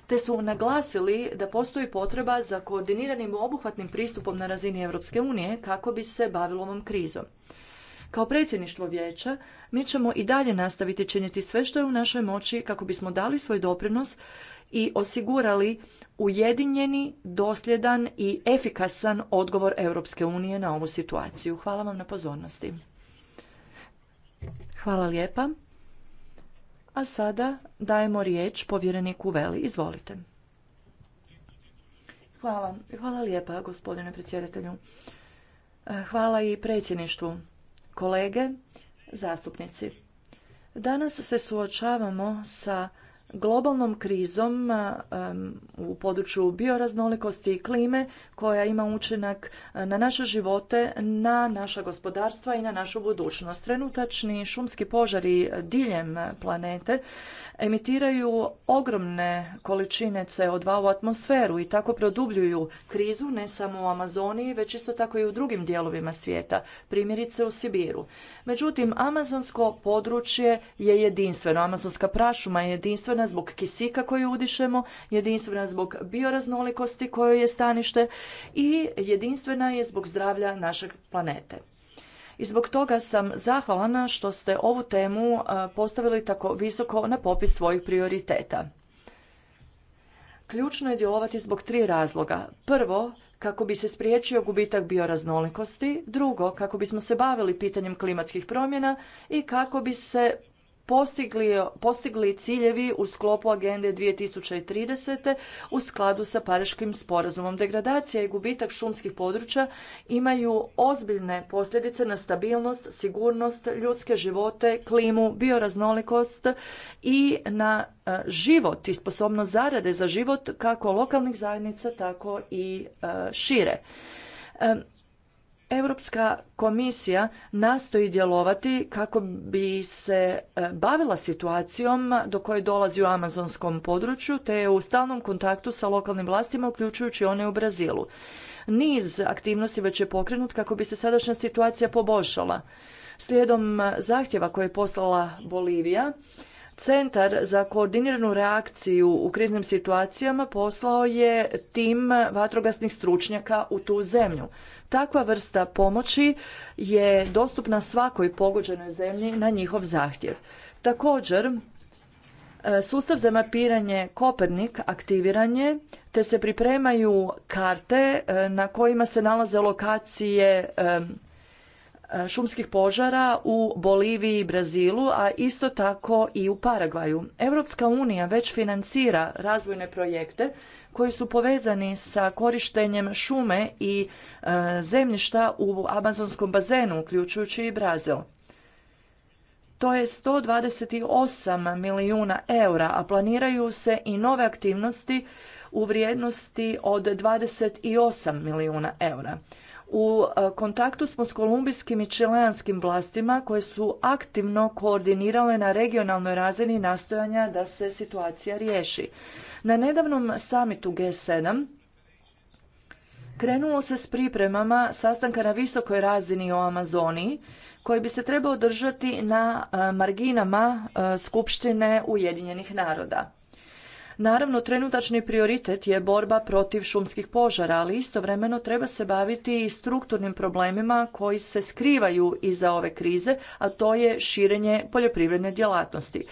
te su naglasili da postoji potreba za koordiniranim obuhvatnim pristupom na razini Europske unije kako bi se bavilo ovom krizom. Kao predsjedništvo vijeća mi ćemo i dalje nastaviti činiti sve što je u našoj moći kako bismo dali svoj doprinos i osigurali ujedinjeni, dosljedan i efikasan odgovor Europske unije na ovu situaciju. Hvala vam na pozornosti. Hvala lijepa. A sada dajemo riječ povjereniku Veli. Izvolite. Hvala. Hvala lijepa, gospodine predsjedatelju. Hvala i predsjedništvu kolege, zastupnici. Danas se suočavamo sa globalnom krizom u području bioraznolikosti i klime koja ima učinak na naše živote, na naša gospodarstva i na našu budućnost. Trenutačni šumski požari diljem planete emitiraju ogromne količine CO2 u atmosferu i tako produbljuju krizu ne samo u Amazoniji, već isto tako i u drugim dijelovima svijeta, primjerice u Sibiru. Međutim, amazonsko područje je jedinstveno. Amazonska prašuma je jedinstvena zbog kisika koju udišemo, jedinstvena zbog bioraznolikosti kojoj je stanište i jedinstvena je zbog zdravlja našeg planete i zbog toga sam zahvalna što ste ovu temu e, postavili tako visoko na popis svojih prioriteta. Ključno je djelovati zbog tri razloga. Prvo, kako bi se spriječio gubitak bioraznolikosti, drugo, kako bismo se bavili pitanjem klimatskih promjena i kako bi se postigli, postigli ciljevi u sklopu agende 2030. u skladu sa Pariškim sporazumom. Degradacija i gubitak šumskih područja imaju ozbiljne posljedice na stabilnost, sigurnost, ljudske živote, klimu, bioraznolikost i na e, život i sposobnost zarade za život kako lokalnih zajednica, tako i e, šire. E, Europska komisija nastoji djelovati kako bi se e, bavila situacijom do koje dolazi u amazonskom području te je u stalnom kontaktu sa lokalnim vlastima uključujući one u Brazilu. Niz aktivnosti već je pokrenut kako bi se sadašnja situacija poboljšala. Slijedom e, zahtjeva koje je poslala Bolivija, Centar za koordiniranu reakciju u kriznim situacijama poslao je tim vatrogasnih stručnjaka u tu zemlju. Takva vrsta pomoći je dostupna svakoj pogođenoj zemlji na njihov zahtjev. Također, e, Sustav za mapiranje Kopernik aktiviran je, te se pripremaju karte e, na kojima se nalaze lokacije e, E, šumskih požara u Boliviji i Brazilu, a isto tako i u Paragvaju. Europska unija već financira razvojne projekte koji su povezani sa korištenjem šume i e, zemljišta u amazonskom bazenu, uključujući i Brazil. To je 128 milijuna eura, a planiraju se i nove aktivnosti u vrijednosti od 28 milijuna eura. U e, kontaktu smo s kolumbijskim i čileanskim vlastima koje su aktivno koordinirale na regionalnoj razini nastojanja da se situacija riješi. Na nedavnom samitu G7 krenulo se s pripremama sastanka na visokoj razini o Amazoniji koji bi se trebao održati na e, marginama e, Skupštine Ujedinjenih naroda. Naravno, trenutačni prioritet je borba protiv šumskih požara, ali istovremeno treba se baviti i strukturnim problemima koji se skrivaju iza ove krize, a to je širenje poljoprivredne djelatnosti.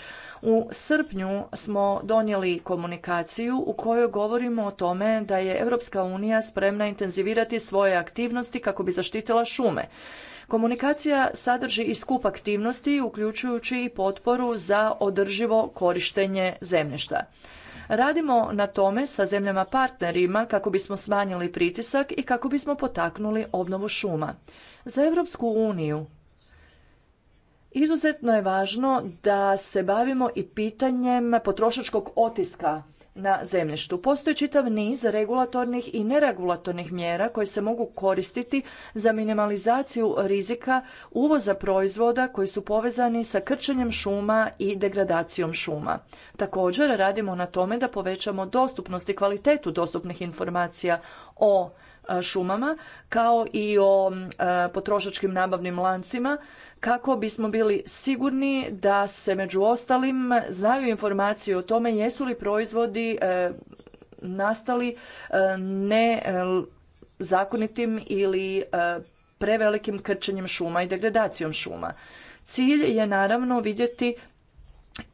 U srpnju smo donijeli komunikaciju u kojoj govorimo o tome da je Europska unija spremna intenzivirati svoje aktivnosti kako bi zaštitila šume. Komunikacija sadrži i skup aktivnosti uključujući i potporu za održivo korištenje zemljišta. Radimo na tome sa zemljama partnerima kako bismo smanjili pritisak i kako bismo potaknuli obnovu šuma. Za Europsku uniju izuzetno je važno da se bavimo i pitanjem potrošačkog otiska na zemljištu. Postoji čitav niz regulatornih i neregulatornih mjera koje se mogu koristiti za minimalizaciju rizika uvoza proizvoda koji su povezani sa krčenjem šuma i degradacijom šuma. Također radimo na tome da povećamo dostupnost i kvalitetu dostupnih informacija o e, šumama kao i o e, potrošačkim nabavnim lancima kako bismo bili sigurni da se među ostalim znaju informacije o tome jesu li proizvodi e, nastali e, ne nezakonitim ili e, prevelikim krčenjem šuma i degradacijom šuma. Cilj je naravno vidjeti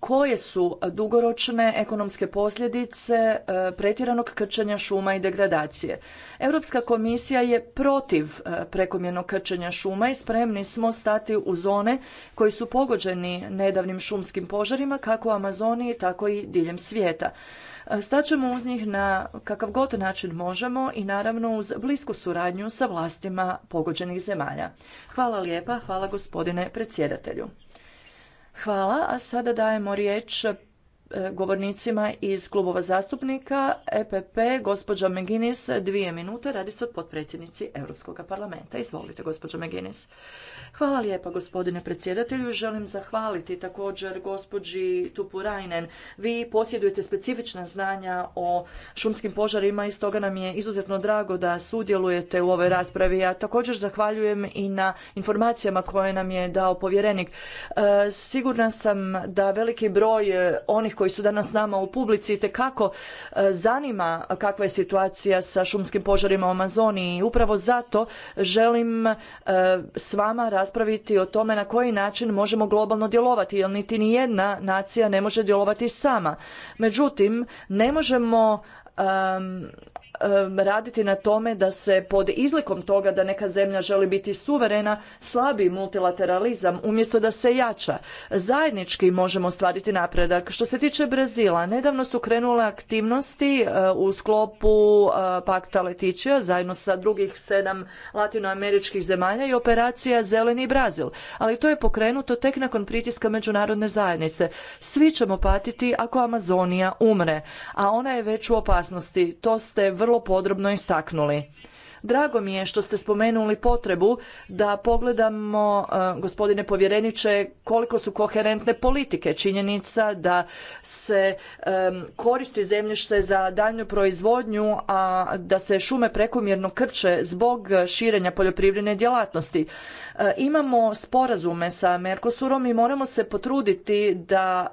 koje su dugoročne ekonomske posljedice e, pretjeranog krčenja šuma i degradacije. Europska komisija je protiv e, prekomjernog krčenja šuma i spremni smo stati u zone koji su pogođeni nedavnim šumskim požarima kako u Amazoniji tako i diljem svijeta. E, Staćemo uz njih na kakav god način možemo i naravno uz blisku suradnju sa vlastima pogođenih zemalja. Hvala lijepa, hvala gospodine predsjedatelju. Hvala, a sada dajemo riječ E, govornicima iz klubova zastupnika EPP, gospođa Meginis, dvije minute, radi se o potpredsjednici Europskog parlamenta. Izvolite, gospođo Meginis. Hvala lijepa, gospodine predsjedatelju. Želim zahvaliti također gospođi Tupurajnen. Vi posjedujete specifična znanja o šumskim požarima i stoga nam je izuzetno drago da sudjelujete u ovoj raspravi. Ja također zahvaljujem i na informacijama koje nam je dao povjerenik. E, sigurna sam da veliki broj e, onih koji koji su danas s nama u publici itekako e, zanima kakva je situacija sa šumskim požarima u Amazoniji i upravo zato želim e, s vama raspraviti o tome na koji način možemo globalno djelovati jer niti ni jedna nacija ne može djelovati sama. Međutim, ne možemo raditi na tome da se pod izlikom toga da neka zemlja želi biti suverena slabi multilateralizam umjesto da se jača. Zajednički možemo stvariti napredak. Što se tiče Brazila, nedavno su krenule aktivnosti eh, u sklopu eh, pakta Letića zajedno sa drugih sedam latinoameričkih zemalja i operacija Zeleni Brazil. Ali to je pokrenuto tek nakon pritiska međunarodne zajednice. Svi ćemo patiti ako Amazonija umre, a ona je već u opasnosti. To ste vrlo podrobno istaknuli. Drago mi je što ste spomenuli potrebu da pogledamo, e, gospodine povjereniče, koliko su koherentne politike. Činjenica da se e, koristi zemljište za daljnju proizvodnju, a da se šume prekomjerno krče zbog širenja poljoprivredne djelatnosti. E, imamo sporazume sa Mercosurom i moramo se potruditi da e,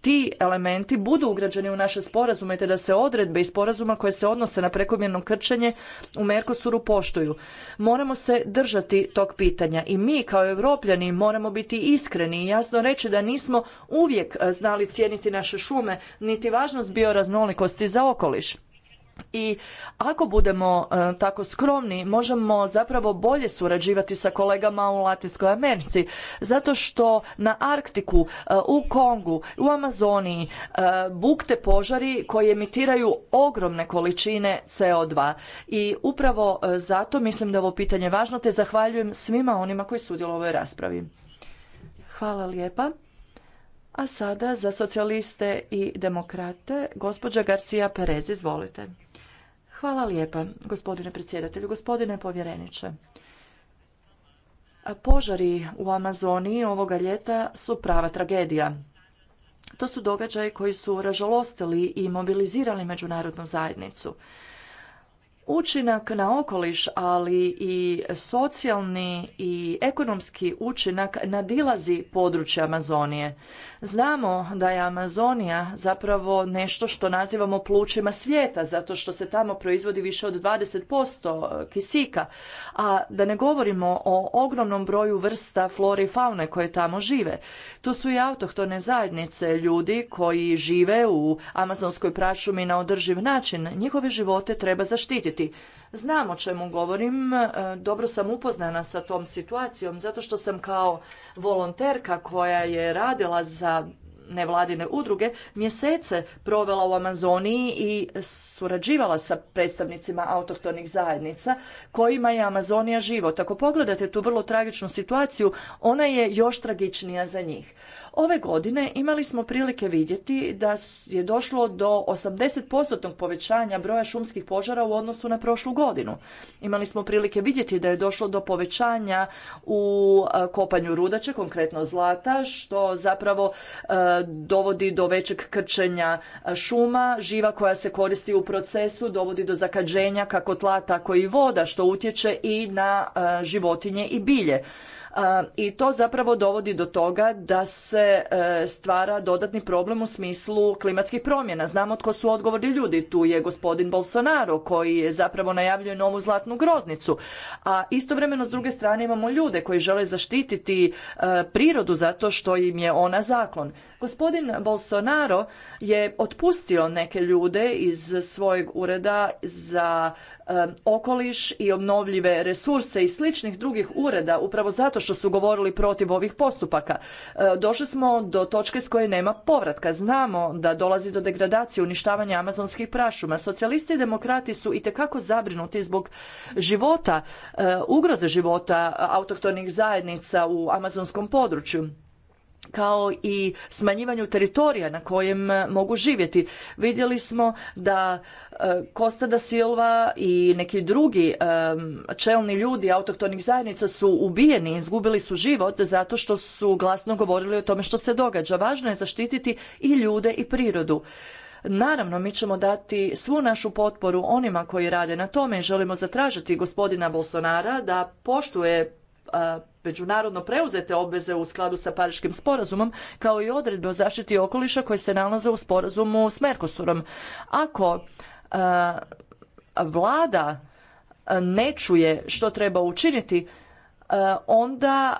ti elementi budu ugrađeni u naše sporazume te da se odredbe i sporazuma koje se odnose na prekomjerno krčenje u Mercosuru poštuju. Moramo se držati tog pitanja i mi kao europljani moramo biti iskreni i jasno reći da nismo uvijek e, znali cijeniti naše šume niti važnost bioraznolikosti za okoliš i ako budemo e, tako skromni možemo zapravo bolje surađivati sa kolegama u Latinskoj Americi zato što na Arktiku, e, u Kongu, u Amazoniji e, bukte požari koji emitiraju ogromne količine CO2 i upravo zato mislim da je ovo pitanje važno te zahvaljujem svima onima koji sudjeluju u ovoj raspravi. Hvala lijepa. A sada za socijaliste i demokrate gospođa Garcia Perez, izvolite. Hvala lijepa, gospodine predsjedatelju, gospodine povjereniče. Požari u Amazoniji ovoga ljeta su prava tragedija. To su događaji koji su ražalostili i mobilizirali međunarodnu zajednicu učinak na okoliš, ali i socijalni i ekonomski učinak nadilazi područje Amazonije. Znamo da je Amazonija zapravo nešto što nazivamo plućima svijeta, zato što se tamo proizvodi više od 20% e, kisika, a da ne govorimo o ogromnom broju vrsta flore i faune koje tamo žive. Tu su i autohtone zajednice ljudi koji žive u amazonskoj prašumi na održiv način. Njihove živote treba zaštititi Znam o čemu govorim, e, dobro sam upoznana sa tom situacijom, zato što sam kao volonterka koja je radila za nevladine udruge mjesece provela u Amazoniji i surađivala sa predstavnicima autohtonih zajednica kojima je Amazonija život. Ako pogledate tu vrlo tragičnu situaciju, ona je još tragičnija za njih. Ove godine imali smo prilike vidjeti da je došlo do 80% povećanja broja šumskih požara u odnosu na prošlu godinu. Imali smo prilike vidjeti da je došlo do povećanja u e, kopanju rudače, konkretno zlata, što zapravo e, dovodi do većeg krčenja e, šuma, živa koja se koristi u procesu dovodi do zakađenja kako tla, tako i voda, što utječe i na životinje i bilje i to zapravo dovodi do toga da se e, stvara dodatni problem u smislu klimatskih promjena. Znamo tko su odgovorni ljudi. Tu je gospodin Bolsonaro koji je zapravo najavljuje novu zlatnu groznicu. A istovremeno s druge strane imamo ljude koji žele zaštititi e, prirodu zato što im je ona zaklon. Gospodin Bolsonaro je otpustio neke ljude iz svojeg ureda za Um, okoliš i obnovljive resurse i sličnih drugih ureda upravo zato što su govorili protiv ovih postupaka. Uh, došli smo do točke s koje nema povratka. Znamo da dolazi do degradacije, uništavanja amazonskih prašuma. Socijalisti i demokrati su i tekako zabrinuti zbog života, uh, ugroze života autohtonih zajednica u amazonskom području kao i smanjivanju teritorija na kojem e, mogu živjeti. Vidjeli smo da e, Costa da Silva i neki drugi e, čelni ljudi autohtonih zajednica su ubijeni, izgubili su život zato što su glasno govorili o tome što se događa. Važno je zaštititi i ljude i prirodu. Naravno, mi ćemo dati svu našu potporu onima koji rade na tome i želimo zatražiti gospodina Bolsonara da poštuje međunarodno preuzete obveze u skladu sa Pariškim sporazumom, kao i odredbe o zaštiti okoliša koje se nalaze u sporazumu s Mercosurom. Ako e, vlada e, ne čuje što treba učiniti, e, onda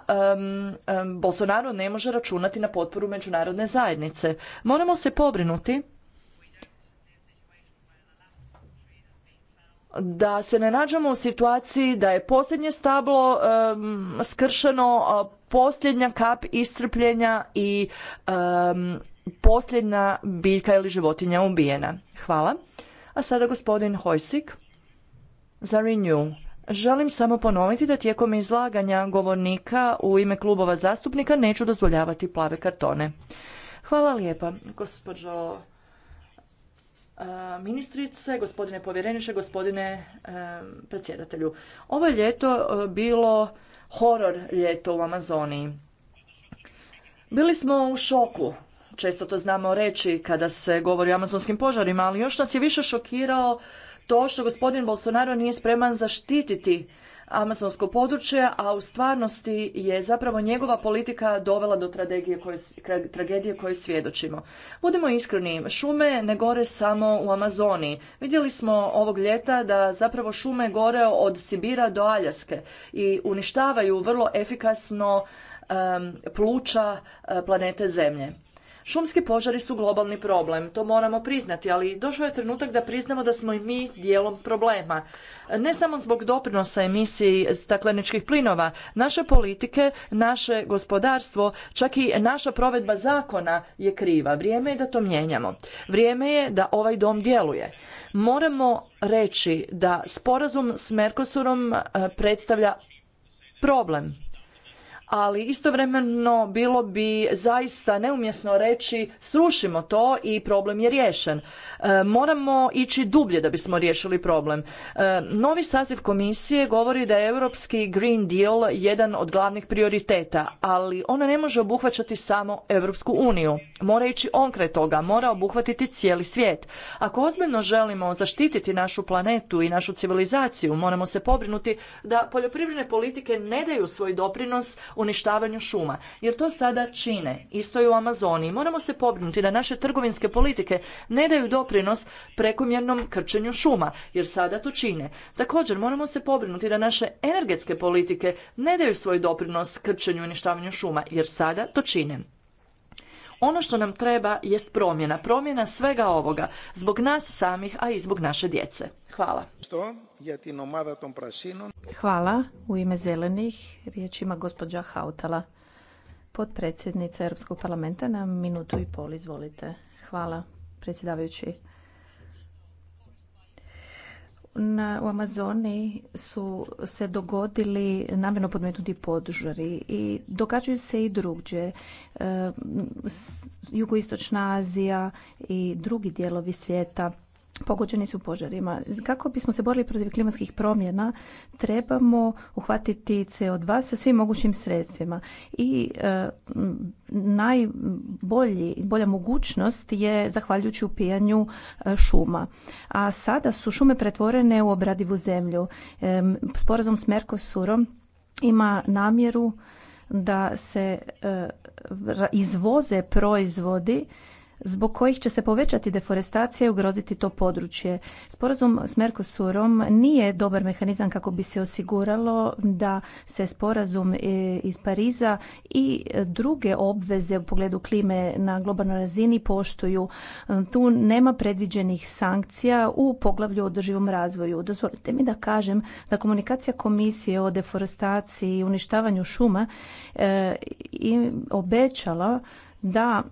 Bolsonaro ne može računati na potporu međunarodne zajednice. Moramo se pobrinuti da se ne nađemo u situaciji da je posljednje stablo skršeno, posljednja kap iscrpljenja i posljedna biljka ili životinja ubijena. Hvala. A sada gospodin Hojsik za Renew. Želim samo ponoviti da tijekom izlaganja govornika u ime klubova zastupnika neću dozvoljavati plave kartone. Hvala lijepa, gospođo E, ministrice, gospodine povjereniče, gospodine e, predsjedatelju. Ovo je ljeto e, bilo horor ljeto u Amazoniji. Bili smo u šoku, često to znamo reći kada se govori o amazonskim požarima, ali još nas je više šokirao to što gospodin Bolsonaro nije spreman zaštititi amazonsko područje, a u stvarnosti je zapravo njegova politika dovela do tragedije kojoj svjedočimo. Budimo iskreni, šume ne gore samo u Amazoni. Vidjeli smo ovog ljeta da zapravo šume gore od Sibira do Aljaske i uništavaju vrlo efikasno pluća eh, planete Zemlje. Šumski požari su globalni problem, to moramo priznati, ali došao je trenutak da priznamo da smo i mi dijelom problema. Ne samo zbog doprinosa emisiji stakleničkih plinova, naše politike, naše gospodarstvo, čak i naša provedba zakona je kriva. Vrijeme je da to mijenjamo. Vrijeme je da ovaj dom djeluje. Moramo reći da sporazum s Mercosurom eh, predstavlja problem ali istovremeno bilo bi zaista neumjesno reći srušimo to i problem je riješen. E, moramo ići dublje da bismo riješili problem. E, novi saziv komisije govori da je europski Green Deal jedan od glavnih prioriteta, ali ona ne može obuhvaćati samo Europsku uniju. Mora ići onkraj toga, mora obuhvatiti cijeli svijet. Ako ozbiljno želimo zaštititi našu planetu i našu civilizaciju, moramo se pobrinuti da poljoprivredne politike ne daju svoj doprinos uništavanju šuma, jer to sada čine, isto je u Amazoniji. Moramo se pobrinuti da naše trgovinske politike ne daju doprinos prekomjernom krčenju šuma, jer sada to čine. Također moramo se pobrinuti da naše energetske politike ne daju svoj doprinos krčenju i uništavanju šuma, jer sada to čine. Ono što nam treba jest promjena, promjena svega ovoga, zbog nas samih, a i zbog naše djece. Hvala. Hvala. U ime zelenih riječima gospođa Hautala, potpredsjednica Europskog parlamenta na minutu i pol. Izvolite. Hvala, predsjedavajući u Amazoni su se dogodili namjerno podmetnuti podžari i događaju se i drugdje. E, Jugoistočna Azija i drugi dijelovi svijeta pogođeni su požarima. Kako bismo se borili protiv klimatskih promjena, trebamo uhvatiti CO2 sa svim mogućim sredstvima. I e, najbolji, bolja mogućnost je zahvaljujući upijanju e, šuma. A sada su šume pretvorene u obradivu zemlju. E, sporazum s Merkosurom ima namjeru da se e, izvoze proizvodi zbog kojih će se povećati deforestacija i ugroziti to područje. Sporazum s Mercosurom nije dobar mehanizam kako bi se osiguralo da se sporazum e, iz Pariza i druge obveze u pogledu klime na globalnoj razini poštuju. E, tu nema predviđenih sankcija u poglavlju o održivom razvoju. Dozvolite mi da kažem da komunikacija komisije o deforestaciji i uništavanju šuma e, obećala da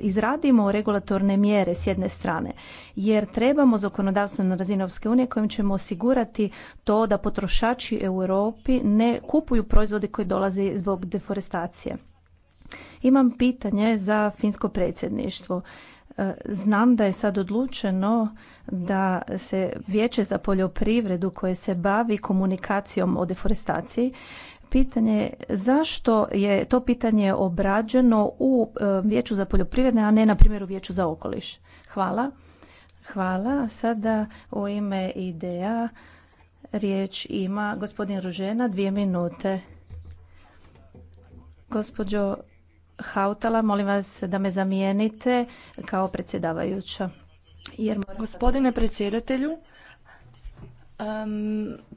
izradimo regulatorne mjere s jedne strane jer trebamo zakonodavstvo na razini Europske unije kojim ćemo osigurati to da potrošači u Europi ne kupuju proizvode koji dolaze zbog deforestacije. Imam pitanje za finsko predsjedništvo. E, znam da je sad odlučeno da se vijeće za poljoprivredu koje se bavi komunikacijom o deforestaciji pitanje zašto je to pitanje obrađeno u e, Vijeću za poljoprivredne, a ne na primjer u Vijeću za okoliš. Hvala. Hvala. Sada u ime ideja riječ ima gospodin Ružena, dvije minute. Gospođo Hautala, molim vas da me zamijenite kao predsjedavajuća. Jer... Gospodine predsjedatelju,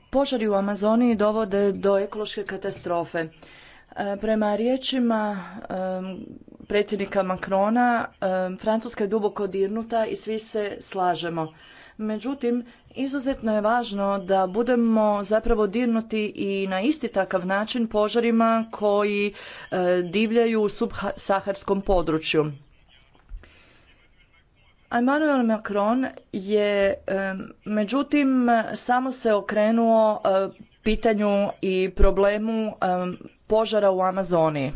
požari u Amazoniji dovode do ekološke katastrofe. prema riječima predsjednika Macrona, Francuska je duboko dirnuta i svi se slažemo. Međutim, izuzetno je važno da budemo zapravo dirnuti i na isti takav način požarima koji eh, divljaju u subsaharskom području. Emmanuel Macron je međutim samo se okrenuo e, pitanju i problemu požara u Amazoniji.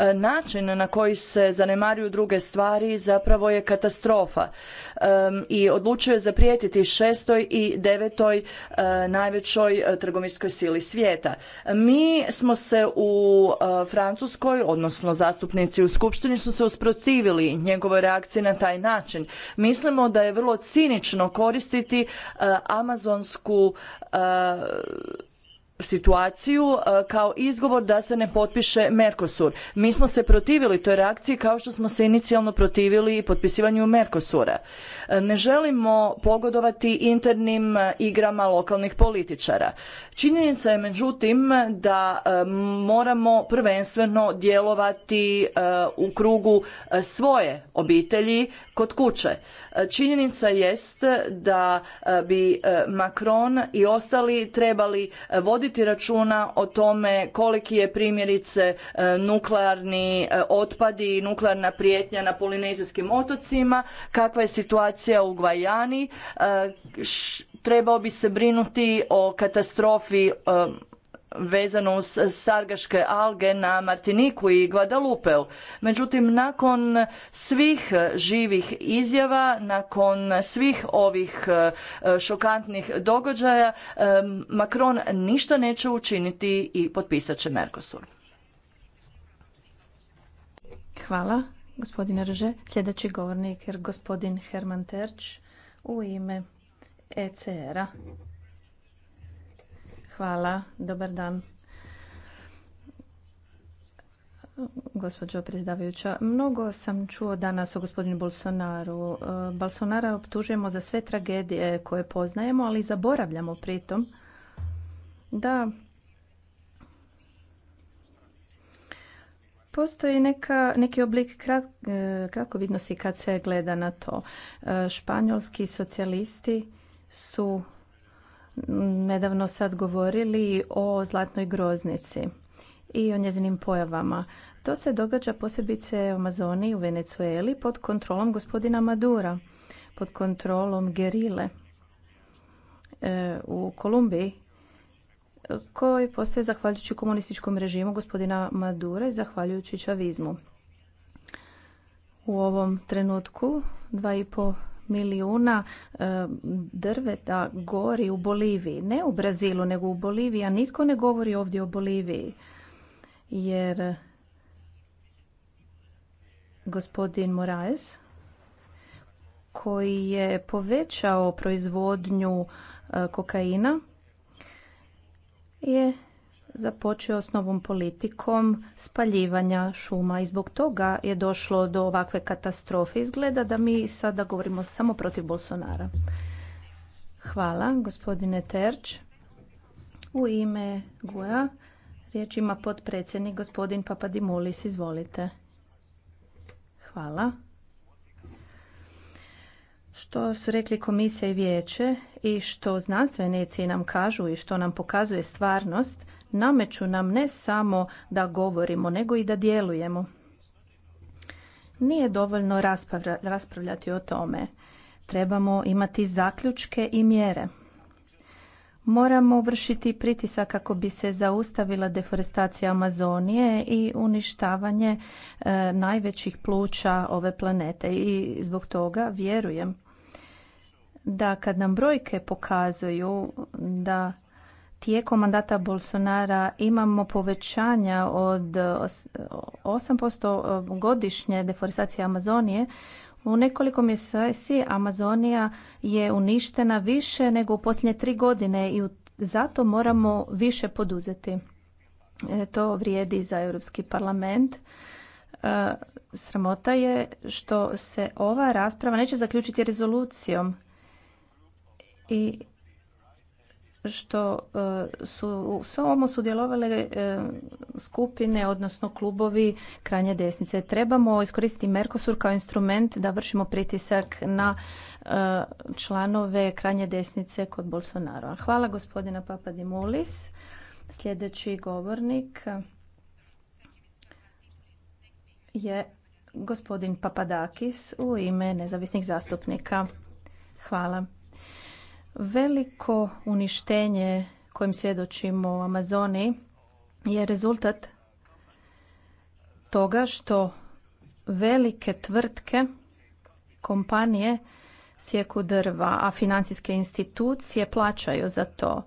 E, način na koji se zanemaruju druge stvari zapravo je katastrofa e, i je zaprijetiti šestoj i devetoj e, najvećoj trgovinskoj sili svijeta. Mi smo se u Francuskoj, odnosno zastupnici u Skupštini su se usprotivili njegovoj reakciji na taj način. Mislimo da je vrlo cinično koristiti amazonsku situaciju e, kao izgovor da se ne potpiše Mercosur. Mi smo se protivili toj reakciji kao što smo se inicijalno protivili i potpisivanju Mercosura. E, ne želimo pogodovati internim e, igrama lokalnih političara. Činjenica je međutim da moramo prvenstveno djelovati u krugu svoje obitelji, kod kuće. E, činjenica jest da e, bi e, Macron i ostali trebali voditi računa o tome koliki je primjerice nuklearni otpad i nuklearna prijetnja na polinezijskim otocima, kakva je situacija u Gvajani, trebao bi se brinuti o katastrofi vezano uz sargaške alge na Martiniku i Guadalupeu. Međutim, nakon svih živih izjava, nakon svih ovih e, šokantnih događaja, e, Macron ništa neće učiniti i potpisat će Mercosur. Hvala, gospodine Rže. Sljedeći govornik je gospodin Herman Terč u ime ECR-a. Hvala, dobar dan. Gospođo predsjedavajuća, mnogo sam čuo danas o gospodinu Bolsonaru. E, Bolsonara optužujemo za sve tragedije koje poznajemo, ali zaboravljamo pritom da postoji neki oblik krat, e, kratkovidnosti kad se gleda na to. E, španjolski socijalisti su nedavno sad govorili o zlatnoj groznici i o njezinim pojavama. To se događa posebice u Amazoniji u Venezueli pod kontrolom gospodina Madura, pod kontrolom gerile e, u Kolumbiji koji postoje zahvaljujući komunističkom režimu gospodina Madura i zahvaljujući čavizmu. U ovom trenutku po milijuna e, drveta gori u Boliviji. Ne u Brazilu, nego u Boliviji. A nitko ne govori ovdje o Boliviji. Jer gospodin Moraes koji je povećao proizvodnju e, kokaina je započeo s novom politikom spaljivanja šuma i zbog toga je došlo do ovakve katastrofe. Izgleda da mi sada govorimo samo protiv Bolsonara. Hvala, gospodine Terč. U ime Guja riječ ima potpredsjednik gospodin Papadimulis. Izvolite. Hvala. Što su rekli komisija i vijeće i što znanstvenici nam kažu i što nam pokazuje stvarnost nameću nam ne samo da govorimo, nego i da djelujemo. Nije dovoljno raspravljati o tome. Trebamo imati zaključke i mjere. Moramo vršiti pritisak kako bi se zaustavila deforestacija Amazonije i uništavanje e, najvećih pluća ove planete i zbog toga vjerujem da kad nam brojke pokazuju da tijekom mandata Bolsonara imamo povećanja od 8% eh, godišnje deforestacije Amazonije, u nekoliko mjeseci Amazonija je uništena više nego u posljednje tri godine i zato moramo više poduzeti. Eh, to vrijedi za Europski parlament. Eh, sramota je što se ova rasprava neće zaključiti rezolucijom i što e, su u svomu sudjelovale e, skupine, odnosno klubovi krajnje desnice. Trebamo iskoristiti Mercosur kao instrument da vršimo pritisak na e, članove krajnje desnice kod Bolsonaro. Hvala gospodina Papadimulis. Sljedeći govornik je gospodin Papadakis u ime nezavisnih zastupnika. Hvala. Veliko uništenje kojim svjedočimo u Amazoni je rezultat toga što velike tvrtke, kompanije sjeku drva, a financijske institucije plaćaju za to.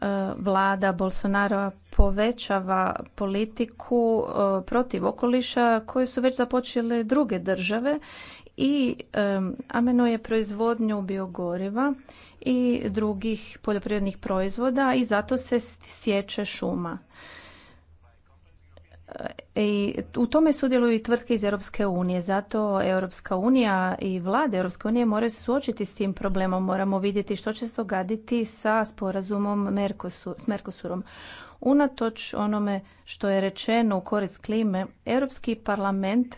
E, vlada Bolsonaro povećava politiku e, protiv okoliša koju su već započele druge države i amenuje proizvodnju biogoriva i drugih poljoprivrednih proizvoda i zato se sječe šuma. E, I u tome sudjeluju i tvrtke iz Europske unije. Zato Europska unija i vlade Europske unije moraju suočiti s tim problemom. Moramo vidjeti što će se dogaditi sa sporazumom s Merkosurom. Unatoč onome što je rečeno u korist klime, Europski parlament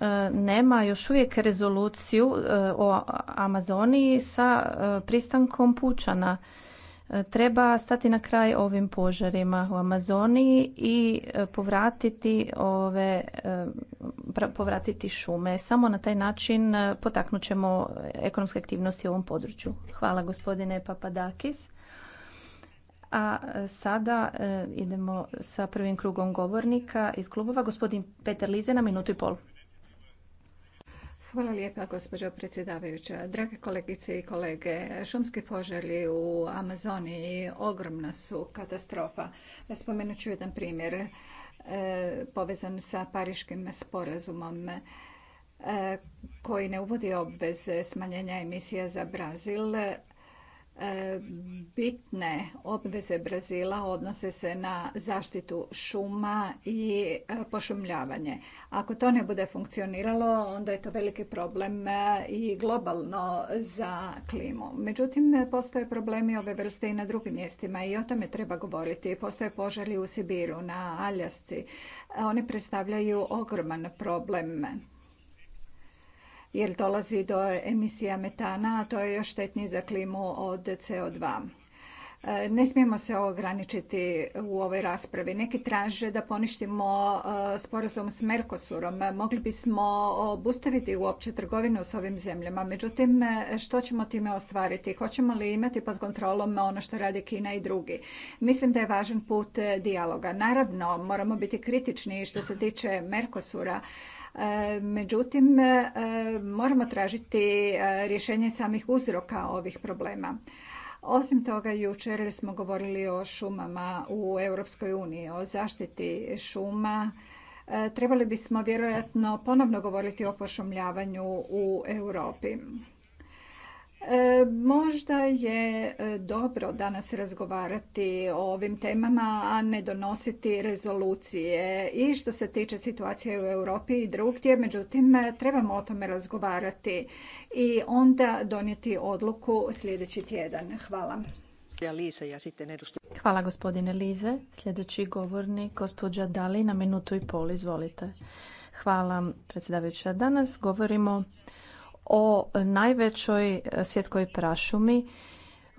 E, nema još uvijek rezoluciju e, o Amazoniji sa e, pristankom pučana. Treba stati na kraj ovim požarima u Amazoniji i povratiti ove povratiti šume. Samo na taj način potaknut ćemo ekonomske aktivnosti u ovom području. Hvala gospodine Papadakis. A sada idemo sa prvim krugom govornika iz klubova. Gospodin Peter Lize na minutu i pol. Hvala lijepa, gospođo predsjedavajuća. Drage kolegice i kolege, šumski požari u Amazoniji ogromna su katastrofa. Spomenut ću jedan primjer e, povezan sa Pariškim sporazumom e, koji ne uvodi obveze smanjenja emisija za Brazil, E, bitne obveze Brazila odnose se na zaštitu šuma i e, pošumljavanje. Ako to ne bude funkcioniralo, onda je to veliki problem e, i globalno za klimu. Međutim, postoje problemi ove vrste i na drugim mjestima i o tome treba govoriti. Postoje požari u Sibiru, na Aljasci. Oni predstavljaju ogroman problem jer dolazi do emisija metana, a to je još štetnije za klimu od CO2. E, ne smijemo se ograničiti u ovoj raspravi. Neki traže da poništimo e, sporazum s Mercosurom. Mogli bismo obustaviti uopće trgovinu s ovim zemljama. Međutim, što ćemo time ostvariti? Hoćemo li imati pod kontrolom ono što radi Kina i drugi? Mislim da je važan put dijaloga. Naravno, moramo biti kritični što se tiče Mercosura Međutim, e, moramo tražiti e, rješenje samih uzroka ovih problema. Osim toga, jučer smo govorili o šumama u Europskoj uniji, o zaštiti šuma. E, trebali bismo vjerojatno ponovno govoriti o pošumljavanju u Europi. E, možda je e, dobro danas razgovarati o ovim temama, a ne donositi rezolucije i što se tiče situacije u Europi i drugdje, međutim e, trebamo o tome razgovarati i onda donijeti odluku sljedeći tjedan. Hvala. Hvala gospodine Lize. Sljedeći govornik, gospođa Dali, na minutu i pol, izvolite. Hvala predsjedavajuća. Danas govorimo o najvećoj e, svjetskoj prašumi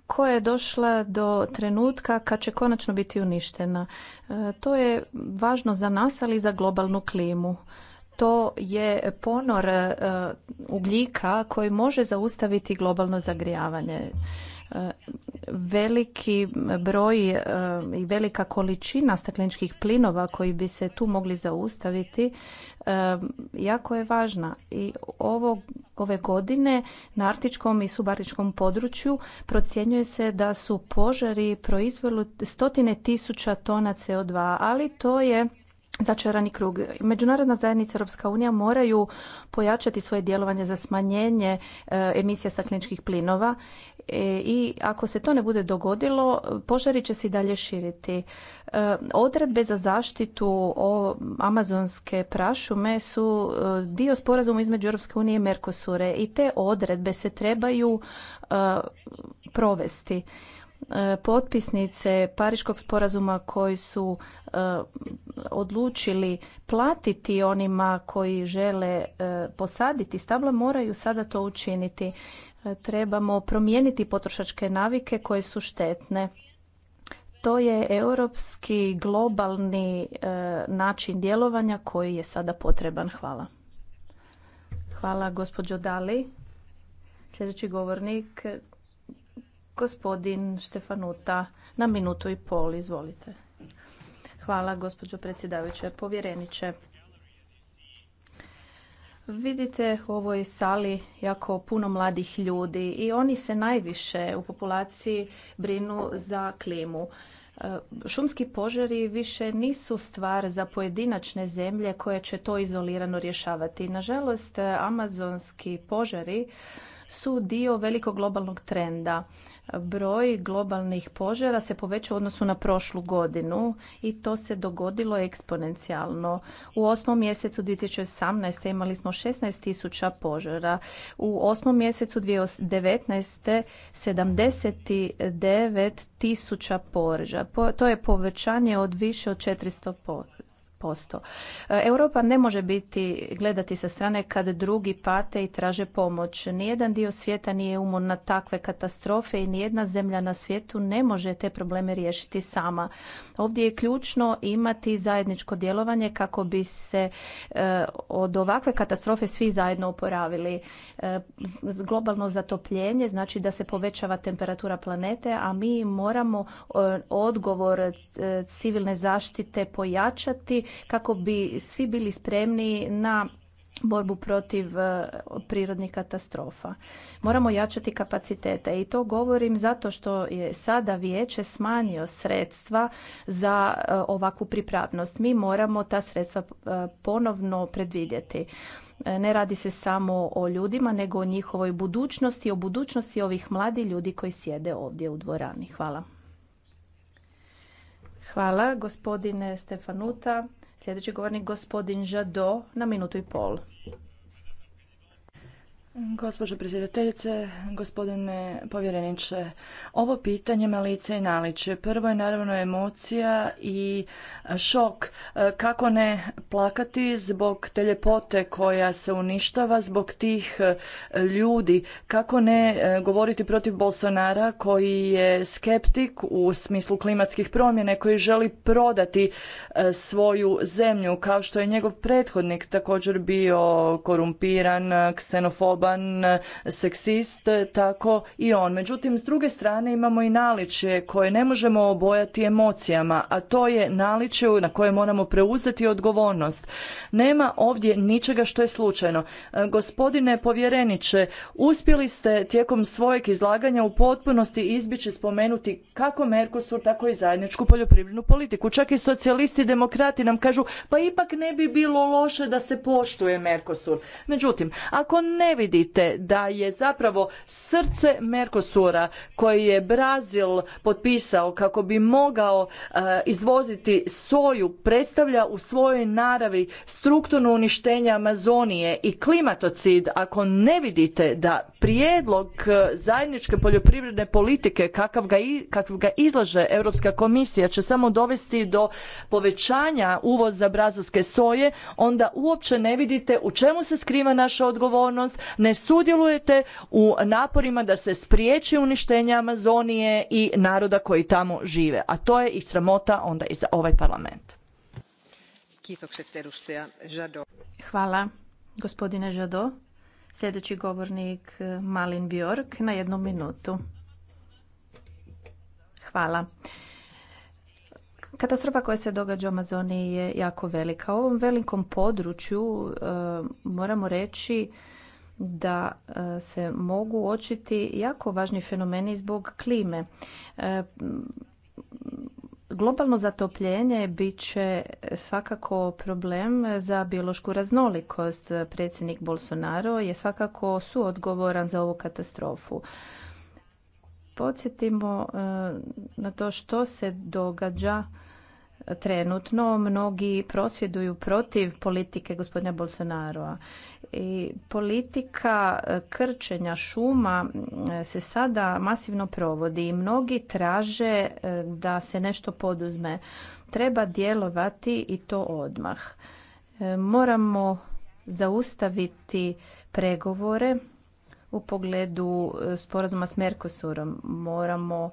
koja je došla do trenutka kad će konačno biti uništena. E, to je važno za nas, ali i za globalnu klimu. To je ponor e, ugljika koji može zaustaviti globalno zagrijavanje veliki broj e, i velika količina stakleničkih plinova koji bi se tu mogli zaustaviti e, jako je važna i ovo, ove godine na Artičkom i subartičkom području procjenjuje se da su požari proizveli stotine tisuća tona CO2, ali to je začarani krug. Međunarodna zajednica Europska unija moraju pojačati svoje djelovanje za smanjenje e, emisija stakleničkih plinova E, i ako se to ne bude dogodilo požari će se i dalje širiti. E, odredbe za zaštitu o amazonske prašume su e, dio sporazuma između Europske unije i Merkosure i te odredbe se trebaju provesti. E, potpisnice Pariškog sporazuma koji su e, odlučili platiti onima koji žele e, posaditi stabla moraju sada to učiniti. Trebamo promijeniti potrošačke navike koje su štetne. To je europski globalni način djelovanja koji je sada potreban. Hvala. Hvala gospođo Dali. Sljedeći govornik Gospodin Štefanuta na minutu i pol, izvolite. Hvala gospođo predsjedavajuće. povjereniče. Vidite u ovoj sali jako puno mladih ljudi i oni se najviše u populaciji brinu za klimu. E, šumski požari više nisu stvar za pojedinačne zemlje koje će to izolirano rješavati. Nažalost, amazonski požari su dio velikog globalnog trenda. Broj globalnih požara se povećao u odnosu na prošlu godinu i to se dogodilo eksponencijalno. U osmom mjesecu 2018. imali smo 16.000 tisuća požara. U osmom mjesecu 2019. 79.000 tisuća požara. To je povećanje od više od 400% posto e, europa ne može biti gledati sa strane kad drugi pate i traže pomoć nijedan dio svijeta nije umor na takve katastrofe i nijedna zemlja na svijetu ne može te probleme riješiti sama ovdje je ključno imati zajedničko djelovanje kako bi se e, od ovakve katastrofe svi zajedno oporavili e, globalno zatopljenje znači da se povećava temperatura planete a mi moramo odgovor civilne zaštite pojačati kako bi svi bili spremni na borbu protiv e, prirodnih katastrofa. Moramo jačati kapacitete i to govorim zato što je sada vijeće smanjio sredstva za e, ovakvu pripravnost. Mi moramo ta sredstva e, ponovno predvidjeti. Ne radi se samo o ljudima, nego o njihovoj budućnosti, o budućnosti ovih mladi ljudi koji sjede ovdje u dvorani. Hvala. Hvala, gospodine Stefanuta. Sljedeći govornik gospodin Žado na minutu i pol. Gospođo predsjedateljice, gospodine povjereniče, ovo pitanje malice i naličje. Prvo je naravno emocija i e, šok. E, kako ne plakati zbog te ljepote koja se uništava, zbog tih e, ljudi? Kako ne govoriti protiv Bolsonara koji je skeptik u smislu klimatskih promjene, koji želi prodati svoju zemlju, kao što je njegov prethodnik također bio korumpiran, ksenofob homofoban, seksist, tako i on. Međutim, s druge strane imamo i naličje koje ne možemo obojati emocijama, a to je naličje na koje moramo preuzeti odgovornost. Nema ovdje ničega što je slučajno. E, gospodine povjereniče, uspjeli ste tijekom svojeg izlaganja u potpunosti izbjeći spomenuti kako Mercosur, tako i zajedničku poljoprivrednu politiku. Čak i socijalisti i demokrati nam kažu pa ipak ne bi bilo loše da se poštuje Mercosur. Međutim, ako ne vidi vidite da je zapravo srce Mercosura koji je Brazil potpisao kako bi mogao e, izvoziti soju predstavlja u svojoj naravi strukturno uništenje Amazonije i klimatocid ako ne vidite da prijedlog e, zajedničke poljoprivredne politike kakav ga, ga izlaže Europska komisija će samo dovesti do povećanja uvoza brazilske soje, onda uopće ne vidite u čemu se skriva naša odgovornost, ne sudjelujete u naporima da se spriječi uništenje Amazonije i naroda koji tamo žive. A to je i sramota onda i za ovaj parlament. Hvala, gospodine Žado. Sljedeći govornik eh, Malin Bjork na jednu minutu. Hvala. Katastrofa koja se događa u Amazoniji je jako velika. U ovom velikom području eh, moramo reći da e, se mogu očiti jako važni fenomeni zbog klime. E, globalno zatopljenje bit će svakako problem za biološku raznolikost. Predsjednik Bolsonaro je svakako suodgovoran za ovu katastrofu. Podsjetimo e, na to što se događa trenutno mnogi prosvjeduju protiv politike gospodina Bolsonaroa. I politika e, krčenja šuma e, se sada masivno provodi i mnogi traže e, da se nešto poduzme. Treba djelovati i to odmah. Moramo zaustaviti pregovore u pogledu sporazuma s Mercosurom. Moramo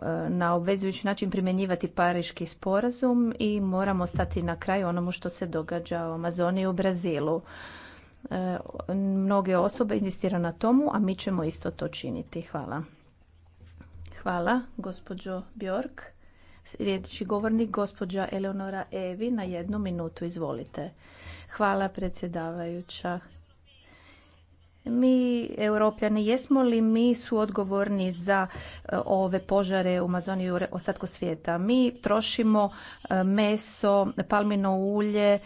Eh, na obvezujući način primjenjivati Pariški sporazum i moramo stati na kraj onomu što se događa u Amazoniji i u Brazilu. Eh, mnoge osobe inzistira na tomu, a mi ćemo isto to činiti. Hvala. Hvala, gospođo Bjork. Sljedeći govornik, gospođa Eleonora Evi, na jednu minutu, izvolite. Hvala, predsjedavajuća mi, europljani, jesmo li mi su odgovorni za e, ove požare u Amazoniji i ostatku svijeta? Mi trošimo e, meso, palmino ulje, e,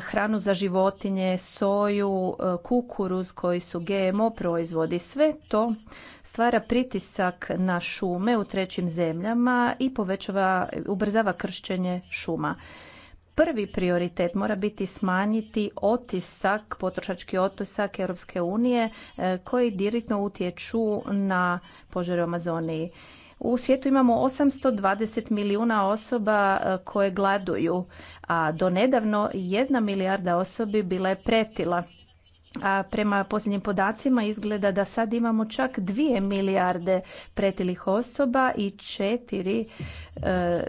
hranu za životinje, soju, kukuruz koji su GMO proizvodi. Sve to stvara pritisak na šume u trećim zemljama i povećava, ubrzava kršćenje šuma prvi prioritet mora biti smanjiti otisak, potrošački otisak Europske unije e, koji direktno utječu na požare u Amazoniji. U svijetu imamo 820 milijuna osoba e, koje gladuju, a do nedavno jedna milijarda osobi bila je pretila. A prema posljednjim podacima izgleda da sad imamo čak 2 milijarde pretilih osoba i četiri e,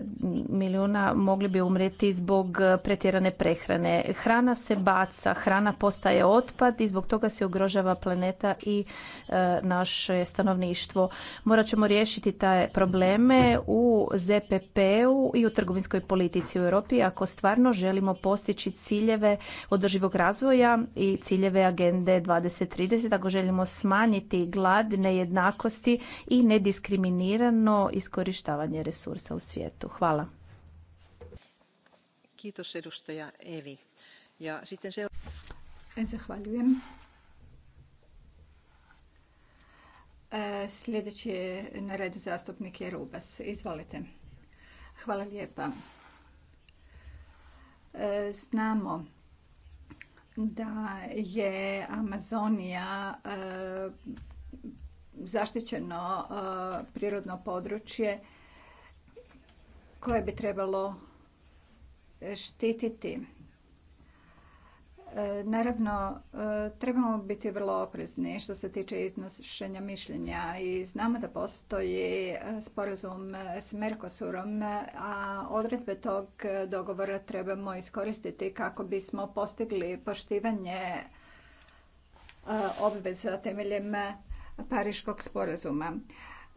milijuna mogli bi umreti zbog pretjerane prehrane. Hrana se baca, hrana postaje otpad i zbog toga se ugrožava planeta i e, naše stanovništvo. Morat ćemo riješiti te probleme u ZPP-u i u trgovinskoj politici u Europi ako stvarno želimo postići ciljeve održivog razvoja i ciljeve agende 2030 ako želimo smanjiti glad, nejednakosti i nediskriminirano iskorištavanje resursa u svijetu. Hvala. Evi. Ja e, Zahvaljujem. E, sljedeći je na redu zastupnik Jerubas. Izvolite. Hvala lijepa. E, znamo da je Amazonija e, zaštićeno e, prirodno područje koje bi trebalo štititi Naravno, e, trebamo biti vrlo oprezni što se tiče iznošenja mišljenja i znamo da postoji e, sporazum e, s Mercosurom, a odredbe tog dogovora trebamo iskoristiti kako bismo postigli poštivanje obveza temeljem Pariškog sporazuma.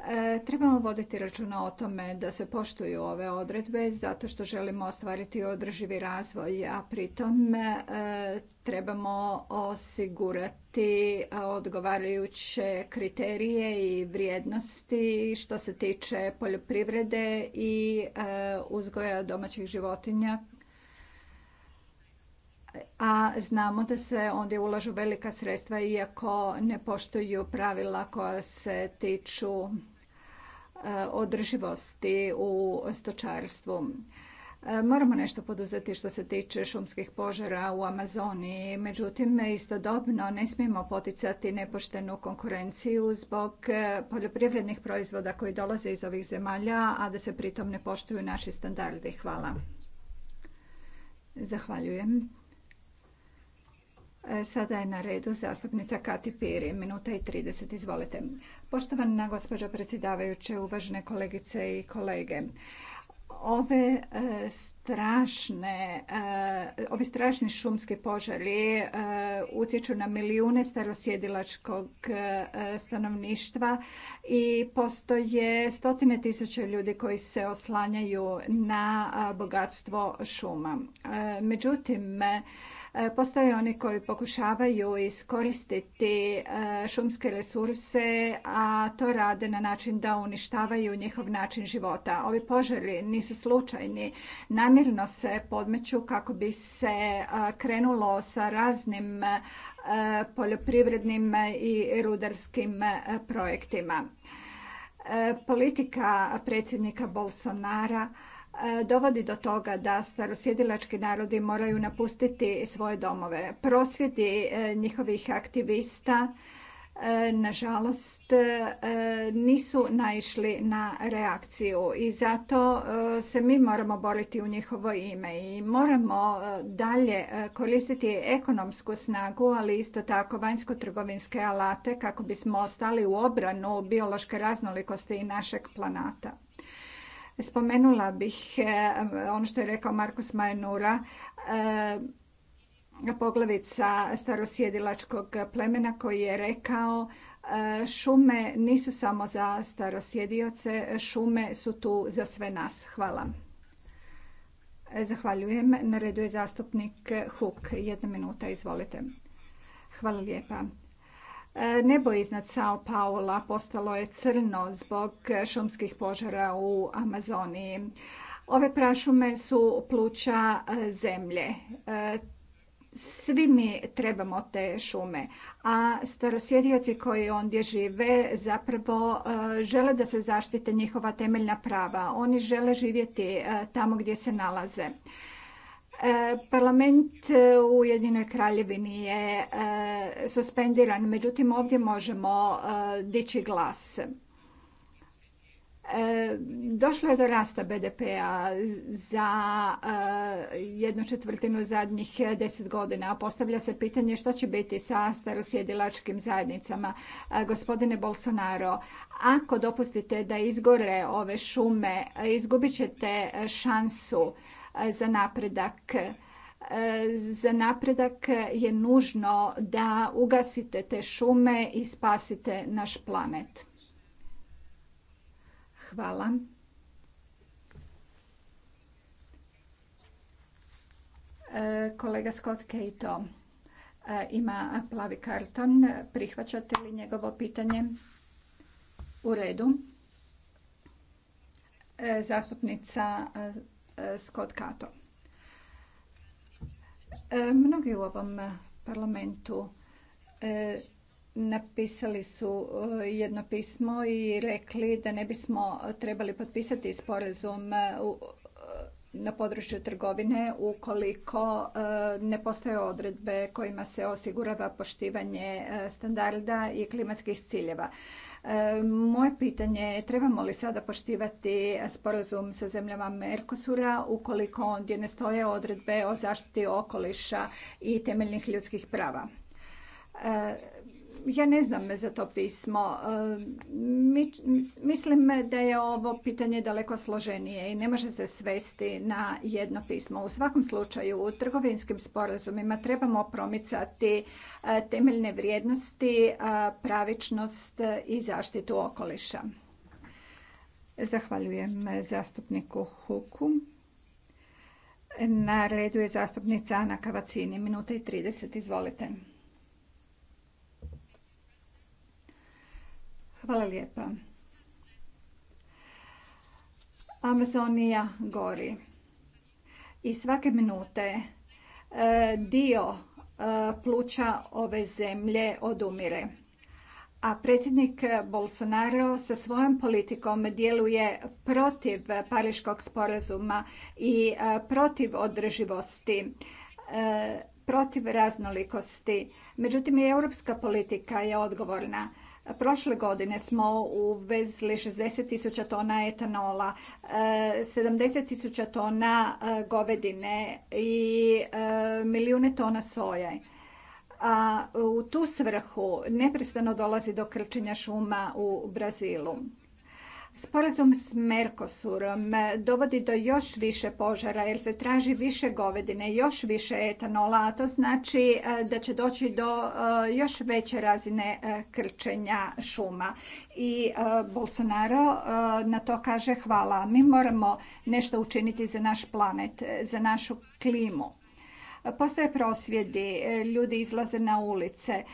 E, trebamo voditi računa o tome da se poštuju ove odredbe zato što želimo ostvariti održivi razvoj, a pritom e, trebamo osigurati odgovarajuće kriterije i vrijednosti što se tiče poljoprivrede i e, uzgoja domaćih životinja a znamo da se ondje ulažu velika sredstva iako ne poštuju pravila koja se tiču E, održivosti u stočarstvu. E, moramo nešto poduzeti što se tiče šumskih požara u Amazoniji, međutim istodobno ne smijemo poticati nepoštenu konkurenciju zbog e, poljoprivrednih proizvoda koji dolaze iz ovih zemalja, a da se pritom ne poštuju naši standardi. Hvala. Zahvaljujem. E, sada je na redu zastupnica Kati Piri, minuta i 30, izvolite. Poštovana gospođo predsjedavajuće, uvažene kolegice i kolege, ove e, strašne, e, ovi strašni šumski požari utječu na milijune starosjedilačkog stanovništva i postoje stotine tisuća ljudi koji se oslanjaju na bogatstvo šuma. Međutim, E, postoje oni koji pokušavaju iskoristiti e, šumske resurse, a to rade na način da uništavaju njihov način života. Ovi požari nisu slučajni. Namjerno se podmeću kako bi se e, krenulo sa raznim poljoprivrednim i rudarskim projektima. Politika predsjednika Bolsonara dovodi do toga da starosjedilački narodi moraju napustiti svoje domove. Prosvjedi e, njihovih aktivista e, nažalost e, nisu naišli na reakciju i zato se mi moramo boriti u njihovo ime i moramo dalje koristiti ekonomsku snagu, ali isto tako vanjsko-trgovinske alate kako bismo ostali u obranu biološke raznolikosti i našeg planata. Spomenula bih e, ono što je rekao Markus Majnura, e, poglavica starosjedilačkog plemena koji je rekao e, šume nisu samo za starosjedioce, šume su tu za sve nas. Hvala. Zahvaljujem. Na redu je zastupnik Huk. Jedna minuta, izvolite. Hvala lijepa. Nebo iznad Sao Paula postalo je crno zbog šumskih požara u Amazoniji. Ove prašume su pluća e, zemlje. E, svi mi trebamo te šume, a starosjedioci koji ondje žive zapravo e, žele da se zaštite njihova temeljna prava. Oni žele živjeti tamo gdje se nalaze. E, parlament e, u Jedinoj kraljevini je e, suspendiran, međutim ovdje možemo dići glas. Došlo je do rasta BDP-a za jednu četvrtinu zadnjih deset godina. Postavlja se pitanje što će biti sa starosjedilačkim zajednicama. Gospodine Bolsonaro, ako dopustite da izgore ove šume, izgubit ćete šansu za napredak. E, za napredak je nužno da ugasite te šume i spasite naš planet. Hvala. E, kolega Scott Cato e, ima plavi karton. Prihvaćate li njegovo pitanje? U redu. Zastupnica Eh, Scott Cato. Eh, mnogi u ovom parlamentu eh, napisali su jedno pismo i rekli da ne bismo trebali potpisati sporazum na području trgovine ukoliko ne postoje odredbe kojima se osigurava poštivanje standarda i klimatskih ciljeva. E, moje pitanje je trebamo li sada poštivati sporazum sa zemljama Merkosura ukoliko ondje ne stoje odredbe o zaštiti okoliša i temeljnih ljudskih prava. E, ja ne znam za to pismo. E, mislim da je ovo pitanje daleko složenije i ne može se svesti na jedno pismo. U svakom slučaju u trgovinskim sporazumima trebamo promicati e, temeljne vrijednosti, e, pravičnost i zaštitu okoliša. Zahvaljujem zastupniku Huku. Na redu je zastupnica Ana Kavacini, minuta i 30, izvolite. Hvala lijepa. Amazonija gori. I svake minute e, dio e, pluća ove zemlje odumire. A predsjednik Bolsonaro sa svojom politikom djeluje protiv Pariškog sporazuma i e, protiv održivosti, protiv raznolikosti. Međutim, i europska politika je odgovorna Prošle godine smo uvezli 60 tisuća tona etanola, 70 tisuća tona e, govedine i e, milijune tona soje. A u tu svrhu neprestano dolazi do krčenja šuma u Brazilu. Sporazum s Mercosurom dovodi do još više požara jer se traži više govedine, još više etanola, a to znači e, da će doći do e, još veće razine e, krčenja šuma. I Bolsonaro na to kaže hvala. Mi moramo nešto učiniti za naš planet, za našu klimu. Postoje prosvjedi, e, ljudi izlaze na ulice. E,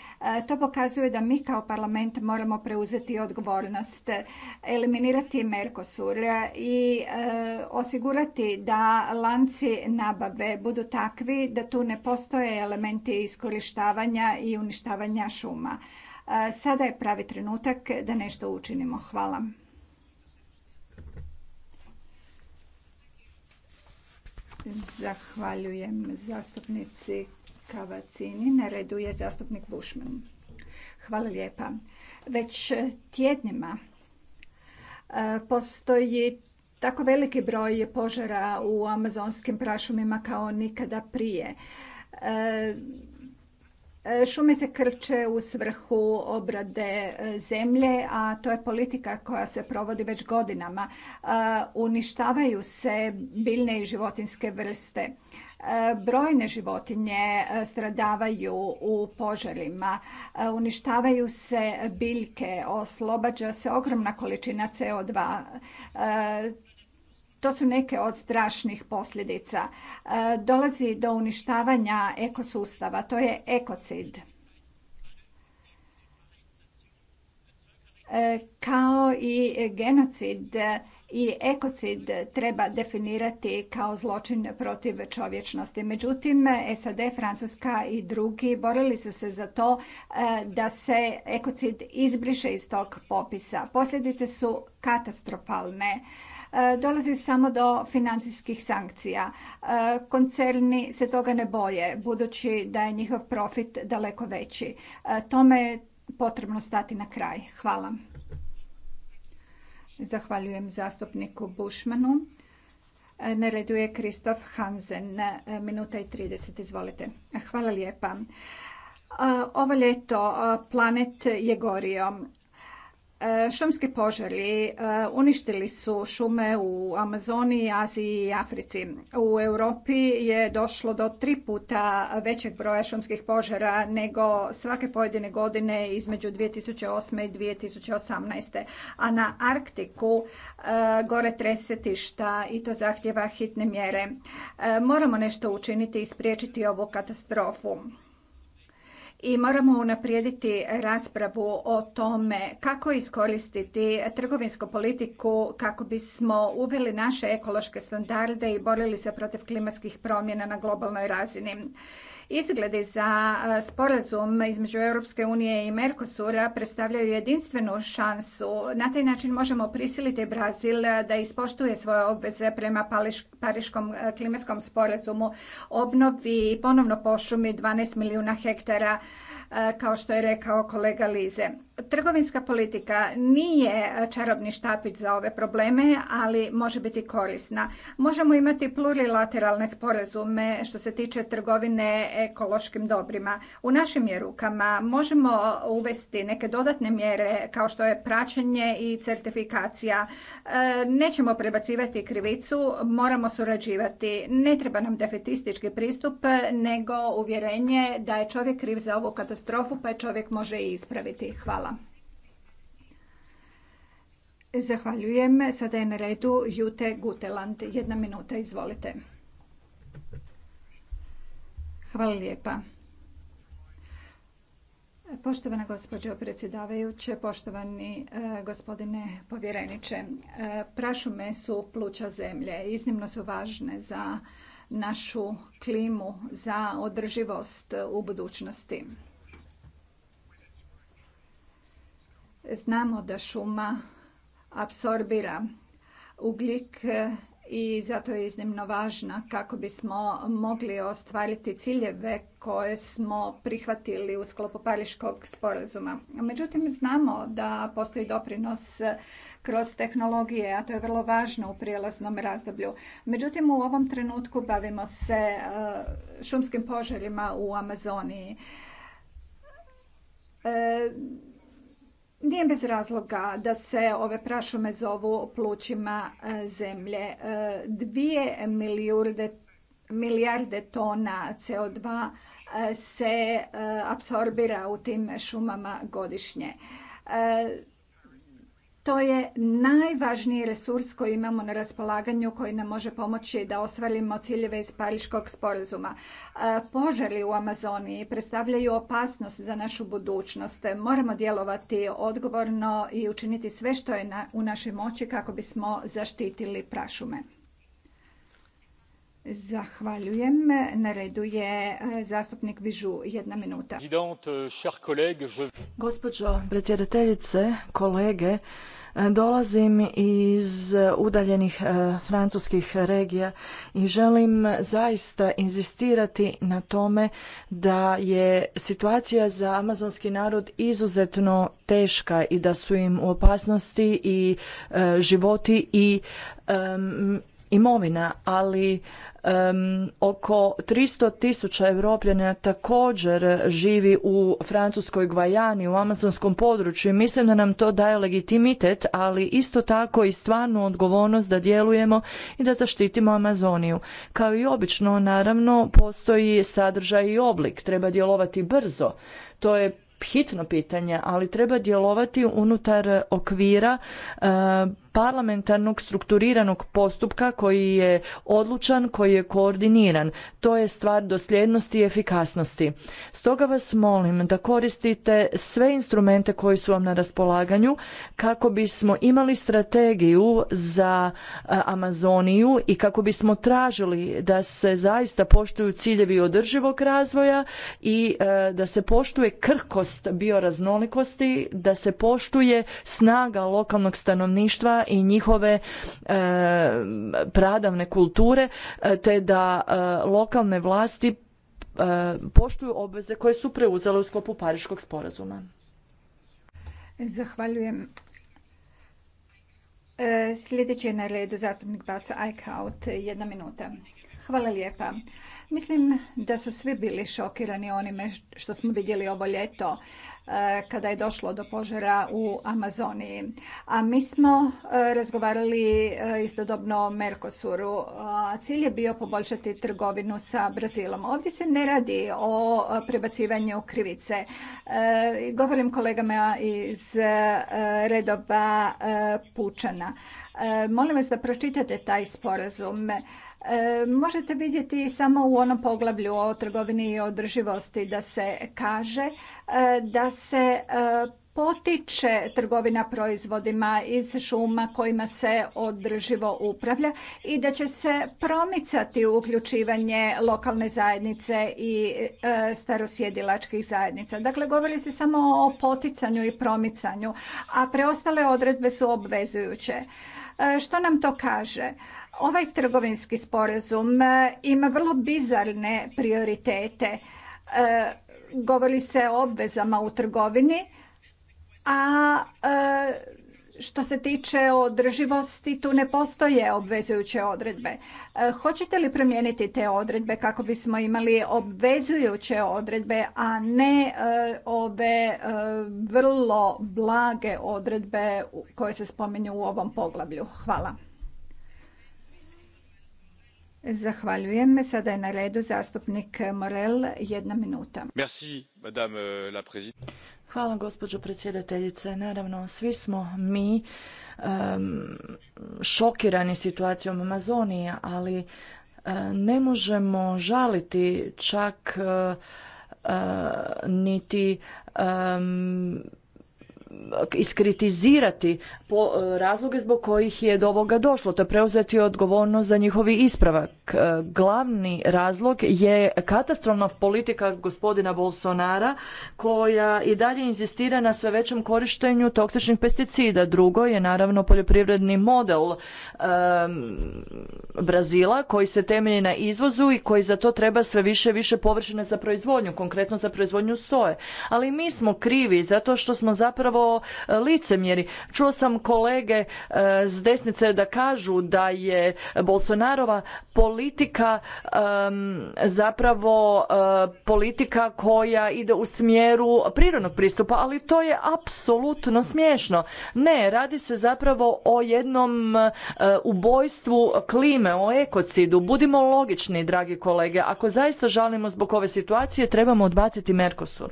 to pokazuje da mi kao parlament moramo preuzeti odgovornost, e, eliminirati Mercosur i osigurati da lanci nabave budu takvi da tu ne postoje elementi iskorištavanja i uništavanja šuma. Sada je pravi trenutak da nešto učinimo. Hvala. Zahvaljujem zastupnici Kavacini. Na redu je zastupnik Bušman. Hvala lijepa. Već tjednima e, postoji tako veliki broj požara u amazonskim prašumima kao nikada prije. E, E, šume se krče u svrhu obrade e, zemlje, a to je politika koja se provodi već godinama. E, uništavaju se biljne i životinske vrste. Brojne životinje stradavaju u požarima, uništavaju se biljke, oslobađa se ogromna količina CO2. To su neke od strašnih posljedica. E, dolazi do uništavanja ekosustava, to je ekocid. E, kao i genocid i ekocid treba definirati kao zločin protiv čovječnosti. Međutim, SAD, Francuska i drugi borili su se za to e, da se ekocid izbriše iz tog popisa. Posljedice su katastrofalne. E, dolazi samo do financijskih sankcija. E, koncerni se toga ne boje, budući da je njihov profit daleko veći. E, tome je potrebno stati na kraj. Hvala. Zahvaljujem zastupniku Bušmanu. Na redu je Kristof Hansen, minuta i 30, izvolite. Hvala lijepa. Ovo ljeto planet je gorio. E, šumski požari e, uništili su šume u Amazoniji, Aziji i Africi. U Europi je došlo do tri puta većeg broja šumskih požara nego svake pojedine godine između 2008. i 2018. A na Arktiku e, gore tresetišta i to zahtjeva hitne mjere. Moramo nešto učiniti i spriječiti ovu katastrofu i moramo unaprijediti raspravu o tome kako iskoristiti trgovinsku politiku kako bismo uveli naše ekološke standarde i borili se protiv klimatskih promjena na globalnoj razini. Izgledi za e, sporazum između Europske unije i Mercosura predstavljaju jedinstvenu šansu. Na taj način možemo prisiliti Brazil e, da ispoštuje svoje obveze prema Pariškom e, klimatskom sporazumu, obnovi i ponovno pošumi 12 milijuna hektara, kao što je rekao kolega Lize. Trgovinska politika nije čarobni štapić za ove probleme, ali može biti korisna. Možemo imati plurilateralne sporazume što se tiče trgovine ekološkim dobrima. U našim je rukama možemo uvesti neke dodatne mjere kao što je praćenje i certifikacija. E, nećemo prebacivati krivicu, moramo surađivati. Ne treba nam defetistički pristup, nego uvjerenje da je čovjek kriv za ovu katastrofu, pa je čovjek može i ispraviti. Hvala. Zahvaljujem. Sada je na redu Jute Guteland. Jedna minuta, izvolite. Hvala lijepa. Poštovana gospođo predsjedavajuće, poštovani e, gospodine povjereniče, e, prašume su pluća zemlje, iznimno su važne za našu klimu, za održivost u budućnosti. Znamo da šuma apsorbira ugljik e, i zato je iznimno važna kako bismo mogli ostvariti ciljeve koje smo prihvatili u sklopu Pariškog sporazuma. Međutim, znamo da postoji doprinos kroz tehnologije, a to je vrlo važno u prijelaznom razdoblju. Međutim, u ovom trenutku bavimo se e, šumskim požarima u Amazoniji. E, nije bez razloga da se ove prašume zovu plućima e, zemlje. E, dvije milijarde, milijarde tona CO2 e, se apsorbira u tim šumama godišnje. To je najvažniji resurs koji imamo na raspolaganju koji nam može pomoći da ostvarimo ciljeve iz Pariškog sporazuma. E, požari u Amazoniji predstavljaju opasnost za našu budućnost. Moramo djelovati odgovorno i učiniti sve što je u našoj moći kako bismo zaštitili prašume. Zahvaljujem. Na redu je e, zastupnik Bižu. Jedna minuta. E, Gospođo predsjedateljice, kolege, e, Dolazim iz udaljenih francuskih regija i želim zaista inzistirati na tome da je situacija za amazonski narod izuzetno teška i da su im u opasnosti i životi i imovina, ali oko 300 tisuća evropljana također živi u francuskoj Gvajani, u amazonskom području i mislim da nam to daje legitimitet, ali isto tako i stvarnu odgovornost da djelujemo i da zaštitimo Amazoniju. Kao i obično, naravno, postoji sadržaj i oblik, treba djelovati brzo. To je hitno pitanje, ali treba djelovati unutar okvira parlamentarnog strukturiranog postupka koji je odlučan, koji je koordiniran. To je stvar dosljednosti i efikasnosti. Stoga vas molim da koristite sve instrumente koji su vam na raspolaganju kako bismo imali strategiju za e, Amazoniju i kako bismo tražili da se zaista poštuju ciljevi održivog razvoja i e, da se poštuje krkost bioraznolikosti, da se poštuje snaga lokalnog stanovništva i njihove e, pradavne kulture e, te da e, lokalne vlasti poštuju obveze koje su preuzele u sklopu Pariškog sporazuma. Zahvaljujem. Sljedeći je na redu zastupnik Basa Eichhout. Jedna minuta. Hvala lijepa. Mislim da su svi bili šokirani onime što smo vidjeli ovo ljeto. E, kada je došlo do požara u Amazoniji. A mi smo e, razgovarali e, istodobno o Mercosuru. Cilj je bio poboljšati trgovinu sa Brazilom. Ovdje se ne radi o prebacivanju krivice. Govorim kolegama iz redova Pučana. Molim vas da pročitate taj sporazum E, možete vidjeti samo u onom poglavlju o trgovini i održivosti da se kaže e, da se e, potiče trgovina proizvodima iz šuma kojima se održivo upravlja i da će se promicati uključivanje lokalne zajednice i starosjedilačkih zajednica. Dakle, govori se samo o poticanju i promicanju, a preostale odredbe su obvezujuće. Što nam to kaže? Ovaj trgovinski sporazum e, ima vrlo bizarne prioritete. E, govori se o obvezama u trgovini, a e, što se tiče održivosti, tu ne postoje obvezujuće odredbe. Hoćete li promijeniti te odredbe kako bismo imali obvezujuće odredbe, a ne ove vrlo blage odredbe koje se spominju u ovom poglavlju? Hvala. Zahvaljujem. Sada je na redu zastupnik Morel, jedna minuta. Merci, madame euh, la Hvala gospođo predsjedateljice. Naravno, svi smo mi šokirani situacijom Amazonije, ali e, ne možemo žaliti čak e, e, niti iskritizirati po e, razloge zbog kojih je do ovoga došlo, to je preuzeti odgovornost za njihovi ispravak. E, glavni razlog je katastrofna politika gospodina Bolsonara koja i dalje inzistira na sve većem korištenju toksičnih pesticida. Drugo je naravno poljoprivredni model e, Brazila koji se temelji na izvozu i koji za to treba sve više i više površine za proizvodnju, konkretno za proizvodnju soje. Ali mi smo krivi zato što smo zapravo licemjeri. Čuo sam kolege e, s desnice da kažu da je Bolsonarova politika zapravo e, politika koja ide u smjeru prirodnog pristupa, ali to je apsolutno smiješno. Ne, radi se zapravo o jednom e, ubojstvu klime, o ekocidu. Budimo logični, dragi kolege. Ako zaista žalimo zbog ove situacije, trebamo odbaciti Merkosur.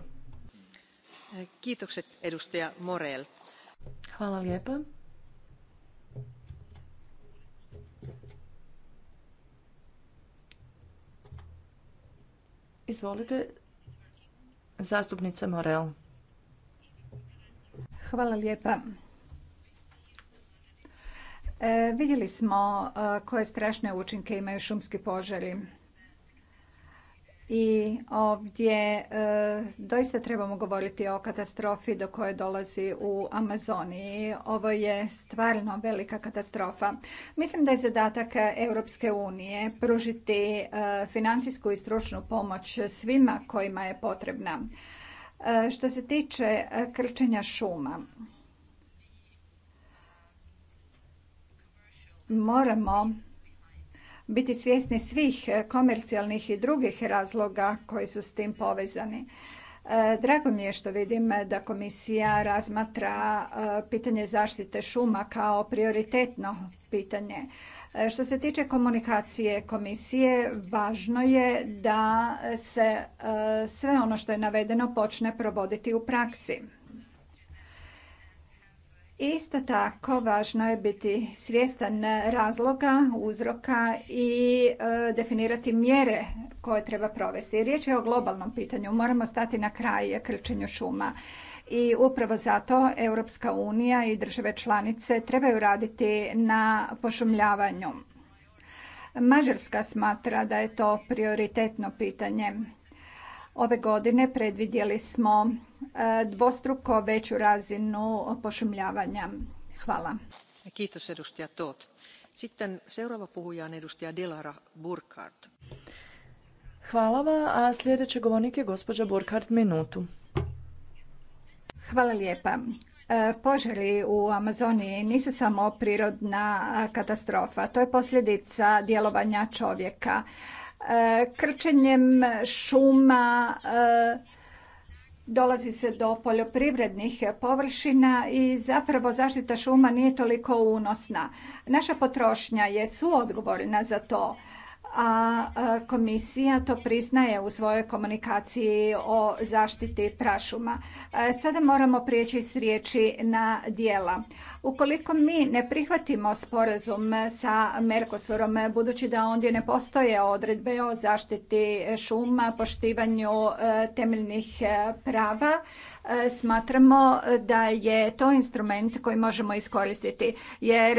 Kiitokset edustaja Hvala lijepa. Izvolite, zastupnica Morel. Hvala lijepa. E, vidjeli smo e, koje strašne učinke imaju šumski požari i ovdje e, doista trebamo govoriti o katastrofi do koje dolazi u Amazoniji. Ovo je stvarno velika katastrofa. Mislim da je zadatak Europske unije pružiti e, financijsku i stručnu pomoć svima kojima je potrebna. E, što se tiče krčenja šuma, moramo biti svjesni svih e, komercijalnih i drugih razloga koji su s tim povezani. E, drago mi je što vidim da komisija razmatra e, pitanje zaštite šuma kao prioritetno pitanje. Što se tiče komunikacije komisije, važno je da se sve ono što je navedeno počne provoditi u praksi. Isto tako važno je biti svjestan razloga, uzroka i e, definirati mjere koje treba provesti. Riječ je o globalnom pitanju. Moramo stati na kraj krčenju šuma. I upravo zato Europska unija i države članice trebaju raditi na pošumljavanju. Mađarska smatra da je to prioritetno pitanje. Ove godine predvidjeli smo E, dvostruko veću razinu pošumljavanja. Hvala. Kiitos edustaja Sitten seuraava puhuja on edustaja Hvala vam, a sljedeći govornik je gospođa Burkhardt minutu. Hvala lijepa. E, požari u Amazoniji nisu samo prirodna katastrofa, to je posljedica djelovanja čovjeka. E, krčenjem šuma, dolazi se do poljoprivrednih površina i zapravo zaštita šuma nije toliko unosna. Naša potrošnja je suodgovorna za to a komisija to priznaje u svojoj komunikaciji o zaštiti prašuma. E, sada moramo prijeći s riječi na dijela. Ukoliko mi ne prihvatimo sporazum sa Mercosurom, budući da ondje ne postoje odredbe o zaštiti šuma, poštivanju e, temeljnih e, prava, smatramo da je to instrument koji možemo iskoristiti, jer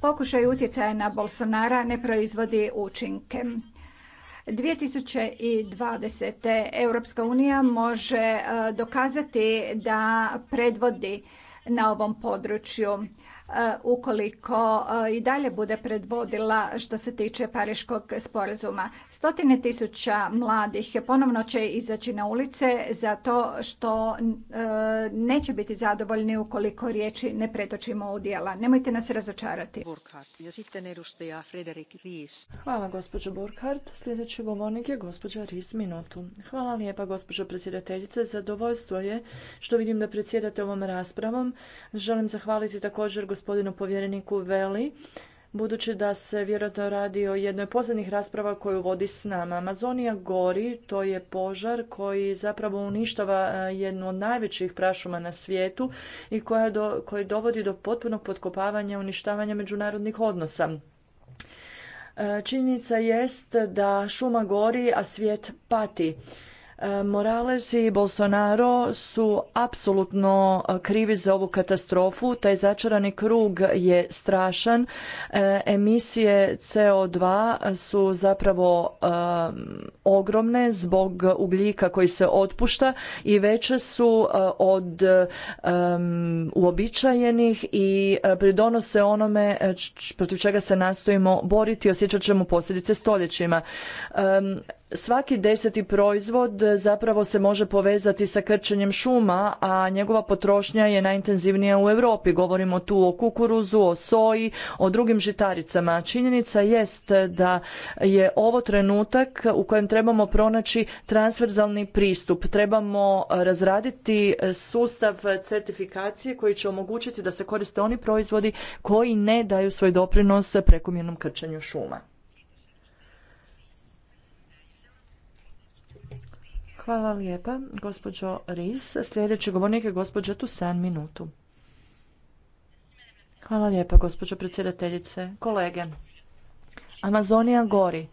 pokušaj utjecaja na Bolsonara ne proizvodi učinke. 2020. Europska unija može eh, dokazati da predvodi na ovom području. E, ukoliko e, i dalje bude predvodila što se tiče Pariškog sporazuma. Stotine tisuća mladih ponovno će izaći na ulice zato što e, neće biti zadovoljni ukoliko riječi ne pretočimo u dijela. Nemojte nas razočarati. Hvala gospođo Burkhardt. Sljedeći govornik je gospođa Ris Minotu. Hvala lijepa gospođo predsjedateljice. Zadovoljstvo je što vidim da predsjedate ovom raspravom. Želim zahvaliti također gospodinu povjereniku Veli, budući da se vjerojatno radi o jednoj posljednjih rasprava koju vodi s nama. Amazonija gori, to je požar koji zapravo uništava e, jednu od najvećih prašuma na svijetu i koja do, koji dovodi do potpunog potkopavanja uništavanja međunarodnih odnosa. E, činjenica jest da šuma gori, a svijet pati. Morales i Bolsonaro su apsolutno e, krivi za ovu katastrofu. Taj začarani krug je strašan. E, emisije CO2 su zapravo e, ogromne zbog ugljika koji se otpušta i veće su od uobičajenih i pridonose onome protiv čega se nastojimo boriti. Osjećat ćemo posljedice stoljećima. Svaki deseti proizvod zapravo se može povezati sa krčenjem šuma, a njegova potrošnja je najintenzivnija u Europi. Govorimo tu o kukuruzu, o soji, o drugim žitaricama. Činjenica jest da je ovo trenutak u kojem trebamo pronaći transverzalni pristup. Trebamo razraditi sustav certifikacije koji će omogućiti da se koriste oni proizvodi koji ne daju svoj doprinos prekomjernom krčenju šuma. Hvala lijepa, gospođo Riz. Sljedeći govornik je gospođa Tusan, minutu. Hvala lijepa, gospođo predsjedateljice. Kolege, Amazonija gori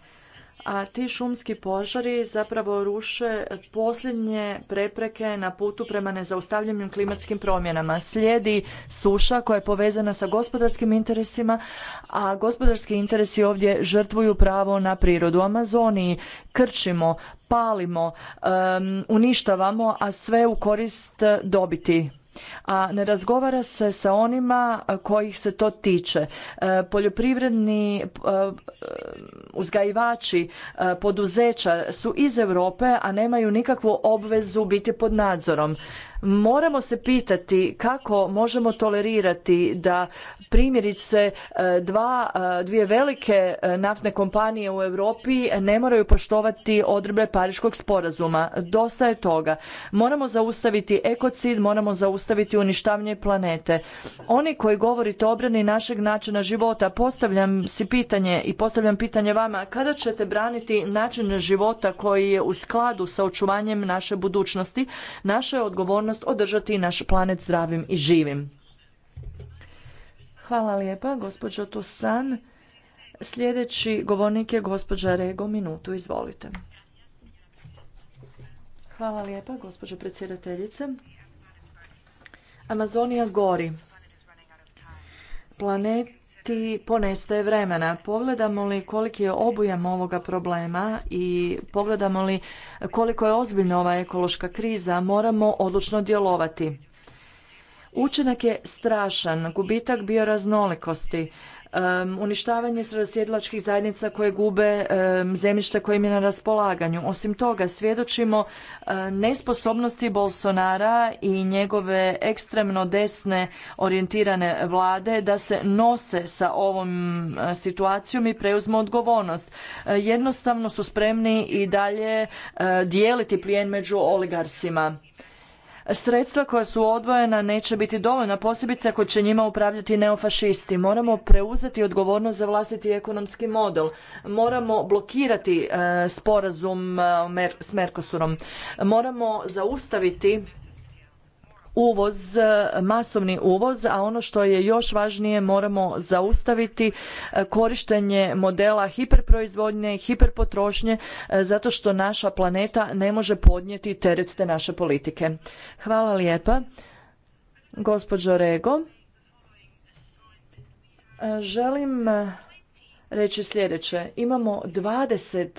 a ti šumski požari zapravo ruše posljednje prepreke na putu prema nezaustavljenim klimatskim promjenama. Slijedi suša koja je povezana sa gospodarskim interesima, a gospodarski interesi ovdje žrtvuju pravo na prirodu. U Amazoniji krčimo, palimo, uništavamo, a sve u korist dobiti a ne razgovara se sa onima kojih se to tiče. E, poljoprivredni e, uzgajivači e, poduzeća su iz Europe, a nemaju nikakvu obvezu biti pod nadzorom. Moramo se pitati kako možemo tolerirati da primjerice e, dva, e, dvije velike e, naftne kompanije u Europi ne moraju poštovati odredbe Pariškog sporazuma. Dosta je toga. Moramo zaustaviti ekocid, moramo zaustaviti uništavanje planete. Oni koji govorite o obrani našeg načina života, postavljam si pitanje i postavljam pitanje vama, kada ćete braniti način života koji je u skladu sa očuvanjem naše budućnosti, naša je odgovornost mogućnost održati naš planet zdravim i živim. Hvala lijepa, gospođo Tosan. Sljedeći govornik je gospođa Rego, minutu, izvolite. Hvala lijepa, gospođo predsjedateljice. Amazonija gori. Planet ti ponestaje vremena. Pogledamo li koliki je obujam ovoga problema i pogledamo li koliko je ozbiljna ova ekološka kriza, moramo odlučno djelovati. Učinak je strašan, gubitak bioraznolikosti, uništavanje sredosjedlačkih zajednica koje gube zemljište koje im je na raspolaganju. Osim toga, svjedočimo nesposobnosti Bolsonara i njegove ekstremno desne orijentirane vlade da se nose sa ovom e, situacijom i preuzmu odgovornost. E, jednostavno su spremni i dalje e, dijeliti plijen među oligarsima Sredstva koja su odvojena neće biti dovoljna, posebice ako će njima upravljati neofašisti. Moramo preuzeti odgovornost za vlastiti ekonomski model. Moramo blokirati e, sporazum e, s Mercosurom. Moramo zaustaviti uvoz, masovni uvoz, a ono što je još važnije moramo zaustaviti e, korištenje modela hiperproizvodnje, hiperpotrošnje e, zato što naša planeta ne može podnijeti teret te naše politike. Hvala lijepa. Gospođo Rego, e, želim reći sljedeće. Imamo 20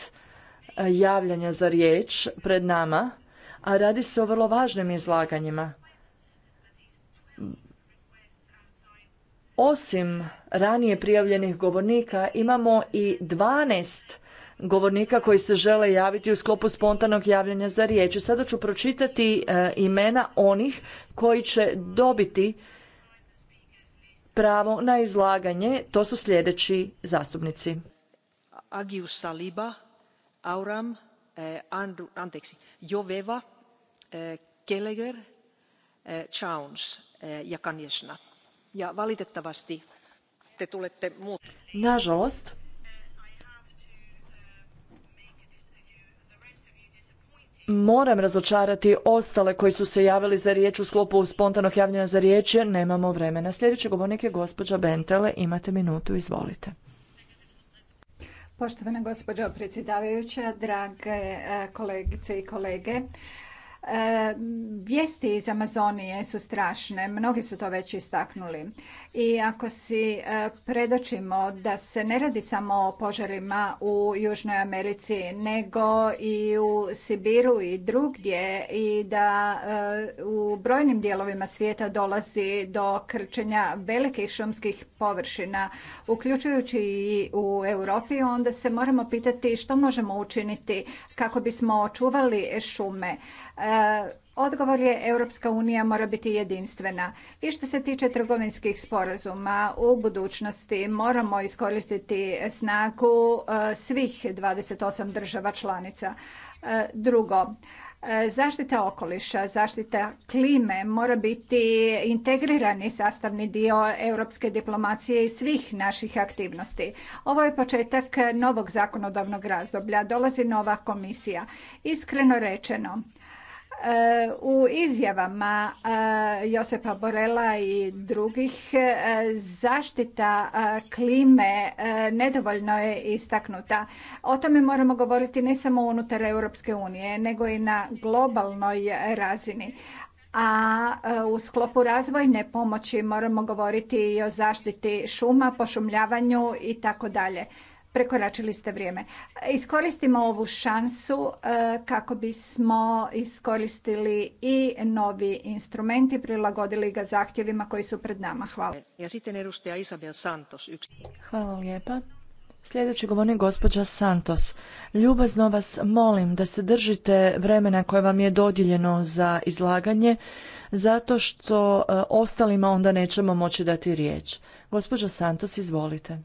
javljanja za riječ pred nama, a radi se o vrlo važnim izlaganjima. Osim ranije prijavljenih govornika imamo i 12 govornika koji se žele javiti u sklopu spontanog javljanja za riječ. Sada ću pročitati eh, imena onih koji će dobiti pravo na izlaganje. To su sljedeći zastupnici. Agius Saliba, Auram, eh, Andru, anteksi, Joveva, eh, Keleger, Čauns, Jakanješna. Nažalost, moram razočarati ostale koji su se javili za riječ u sklopu spontanog javljanja za riječ jer nemamo vremena. Sljedeći govornik je gospođa Bentele. Imate minutu, izvolite. Poštovana gospođo predsjedavajuća, drage eh, kolegice i kolege, Vijesti iz Amazonije su strašne, mnogi su to već istaknuli i ako si e, predočimo da se ne radi samo o požarima u Južnoj Americi, nego i u Sibiru i drugdje i da e, u brojnim dijelovima svijeta dolazi do krčenja velikih šumskih površina, uključujući i u Europi, onda se moramo pitati što možemo učiniti kako bismo očuvali šume e, Odgovor je Europska unija mora biti jedinstvena. I što se tiče trgovinskih sporazuma u budućnosti moramo iskoristiti snagu e, svih 28 država članica. E, drugo, e, Zaštita okoliša, zaštita klime mora biti integrirani sastavni dio europske diplomacije i svih naših aktivnosti. Ovo je početak novog zakonodavnog razdoblja, dolazi nova komisija. Iskreno rečeno, u izjavama e, Josepa Borela i drugih e, zaštita e, klime nedovoljno je istaknuta. O tome moramo govoriti ne samo unutar Europske unije, nego i na globalnoj razini. A u sklopu razvojne pomoći moramo govoriti i o zaštiti šuma, pošumljavanju i tako dalje. Prekoračili ste vrijeme. Iskoristimo ovu šansu e, kako bismo iskoristili i novi instrumenti, prilagodili ga zahtjevima koji su pred nama. Hvala. Hvala lijepa. Sljedeći govornik gospođa Santos. Ljubazno vas molim da se držite vremena koje vam je dodijeljeno za izlaganje, zato što e, ostalima onda nećemo moći dati riječ. Gospođo Santos, izvolite.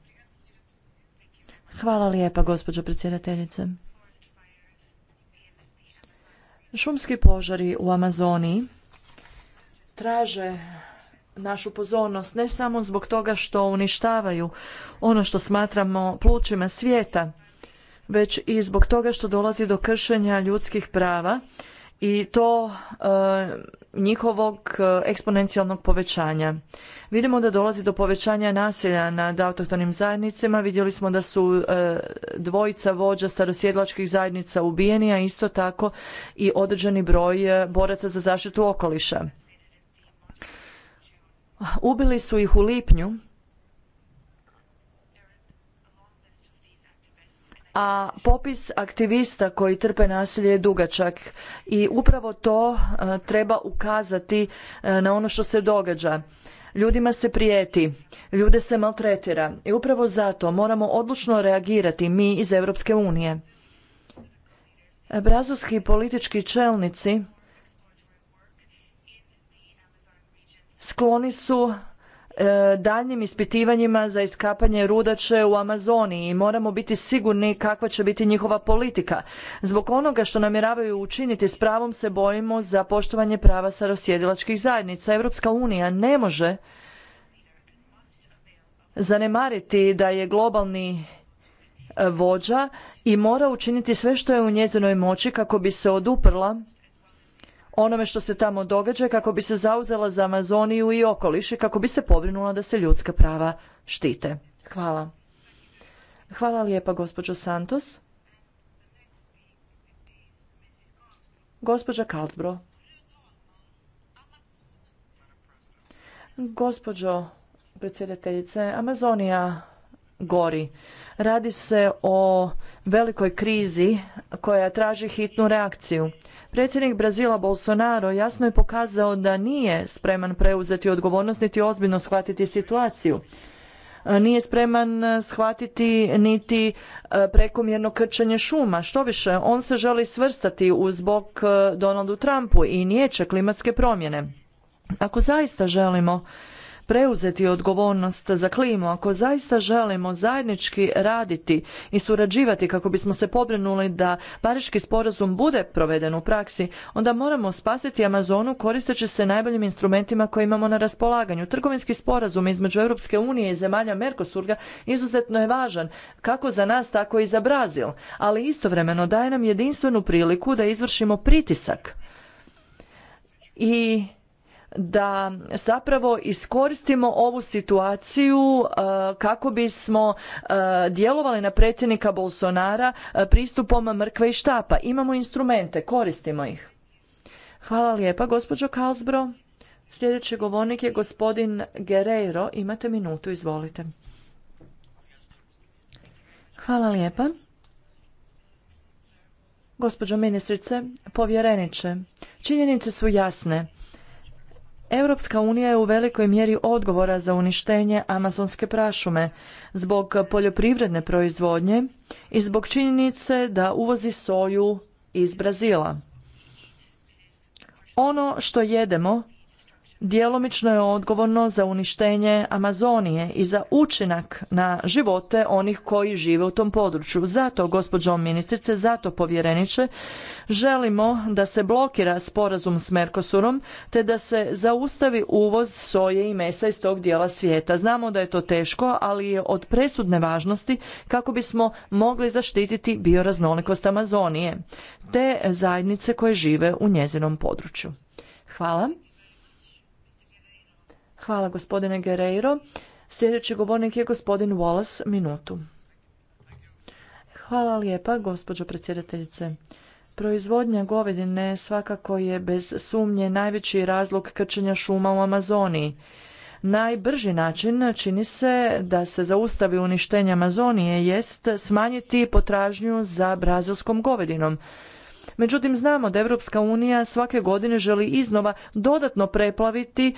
Hvala lijepa, gospođo predsjedateljice. Šumski požari u Amazoniji traže našu pozornost ne samo zbog toga što uništavaju ono što smatramo plućima svijeta, već i zbog toga što dolazi do kršenja ljudskih prava i to e, njihovog e, eksponencijalnog povećanja. Vidimo da dolazi do povećanja nasilja nad autohtonim zajednicama, vidjeli smo da su e, dvojica vođa starosjedlačkih zajednica ubijeni, a isto tako i određeni broj e, boraca za zaštitu okoliša. Ubili su ih u lipnju a popis aktivista koji trpe nasilje je dugačak i upravo to e, treba ukazati e, na ono što se događa. Ljudima se prijeti, ljude se maltretira i upravo zato moramo odlučno reagirati mi iz Europske unije. Brazilski politički čelnici skloni su E, daljnjim ispitivanjima za iskapanje rudače u Amazoniji i moramo biti sigurni kakva će biti njihova politika. Zbog onoga što namjeravaju učiniti s pravom se bojimo za poštovanje prava sarosjedilačkih zajednica. Europska unija ne može zanemariti da je globalni e, vođa i mora učiniti sve što je u njezinoj moći kako bi se oduprla onome što se tamo događa kako bi se zauzela za Amazoniju i okoliš i kako bi se pobrinula da se ljudska prava štite. Hvala. Hvala lijepa gospođo Santos. Gospođa Kaltbro. Gospođo predsjedateljice, Amazonija gori. Radi se o velikoj krizi koja traži hitnu reakciju. Predsjednik Brazila Bolsonaro jasno je pokazao da nije spreman preuzeti odgovornost niti ozbiljno shvatiti situaciju e, nije spreman e, shvatiti niti e, prekomjerno krčenje šuma. Što više, on se želi svrstati uz bok Donaldu Trumpu i niječe klimatske promjene. Ako zaista želimo preuzeti odgovornost za klimu, ako zaista želimo zajednički raditi i surađivati kako bismo se pobrinuli da Pariški sporazum bude proveden u praksi, onda moramo spasiti Amazonu koristeći se najboljim instrumentima koje imamo na raspolaganju. Trgovinski sporazum između Europske unije i zemalja Merkosurga izuzetno je važan kako za nas tako i za Brazil, ali istovremeno daje nam jedinstvenu priliku da izvršimo pritisak i da zapravo iskoristimo ovu situaciju e, kako bismo e, djelovali na predsjednika Bolsonara e, pristupom mrkve i štapa. Imamo instrumente, koristimo ih. Hvala lijepa, gospođo Kalsbro. Sljedeći govornik je gospodin Guerreiro. Imate minutu, izvolite. Hvala lijepa. Gospođo ministrice, povjereniče, činjenice su jasne. Europska unija je u velikoj mjeri odgovora za uništenje amazonske prašume zbog poljoprivredne proizvodnje i zbog činjenice da uvozi soju iz Brazila. Ono što jedemo djelomično je odgovorno za uništenje Amazonije i za učinak na živote onih koji žive u tom području. Zato, gospođo ministrice, zato povjereniče, želimo da se blokira sporazum s Mercosurom te da se zaustavi uvoz soje i mesa iz tog dijela svijeta. Znamo da je to teško, ali je od presudne važnosti kako bismo mogli zaštititi bioraznolikost Amazonije te zajednice koje žive u njezinom području. Hvala. Hvala gospodine Guerreiro. Sljedeći govornik je gospodin Wallace, minutu. Hvala lijepa, gospođo predsjedateljice. Proizvodnja govedine svakako je bez sumnje najveći razlog krčenja šuma u Amazoniji. Najbrži način čini se da se zaustavi uništenje Amazonije jest smanjiti potražnju za brazilskom govedinom. Međutim, znamo da Europska unija svake godine želi iznova dodatno preplaviti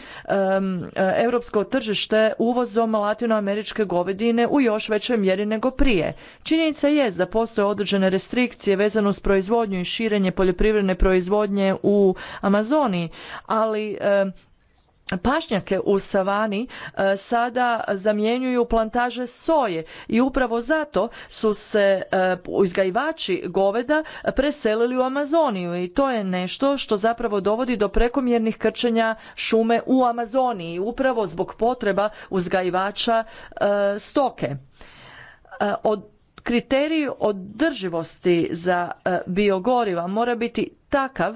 europsko tržište uvozom latinoameričke govedine u još većoj mjeri nego prije. Činjenica je da postoje određene restrikcije vezano uz proizvodnju i širenje poljoprivredne proizvodnje u Amazoniji, ali pašnjake u savani e, sada zamjenjuju plantaže soje i upravo zato su se e, uzgajivači goveda preselili u Amazoniju i to je nešto što zapravo dovodi do prekomjernih krčenja šume u Amazoniji upravo zbog potreba uzgajivača e, stoke. Od kriterij održivosti za biogoriva mora biti takav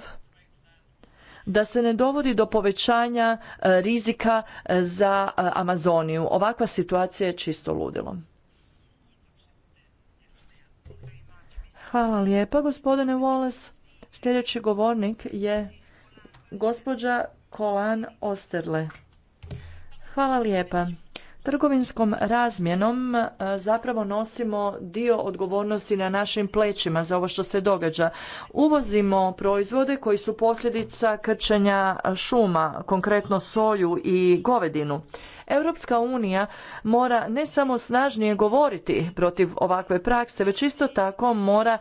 da se ne dovodi do povećanja e, rizika e, za e, Amazoniju. Ovakva situacija je čisto ludilo. Hvala lijepa, gospodine Wallace. Sljedeći govornik je gospođa Kolan Osterle. Hvala lijepa. Trgovinskom razmjenom e, zapravo nosimo dio odgovornosti na našim plećima za ovo što se događa. Uvozimo proizvode koji su posljedica krčenja šuma, konkretno soju i govedinu. Europska unija mora ne samo snažnije govoriti protiv ovakve prakse, već isto tako mora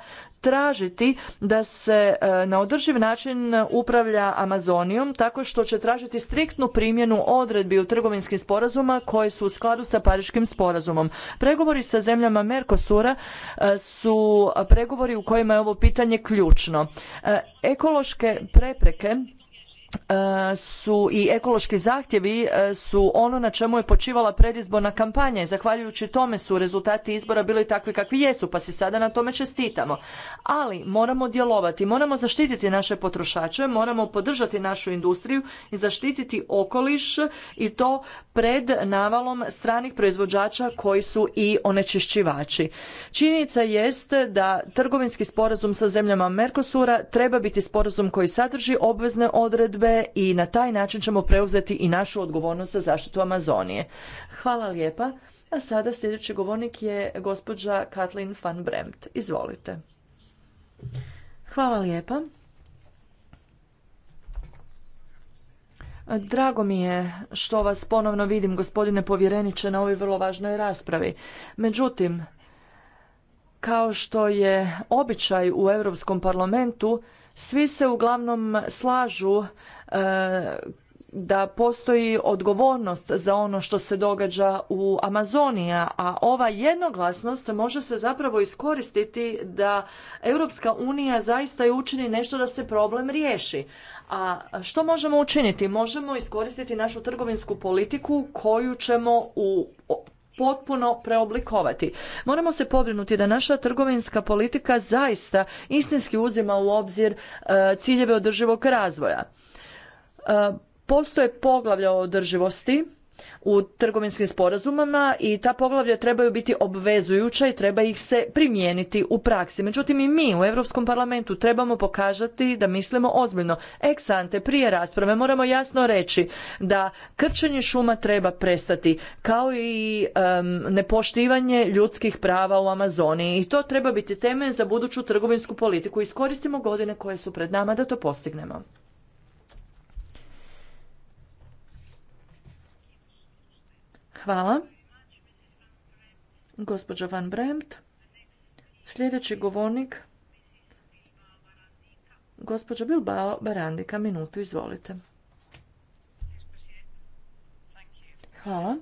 tražiti da se e, na održiv način upravlja Amazonijom tako što će tražiti striktnu primjenu odredbi u trgovinskim sporazuma koje su u skladu sa Pariškim sporazumom. Pregovori sa zemljama Mercosura e, su pregovori u kojima je ovo pitanje ključno. E, ekološke prepreke su i ekološki zahtjevi e, su ono na čemu je počivala predizborna kampanja i zahvaljujući tome su rezultati izbora bili takvi kakvi jesu pa si sada na tome čestitamo. Ali moramo djelovati, moramo zaštititi naše potrošače, moramo podržati našu industriju i zaštititi okoliš i to pred navalom stranih proizvođača koji su i onečišćivači. Činjenica jest da trgovinski sporazum sa zemljama Mercosura treba biti sporazum koji sadrži obvezne odredbe i na taj način ćemo preuzeti i našu odgovornost za zaštitu Amazonije. Hvala lijepa. A sada sljedeći govornik je gospođa Katlin van Bremt. Izvolite. Hvala lijepa. Drago mi je što vas ponovno vidim, gospodine povjereniče, na ovoj vrlo važnoj raspravi. Međutim, kao što je običaj u Europskom parlamentu, svi se uglavnom slažu e, da postoji odgovornost za ono što se događa u Amazonija, a ova jednoglasnost može se zapravo iskoristiti da Europska unija zaista i učini nešto da se problem riješi. A što možemo učiniti? Možemo iskoristiti našu trgovinsku politiku koju ćemo u potpuno preoblikovati. Moramo se pobrinuti da naša trgovinska politika zaista istinski uzima u obzir e, ciljeve održivog razvoja. E, postoje poglavlja o održivosti u trgovinskim sporazumama i ta poglavlja trebaju biti obvezujuća i treba ih se primijeniti u praksi. Međutim i mi u Europskom parlamentu trebamo pokazati da mislimo ozbiljno. Ex ante, prije rasprave moramo jasno reći da krčenje šuma treba prestati kao i nepoštivanje ljudskih prava u amazoni i to treba biti temelj za buduću trgovinsku politiku. Iskoristimo godine koje su pred nama da to postignemo. Hvala. Gospođo Van Bremt. Sljedeći govornik, gospođa Bilbao Barandika, minutu, izvolite. Hvala.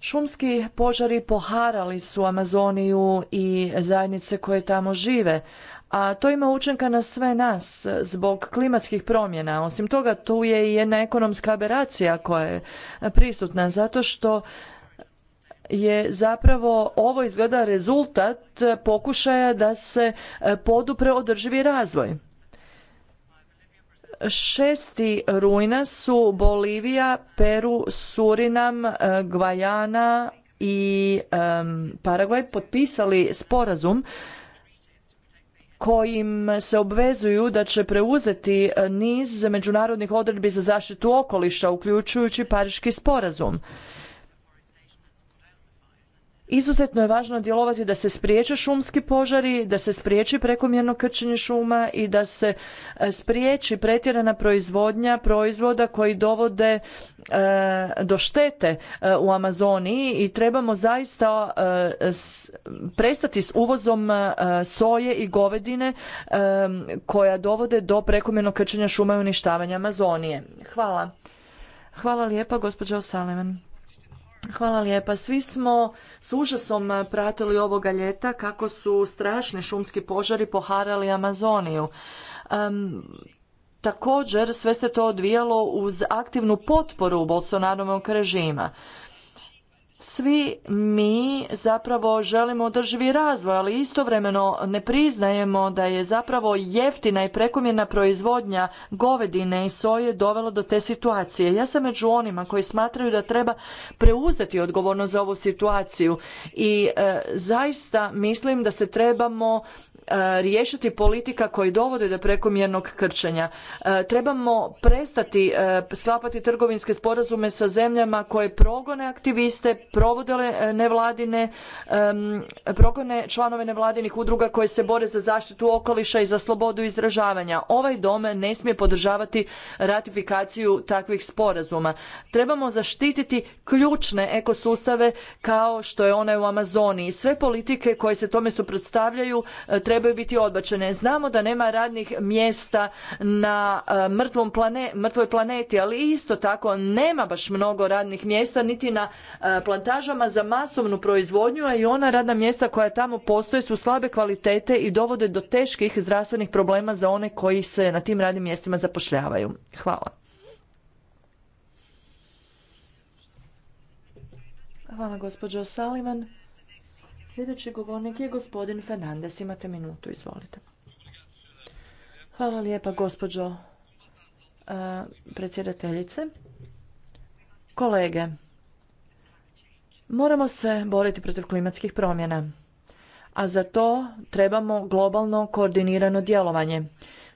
Šumski požari poharali su Amazoniju i zajednice koje tamo žive, a to ima učinka na sve nas zbog klimatskih promjena. Osim toga, tu je i jedna ekonomska aberacija koja je prisutna zato što je zapravo ovo izgleda rezultat pokušaja da se podupre održivi razvoj. Šesti rujna su Bolivija, Peru, Surinam, e, Gvajana i um, Paragvaj potpisali sporazum kojim se obvezuju da će preuzeti e, niz međunarodnih odredbi za zaštitu okoliša uključujući Pariški sporazum. Izuzetno je važno djelovati da se spriječe šumski požari, da se spriječi prekomjerno krčenje šuma i da se e, spriječi pretjerana proizvodnja proizvoda koji dovode e, do štete e, u Amazoniji i trebamo zaista prestati s uvozom soje i govedine koja dovode do prekomjernog krčenja šuma i uništavanja Amazonije. Hvala. Hvala lijepa gospođo Hvala lijepa. Svi smo s užasom pratili ovoga ljeta kako su strašni šumski požari poharali Amazoniju. također sve se to odvijalo uz aktivnu potporu Bolsonarovog režima svi mi zapravo želimo održivi razvoj, ali istovremeno ne priznajemo da je zapravo jeftina i prekomjerna proizvodnja govedine i soje dovelo do te situacije. Ja sam među onima koji smatraju da treba preuzeti odgovornost za ovu situaciju i e, zaista mislim da se trebamo E, riješiti politika koji dovode do prekomjernog krčenja. E, trebamo prestati e, sklapati trgovinske sporazume sa zemljama koje progone aktiviste, provodile nevladine, progone članove nevladinih udruga koje se bore za zaštitu okoliša i za slobodu izražavanja. Ovaj dom ne smije podržavati ratifikaciju takvih sporazuma. Trebamo zaštititi ključne ekosustave kao što je onaj u Amazoniji. Sve politike koje se tome suprotstavljaju treba trebaju biti odbačene. Znamo da nema radnih mjesta na e, mrtvoj planeti, ali isto tako nema baš mnogo radnih mjesta niti na e, plantažama za masovnu proizvodnju, a i ona radna mjesta koja tamo postoje su slabe kvalitete i dovode do teških zdravstvenih problema za one koji se na tim radnim mjestima zapošljavaju. Hvala. Hvala gospođo Salivan. Sljedeći govornik je gospodin Fernandez. Imate minutu, izvolite. Hvala lijepa, gospođo e, predsjedateljice. Kolege, moramo se boriti protiv klimatskih promjena, a za to trebamo globalno koordinirano djelovanje.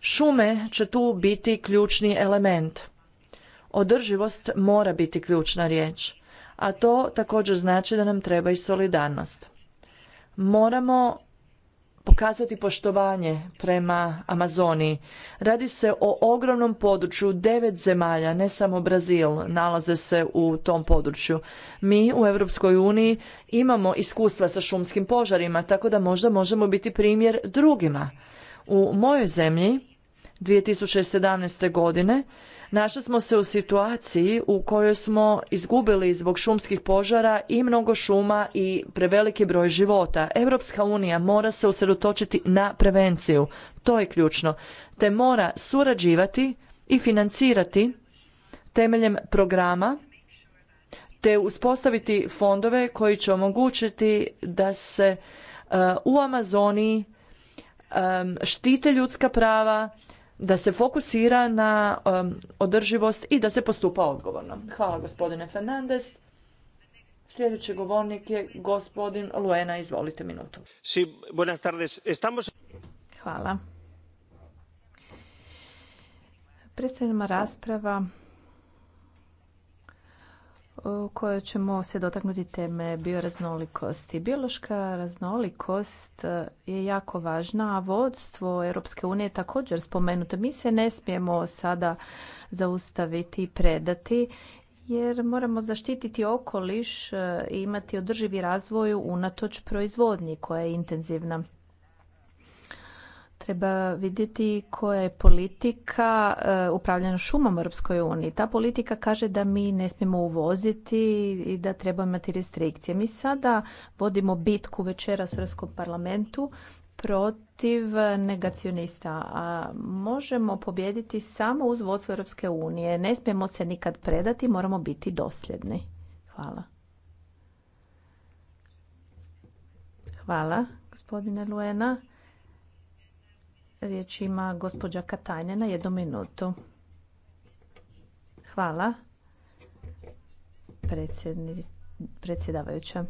Šume će tu biti ključni element. Održivost mora biti ključna riječ, a to također znači da nam treba i solidarnost moramo pokazati poštovanje prema Amazoniji. Radi se o ogromnom području, devet zemalja, ne samo Brazil, nalaze se u tom području. Mi u Europskoj uniji imamo iskustva sa šumskim požarima, tako da možda možemo biti primjer drugima. U mojoj zemlji 2017. godine Našli smo se u situaciji u kojoj smo izgubili zbog šumskih požara i mnogo šuma i preveliki broj života. Europska unija mora se usredotočiti na prevenciju. To je ključno. Te mora surađivati i financirati temeljem programa te uspostaviti fondove koji će omogućiti da se e, u Amazoniji e, štite ljudska prava, da se fokusira na um, održivost i da se postupa odgovorno. Hvala gospodine Fernandez. Sljedeći govornik je gospodin Luena. Izvolite minutu. Sí, buenas tardes. Estamos... Hvala. Predstavljena rasprava u kojoj ćemo se dotaknuti teme bioraznolikosti. Biološka raznolikost e, je jako važna, a vodstvo Europske unije je također spomenuto. Mi se ne smijemo sada zaustaviti i predati jer moramo zaštititi okoliš e, i imati održivi razvoj unatoč proizvodnji koja je intenzivna. Treba vidjeti koja je politika eh, upravljanja šumom u Europskoj Ta politika kaže da mi ne smijemo uvoziti i da treba imati restrikcije. Mi sada vodimo bitku večeras u Europskom parlamentu protiv negacionista. A možemo pobijediti samo uz vodstvo Europske unije. Ne smijemo se nikad predati, moramo biti dosljedni. Hvala. Hvala, gospodine Luena. Riječ ima gospođa Katajne na jednu minutu. Hvala, predsjedavajuća.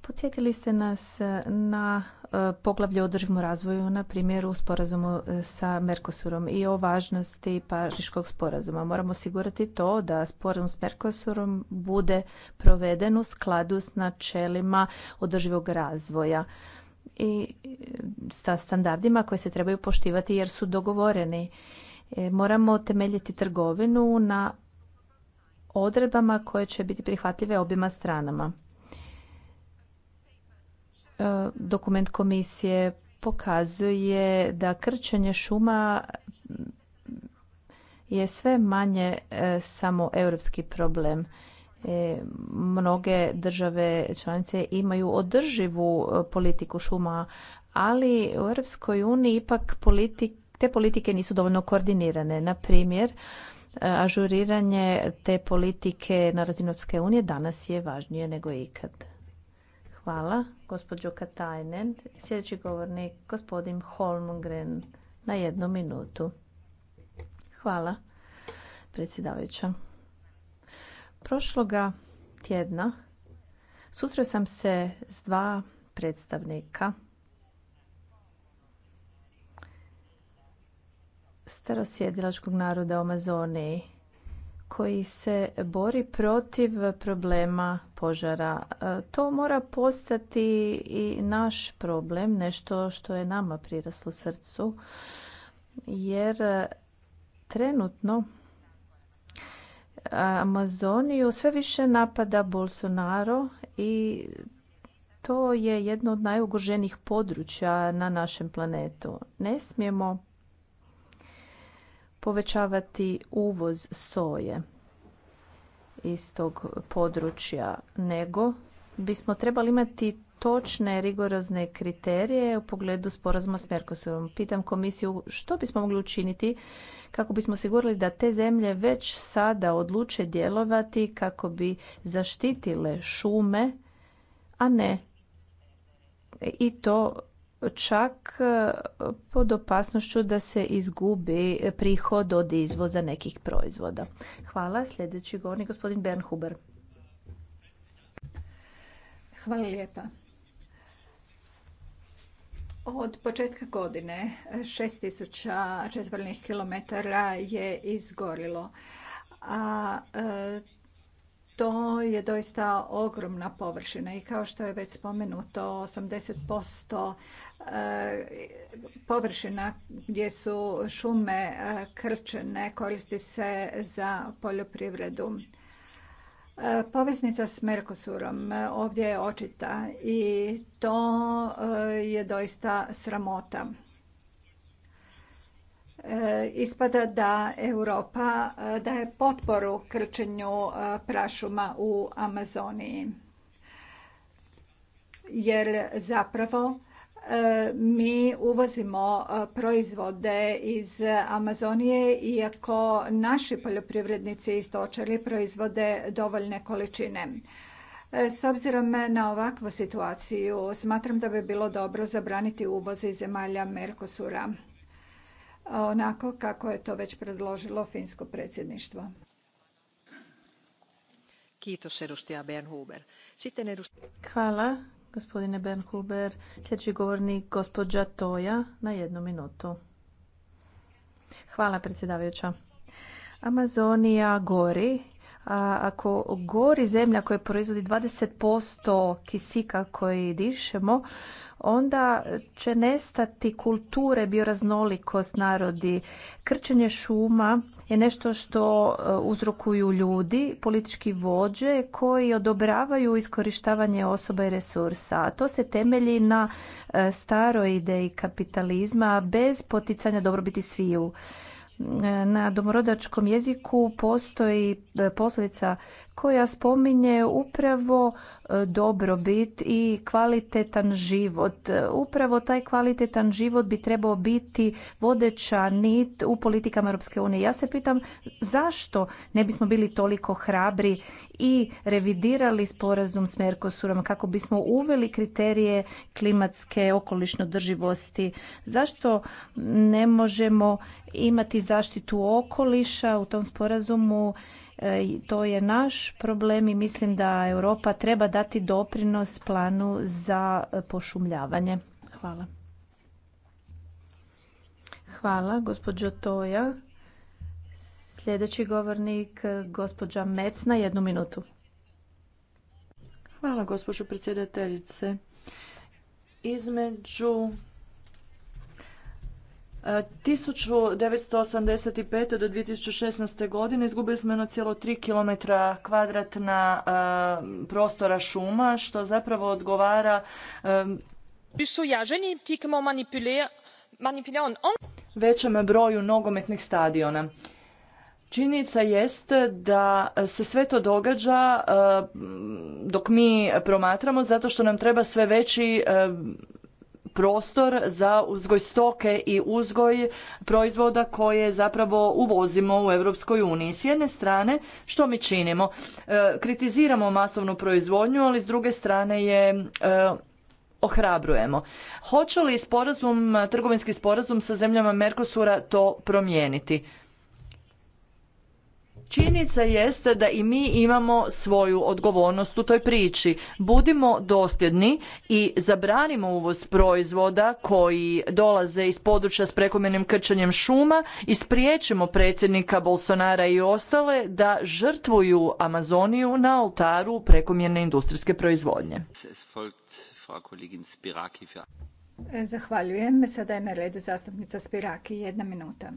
Podsjetili ste nas na e, poglavlje o održivom razvoju na primjeru sporazumu e, sa Merkosurom i o važnosti Pariškog sporazuma. Moramo osigurati to da sporazum s Merkosurom bude proveden u skladu s načelima održivog razvoja i e, sa standardima koje se trebaju poštivati jer su dogovoreni. E, moramo temeljiti trgovinu na odredbama koje će biti prihvatljive obima stranama. E, dokument komisije pokazuje da krčenje šuma je sve manje samo europski problem. E, mnoge države članice imaju održivu e, politiku šuma, ali u Europskoj uniji ipak te politike nisu dovoljno koordinirane. Na primjer, e, ažuriranje te politike na razinu Europske unije danas je važnije nego ikad. Hvala, gospođo Katajnen. Sljedeći govornik, gospodin Holmgren, na jednu minutu. Hvala, predsjedavajuća. Prošloga tjedna susreo sam se s dva predstavnika starosjedilačkog naroda u Amazoniji koji se bori protiv problema požara. E, to mora postati i naš problem, nešto što je nama priraslo srcu, jer trenutno Amazoniju sve više napada Bolsonaro i to je jedno od najugroženijih područja na našem planetu. Ne smijemo povećavati uvoz soje iz tog područja, nego bismo trebali imati točne, rigorozne kriterije u pogledu sporazuma s Mercosurom. Pitam komisiju što bismo mogli učiniti kako bismo osigurali da te zemlje već sada odluče djelovati kako bi zaštitile šume, a ne i to čak e, pod opasnošću da se izgubi prihod od izvoza nekih proizvoda. Hvala. Sljedeći govornik gospodin Bernhuber. Hvala lijepa. Od početka godine 6000 četvrnih kilometara je izgorilo, a e, to je doista ogromna površina i kao što je već spomenuto 80% e, površina gdje su šume e, krčene koristi se za poljoprivredu. E, poveznica s Merkosurom e, ovdje je očita i to e, je doista sramota. Ispada da Europa daje potporu krčenju prašuma u Amazoniji. Jer zapravo mi uvozimo proizvode iz Amazonije iako naši poljoprivrednici i stočari proizvode dovoljne količine. E, s obzirom na ovakvu situaciju, smatram da bi bilo dobro zabraniti uvoz iz zemalja Mercosura, onako kako je to već predložilo finsko predsjedništvo. Hvala gospodine Bernhuber. Sljedeći govornik, gospođa Toja, na jednu minutu. Hvala, predsjedavajuća. Amazonija gori. A ako gori zemlja koja proizvodi 20% kisika koji dišemo, onda će nestati kulture, bioraznolikost narodi. Krčenje šuma je nešto što e, uzrokuju ljudi, politički vođe koji odobravaju iskorištavanje osoba i resursa. A to se temelji na e, staroj ideji kapitalizma bez poticanja dobrobiti sviju e, na domorodačkom jeziku postoji poslovica koja spominje upravo e, dobrobit i kvalitetan život. E, upravo taj kvalitetan život bi trebao biti vodeća nit u politikama Europske unije. Ja se pitam zašto ne bismo bili toliko hrabri i revidirali sporazum s Mercosurom kako bismo uveli kriterije klimatske okolišno drživosti. Zašto ne možemo imati zaštitu okoliša u tom sporazumu E, to je naš problem i mislim da Europa treba dati doprinos planu za e, pošumljavanje. Hvala. Hvala, gospođo Toja. Sljedeći govornik, e, gospođa Mec, na jednu minutu. Hvala, gospođo predsjedateljice. Između 1985. do 2016. godine izgubili smo tri km kvadratna e, prostora šuma, što zapravo odgovara e, većem broju nogometnih stadiona. Činjenica jest da se sve to događa e, dok mi promatramo zato što nam treba sve veći prostor za uzgoj stoke i uzgoj proizvoda koje zapravo uvozimo u Europskoj uniji. S jedne strane, što mi činimo? E, kritiziramo masovnu proizvodnju, ali s druge strane je e, ohrabrujemo. Hoće li sporazum, trgovinski sporazum sa zemljama Merkosura to promijeniti? Činjenica jeste da i mi imamo svoju odgovornost u toj priči. Budimo dosljedni i zabranimo uvoz proizvoda koji dolaze iz područja s prekomjernim krčanjem šuma i spriječimo predsjednika Bolsonara i ostale da žrtvuju Amazoniju na oltaru prekomjerne industrijske proizvodnje. Zahvaljujem. Sada je na redu zastupnica Spiraki. Jedna minuta.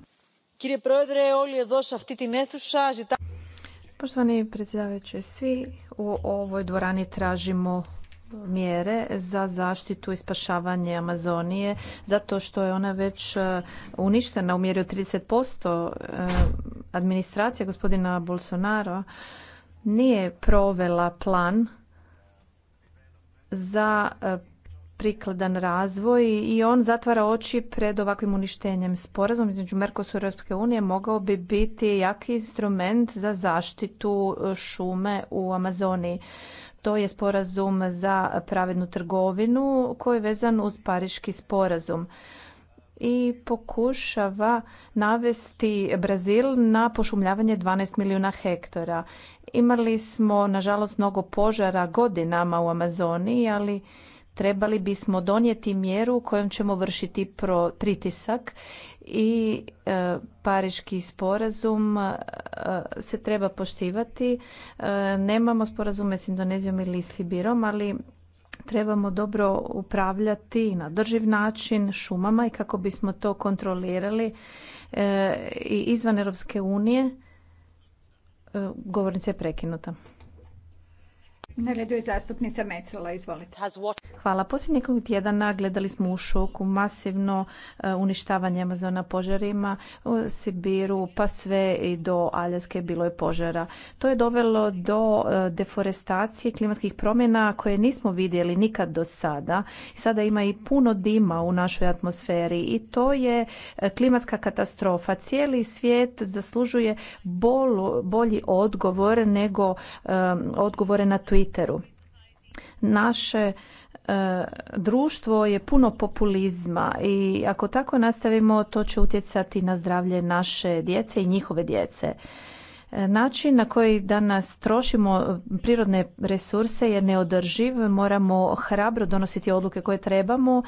Poštovani predsjedavajući, svi u ovoj dvorani tražimo mjere za zaštitu i spašavanje Amazonije zato što je ona već e, uništena u mjeri od 30%. E, administracija gospodina Bolsonaro nije provela plan za e, prikladan razvoj i on zatvara oči pred ovakvim uništenjem. Sporazum između Merkosura i Europske unije mogao bi biti jaki instrument za zaštitu e, šume u Amazoniji. To je sporazum za pravednu trgovinu koji je vezan uz Pariški sporazum i pokušava navesti Brazil na pošumljavanje 12 milijuna hektara. Imali smo, nažalost, mnogo požara godinama u Amazoniji, ali trebali bismo donijeti mjeru kojom ćemo vršiti pritisak i e, pariški sporazum e, se treba poštivati. E, nemamo sporazume s Indonezijom ili Sibirom, ali trebamo dobro upravljati na drživ način šumama i kako bismo to kontrolirali i izvan Europske unije. Govornica je prekinuta. Na redu je zastupnica Mecola, izvolite. Hvala. Posljednjeg tjedana gledali smo u šoku masivno e, uništavanje Amazona požarima u Sibiru, pa sve i do Aljaske bilo je požara. To je dovelo do e, deforestacije klimatskih promjena koje nismo vidjeli nikad do sada. Sada ima i puno dima u našoj atmosferi i to je e, klimatska katastrofa. Cijeli svijet zaslužuje bolji odgovor nego odgovore na Twitter Twitteru. Naše e, društvo je puno populizma i ako tako nastavimo to će utjecati na zdravlje naše djece i njihove djece. Način na koji danas trošimo prirodne resurse je neodrživ, moramo hrabro donositi odluke koje trebamo,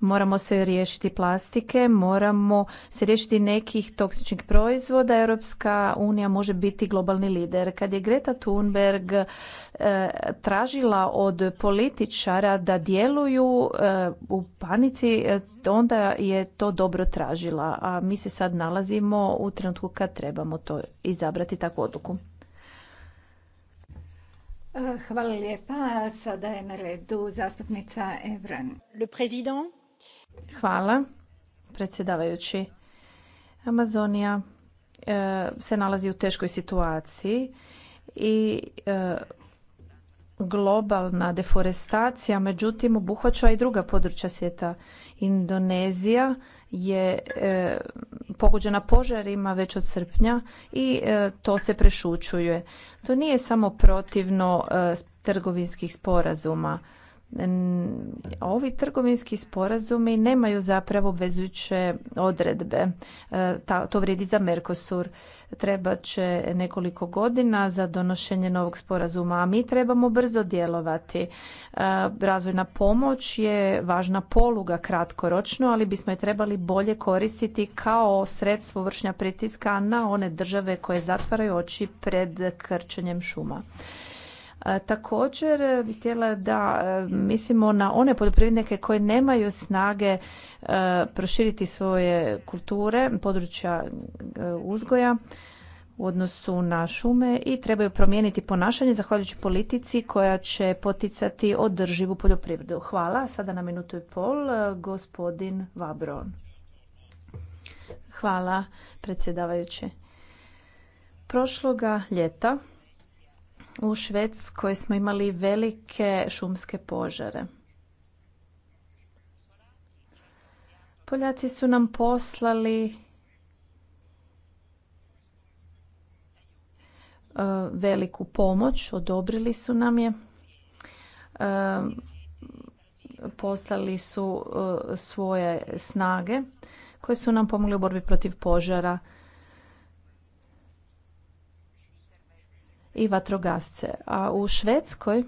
moramo se riješiti plastike, moramo se riješiti nekih toksičnih proizvoda. Europska unija može biti globalni lider. Kad je Greta Thunberg e, tražila od političara da djeluju e, u panici, e, onda je to dobro tražila, a mi se sad nalazimo u trenutku kad trebamo to izabrati takvu odluku. Eh, hvala lijepa. Sada je na redu zastupnica Evran. Hvala, predsjedavajući. Amazonija eh, se nalazi u teškoj situaciji i eh, globalna deforestacija, međutim obuhvaća i druga područja svijeta. Indonezija je e, pogođena požarima već od srpnja i e, to se prešućuje. To nije samo protivno e, trgovinskih sporazuma. Ovi trgovinski sporazumi nemaju zapravo obvezujuće odredbe. E, to vrijedi za Mercosur. Treba će nekoliko godina za donošenje novog sporazuma, a mi trebamo brzo djelovati. E, razvojna pomoć je važna poluga kratkoročno, ali bismo je trebali bolje koristiti kao sredstvo vršnja pritiska na one države koje zatvaraju oči pred krčenjem šuma. Također e, bih htjela da e, mislimo na one poljoprivrednike koji nemaju snage e, proširiti svoje kulture, područja uzgoja u odnosu na šume i trebaju promijeniti ponašanje zahvaljujući politici koja će poticati održivu poljoprivredu. Hvala. Sada na minutu i pol gospodin Vabron. Hvala predsjedavajući. Prošloga ljeta u Švedskoj smo imali velike šumske požare. Poljaci su nam poslali e, veliku pomoć, odobrili su nam je. E, poslali su e, svoje snage koje su nam pomogle u borbi protiv požara. i vatrogasce. A u Švedskoj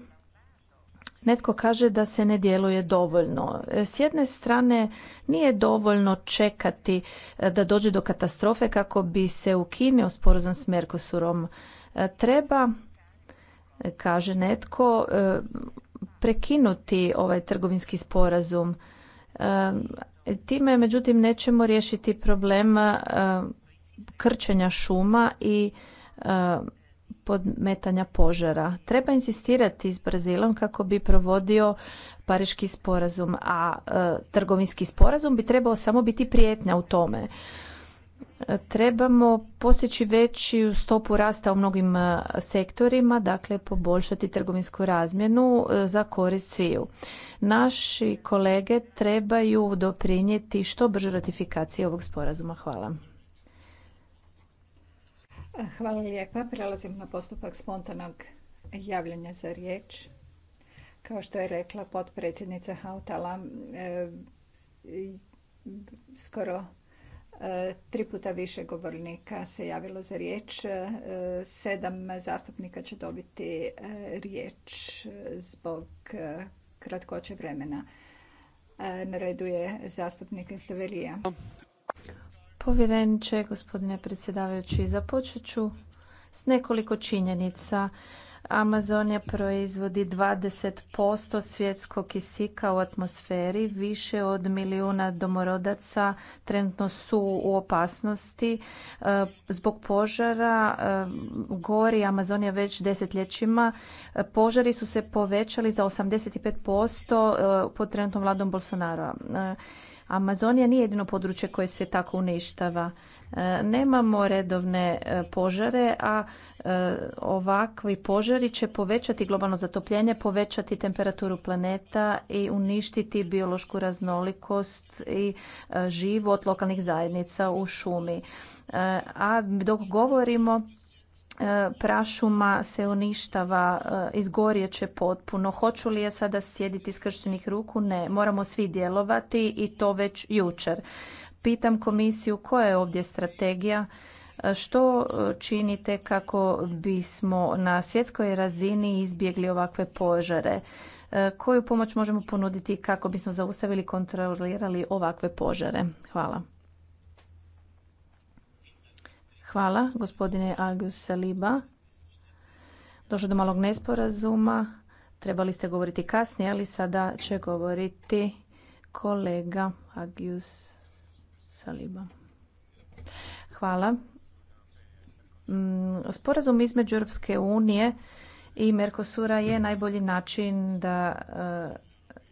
netko kaže da se ne djeluje dovoljno. E, s jedne strane nije dovoljno čekati e, da dođe do katastrofe kako bi se ukinio sporazum s Mercosurom. E, treba, kaže netko, prekinuti ovaj trgovinski sporazum. Time, međutim, nećemo riješiti problem krčenja šuma i podmetanja požara. Treba insistirati s Brazilom kako bi provodio Pariški sporazum, a e, trgovinski sporazum bi trebao samo biti prijetnja u tome. E, trebamo postići veću stopu rasta u mnogim e, sektorima, dakle poboljšati trgovinsku razmjenu za korist sviju. Naši kolege trebaju doprinijeti što brže ratifikacije ovog sporazuma. Hvala. Hvala lijepa. Prelazim na postupak spontanog javljanja za riječ. Kao što je rekla potpredsjednica Hautala, e, skoro e, tri puta više govornika se javilo za riječ. E, sedam zastupnika će dobiti riječ zbog kratkoće vremena. Na redu je zastupnik iz Povjereniče, gospodine predsjedavajući, započet ću s nekoliko činjenica. Amazonija proizvodi 20% svjetskog kisika u atmosferi. Više od milijuna domorodaca trenutno su u opasnosti. E, zbog požara e, gori Amazonija već desetljećima. E, požari su se povećali za 85% pod trenutnom vladom Bolsonaro. Amazonija nije jedino područje koje se tako uništava. E, nemamo redovne e, požare, a e, ovakvi požari će povećati globalno zatopljenje, povećati temperaturu planeta i uništiti biološku raznolikost i život lokalnih zajednica u šumi. A dok govorimo E, prašuma se uništava, e, će potpuno. Hoću li je sada sjediti skrštenih ruku? Ne, moramo svi djelovati i to već jučer. Pitam komisiju koja je ovdje strategija, e, što činite kako bismo na svjetskoj razini izbjegli ovakve požare? Koju pomoć možemo ponuditi kako bismo zaustavili i kontrolirali ovakve požare? Hvala. Hvala, gospodine Agus Saliba. Došlo do malog nesporazuma. Trebali ste govoriti kasnije, ali sada će govoriti kolega Agius Saliba. Hvala. Mm, sporazum između Europske unije i Mercosura je najbolji način da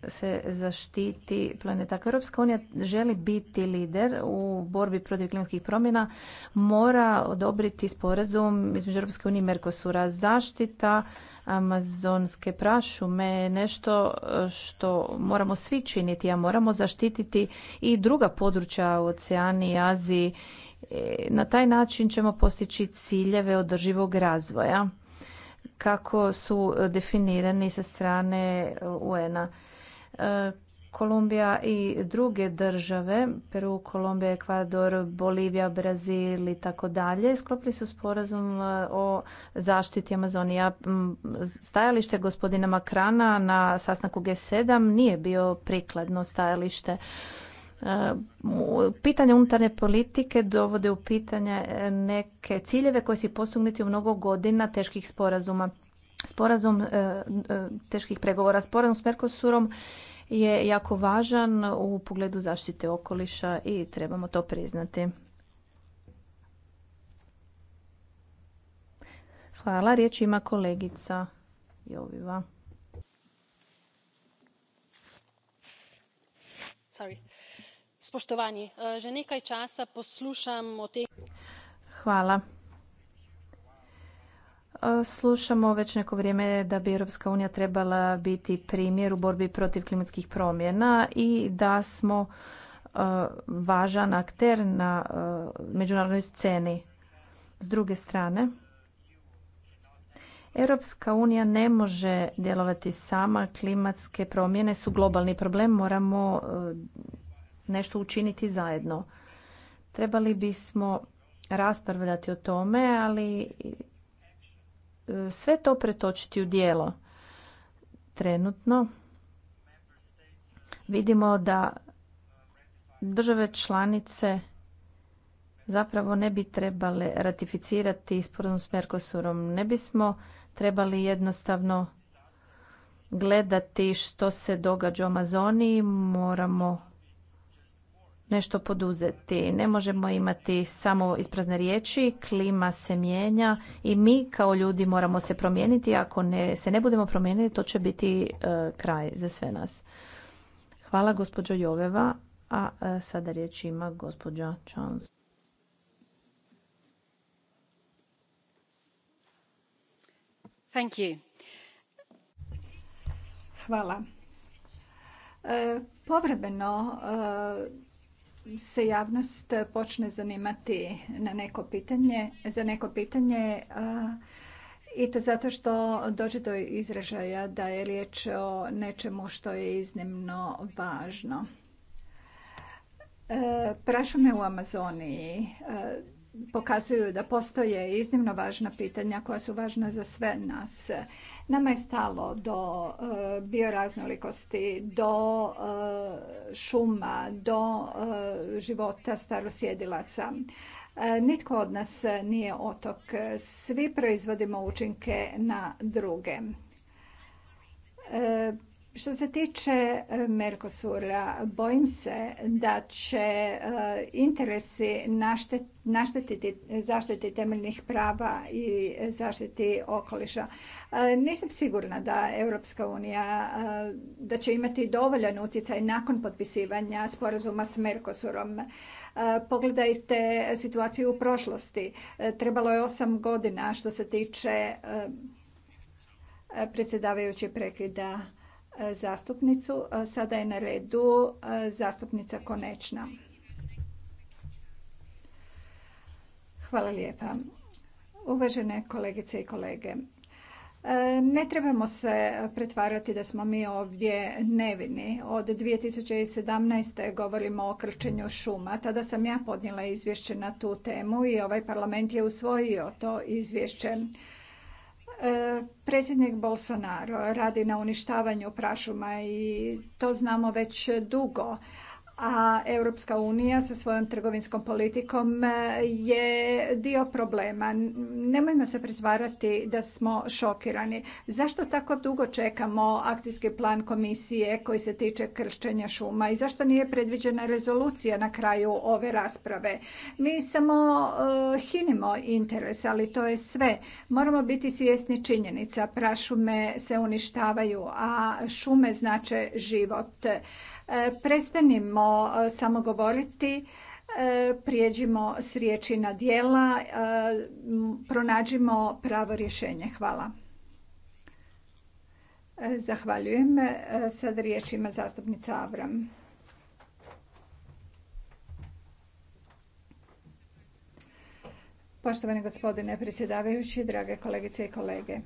se zaštiti planeta. Ako Europska unija želi biti lider u borbi protiv klimatskih promjena, mora odobriti sporazum između Europske unije i Merkosura. Zaštita amazonske prašume nešto eh, što moramo svi činiti, a moramo zaštititi i druga područja u oceani, Aziji. E, na taj način ćemo postići ciljeve održivog razvoja kako su definirani sa strane UN-a. E, Kolumbija i druge države, Peru, Kolumbija, Ekvador, Bolivija, Brazil i tako dalje, sklopili su sporazum e, o zaštiti Amazonija. Stajalište gospodina Makrana na sastanku G7 nije bio prikladno stajalište. E, pitanje unutarnje politike dovode u pitanje neke ciljeve koje si postignuti u mnogo godina teških sporazuma sporazum e, e, teških pregovora. Sporazum s Mercosurom je jako važan u pogledu zaštite okoliša i trebamo to priznati. Hvala. Riječ ima kolegica Joviva. Sorry. E, nekaj časa poslušam o Hvala slušamo već neko vrijeme da bi Europska unija trebala biti primjer u borbi protiv klimatskih promjena i da smo važan akter na međunarodnoj sceni. S druge strane, Europska unija ne može djelovati sama, klimatske promjene su globalni problem, moramo nešto učiniti zajedno. Trebali bismo raspravljati o tome, ali E, sve to pretočiti u dijelo. Trenutno vidimo da države članice zapravo ne bi trebale ratificirati sporazum s Merkosurom. Ne bismo trebali jednostavno gledati što se događa u Amazoniji, moramo nešto poduzeti. Ne možemo imati samo isprazne riječi, klima se mijenja i mi kao ljudi moramo se promijeniti. Ako ne, se ne budemo promijeniti, to će biti e, kraj za sve nas. Hvala gospođo Joveva, a e, sada riječ ima gospođa Thank you. Hvala. E, povremeno e, se javnost počne zanimati na neko pitanje, za neko pitanje i to zato što dođe do izražaja da je riječ o nečemu što je iznimno važno. E, prašume u Amazoniji e, pokazuju da postoje iznimno važna pitanja koja su važna za sve nas Nama je stalo do e, bioraznolikosti, do e, šuma, do e, života starosjedilaca. Nitko od nas nije otok. Svi proizvodimo učinke na druge što se tiče e, Mercosura, bojim se da će e, interesi naštetiti zaštiti temeljnih prava i zaštiti okoliša. E, nisam sigurna da Europska unija da će imati dovoljan utjecaj nakon potpisivanja sporazuma s Mercosurom. Pogledajte situaciju u prošlosti. Trebalo je osam godina što se tiče predsjedavajući prekida E, zastupnicu. E, sada je na redu e, zastupnica Konečna. Hvala lijepa. Uvažene kolegice i kolege, ne trebamo se pretvarati da smo mi ovdje nevini. Od 2017. govorimo o krčenju šuma. Tada sam ja podnijela izvješće na tu temu i ovaj parlament je usvojio to izvješće. E, predsjednik Bolsonaro radi na uništavanju prašuma i to znamo već dugo a Europska unija sa svojom trgovinskom politikom e, je dio problema. Nemojmo se pretvarati da smo šokirani. Zašto tako dugo čekamo akcijski plan komisije koji se tiče kršćenja šuma i zašto nije predviđena rezolucija na kraju ove rasprave? Mi samo e, hinimo interes, ali to je sve. Moramo biti svjesni činjenica. Prašume se uništavaju, a šume znače život. E, prestanimo e, samo govoriti, e, prijeđimo s riječi na dijela, pronađimo pravo rješenje. Hvala. Zahvaljujem. Sad riječ ima zastupnica Avram. Poštovani gospodine predsjedavajući, drage kolegice i kolege.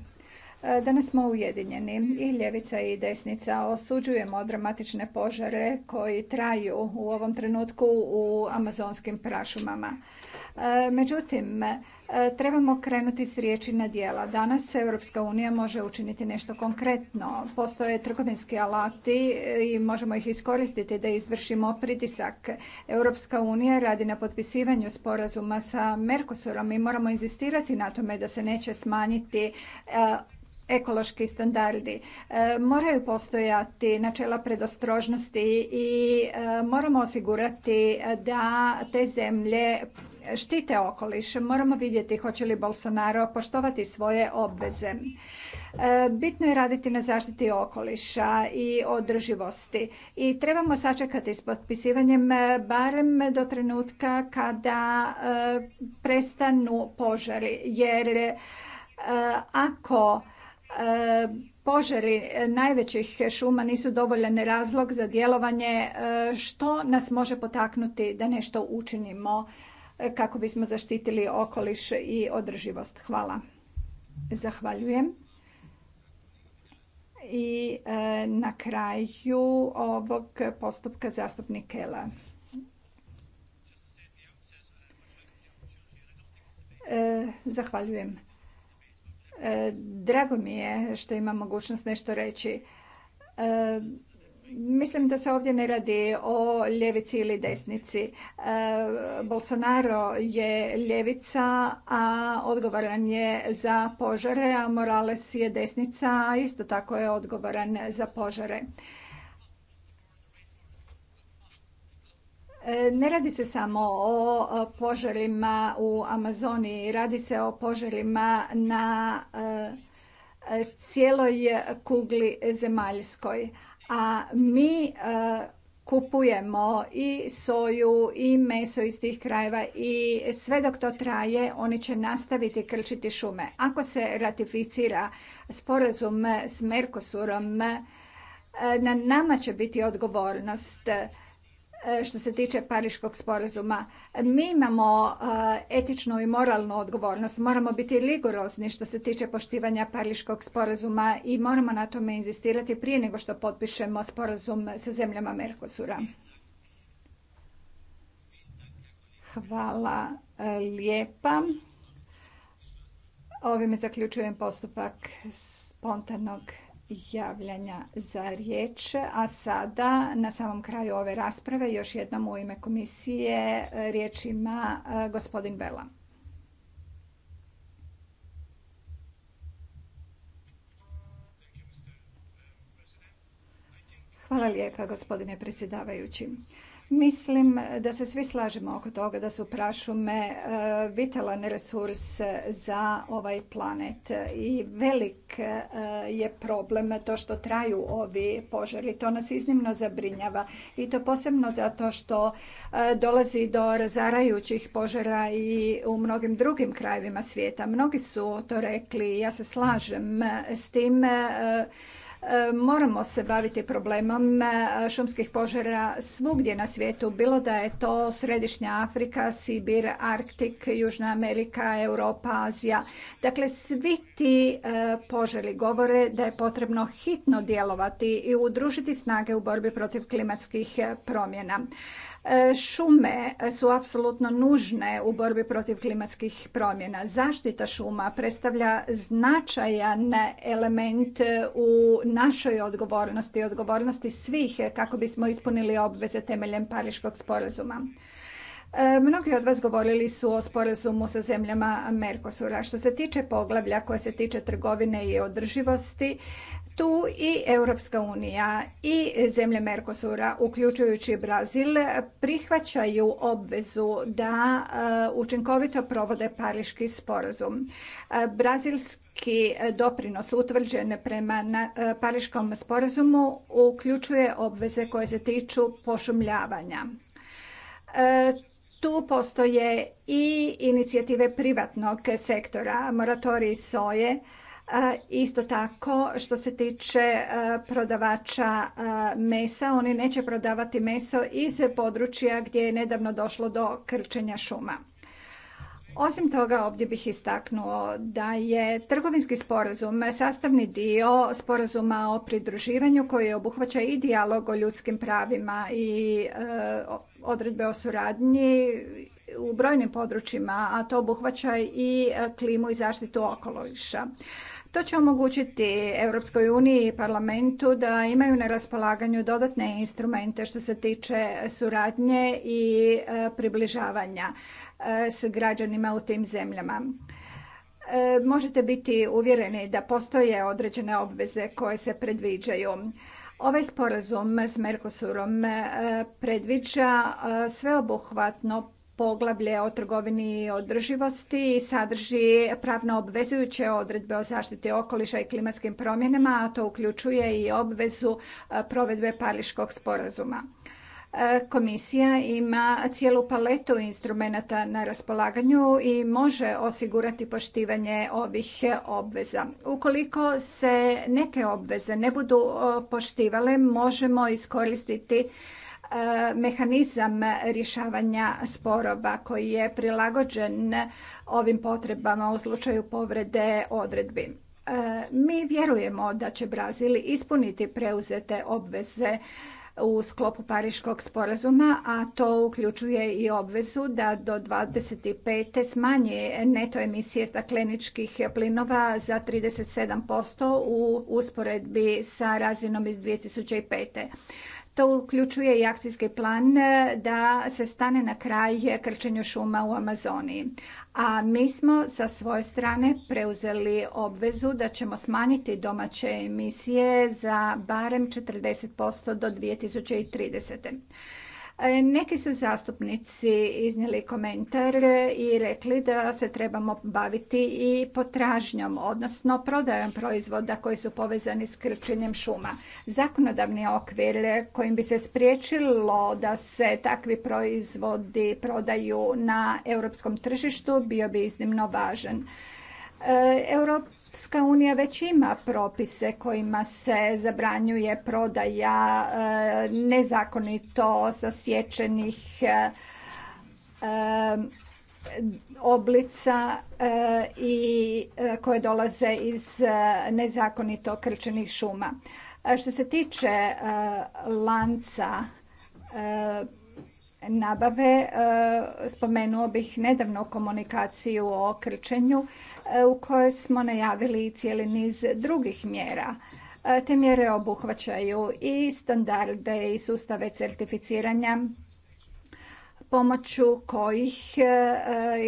E, Danas smo ujedinjeni i ljevica i desnica. Osuđujemo dramatične požare koji traju u ovom trenutku u amazonskim prašumama. E, međutim, e, trebamo krenuti s riječi na dijela. Danas Europska unija može učiniti nešto konkretno. Postoje trgovinski alati i možemo ih iskoristiti da izvršimo pritisak. Europska unija radi na potpisivanju sporazuma sa Mercosurom i moramo inzistirati na tome da se neće smanjiti ekološki standardi. E, moraju postojati načela predostrožnosti i e, moramo osigurati da te zemlje štite okoliš. Moramo vidjeti hoće li Bolsonaro poštovati svoje obveze. E, bitno je raditi na zaštiti okoliša i održivosti i trebamo sačekati s potpisivanjem barem do trenutka kada prestanu požari jer ako požari najvećih šuma nisu dovoljan razlog za djelovanje e, što nas može potaknuti da nešto učinimo e, kako bismo zaštitili okoliš i održivost. Hvala. Zahvaljujem. I e, na kraju ovog postupka zastupnik Kela. Zahvaljujem. E, drago mi je što imam mogućnost nešto reći. E, mislim da se ovdje ne radi o ljevici ili desnici. E, Bolsonaro je ljevica, a odgovoran je za požare, a Morales je desnica, a isto tako je odgovoran za požare. E, ne radi se samo o požarima u Amazoniji, radi se o požarima na e, e, cijeloj kugli zemaljskoj. A mi kupujemo i soju i meso iz tih krajeva i sve dok to traje oni će nastaviti krčiti šume. Ako se ratificira sporazum s Mercosurom, na nama će biti odgovornost E, što se tiče Pariškog sporazuma. Mi imamo e, etičnu i moralnu odgovornost, moramo biti rigorozni što se tiče poštivanja Pariškog sporazuma i moramo na tome inzistirati prije nego što potpišemo sporazum sa zemljama Merkosura. Hvala e, lijepa. Ovime zaključujem postupak spontanog javljanja za riječ. A sada, na samom kraju ove rasprave, još jednom u ime komisije e, riječ ima e, gospodin Bela. Hvala lijepa, gospodine predsjedavajući. Mislim da se svi slažemo oko toga da su prašume e, vitalan resurs za ovaj planet i velik e, je problem to što traju ovi požari. To nas iznimno zabrinjava i to posebno zato što e, dolazi do razarajućih požara i u mnogim drugim krajevima svijeta. Mnogi su to rekli i ja se slažem s time, E, moramo se baviti problemom e, šumskih požara svugdje na svijetu, bilo da je to Središnja Afrika, Sibir, Arktik, Južna Amerika, Europa, Azija. Dakle, svi ti e, požari govore da je potrebno hitno djelovati i udružiti snage u borbi protiv klimatskih promjena. Šume su apsolutno nužne u borbi protiv klimatskih promjena. Zaštita šuma predstavlja značajan element u našoj odgovornosti, i odgovornosti svih kako bismo ispunili obveze temeljem Pariškog sporazuma. E, mnogi od vas govorili su o sporazumu sa zemljama Mercosura. Što se tiče poglavlja koje se tiče trgovine i održivosti, tu i Europska unija i zemlje Merkosura, uključujući Brazil, prihvaćaju obvezu da e, učinkovito provode Pariški sporazum. E, brazilski doprinos utvrđen prema e, Pariškom sporazumu uključuje obveze koje se tiču pošumljavanja. Tu postoje i inicijative privatnog sektora, moratorij soje, Isto tako što se tiče prodavača mesa, oni neće prodavati meso iz područja gdje je nedavno došlo do krčenja šuma. Osim toga, ovdje bih istaknuo da je trgovinski sporazum sastavni dio sporazuma o pridruživanju koji obuhvaća i dijalog o ljudskim pravima i e, odredbe o suradnji u brojnim područjima, a to obuhvaća i e, klimu i zaštitu okoliša. To će omogućiti Europskoj uniji i parlamentu da imaju na raspolaganju dodatne instrumente što se tiče suradnje i e, približavanja e, s građanima u tim zemljama. E, možete biti uvjereni da postoje određene obveze koje se predviđaju. Ovaj sporazum s Mercosurom predviđa sveobuhvatno poglavlje o trgovini i održivosti i sadrži pravno obvezujuće odredbe o zaštiti okoliša i klimatskim promjenama, a to uključuje i obvezu e, provedbe Pariškog sporazuma. E, komisija ima cijelu paletu instrumenata na raspolaganju i može osigurati poštivanje ovih obveza. Ukoliko se neke obveze ne budu e, poštivale, možemo iskoristiti Eh, mehanizam rješavanja sporova koji je prilagođen ovim potrebama u slučaju povrede odredbi. Eh, mi vjerujemo da će Brazil ispuniti preuzete obveze u sklopu Pariškog sporazuma, a to uključuje i obvezu da do 25. smanje neto emisije stakleničkih plinova za 37% u usporedbi sa razinom iz 2005. To uključuje i akcijski plan e, da se stane na kraj krčenju šuma u Amazoniji. A mi smo sa svoje strane preuzeli obvezu da ćemo smanjiti domaće emisije za barem 40% do 2030. E, neki su zastupnici iznijeli komentar i rekli da se trebamo baviti i potražnjom, odnosno prodajom proizvoda koji su povezani s krčenjem šuma. Zakonodavni okvir kojim bi se spriječilo da se takvi proizvodi prodaju na europskom tržištu bio bi iznimno važan. E, Europa Europska unija već ima propise kojima se zabranjuje prodaja e, nezakonito zasječenih e, e, oblica i koje dolaze iz nezakonito krčenih šuma. Što se tiče lanca nabave. E, spomenuo bih nedavno komunikaciju o krčenju e, u kojoj smo najavili cijeli niz drugih mjera. E, te mjere obuhvaćaju i standarde i sustave certificiranja pomoću kojih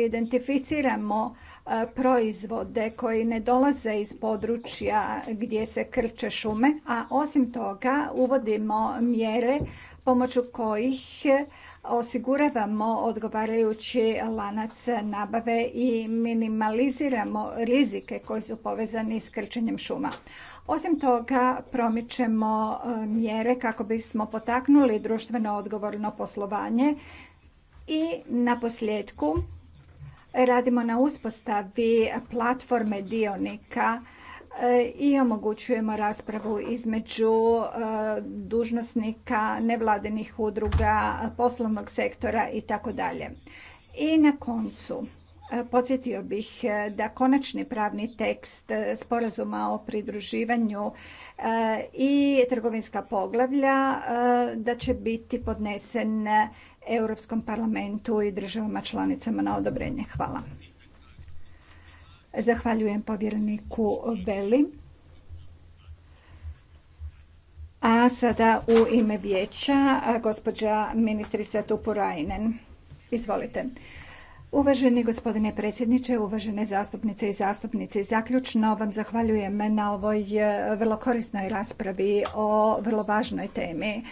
identificiramo proizvode koji ne dolaze iz područja gdje se krče šume, a osim toga uvodimo mjere pomoću kojih osiguravamo odgovarajući lanac nabave i minimaliziramo rizike koji su povezani s krčenjem šuma. Osim toga, promičemo e, mjere kako bismo potaknuli društveno odgovorno poslovanje i na posljedku radimo na uspostavi platforme dionika i omogućujemo raspravu između e, dužnosnika, nevladinih udruga, poslovnog sektora dalje. I na koncu, e, Podsjetio bih e, da konačni pravni tekst sporazuma o pridruživanju i trgovinska poglavlja da će biti podnesen Europskom parlamentu i državama članicama na odobrenje. Hvala. Zahvaljujem povjereniku Beli. A sada u ime vijeća gospođa ministrica Tupurajnen. Izvolite. Uvaženi gospodine predsjedniče, uvažene zastupnice i zastupnici, zaključno vam zahvaljujem na ovoj e, vrlo korisnoj raspravi o vrlo važnoj temi.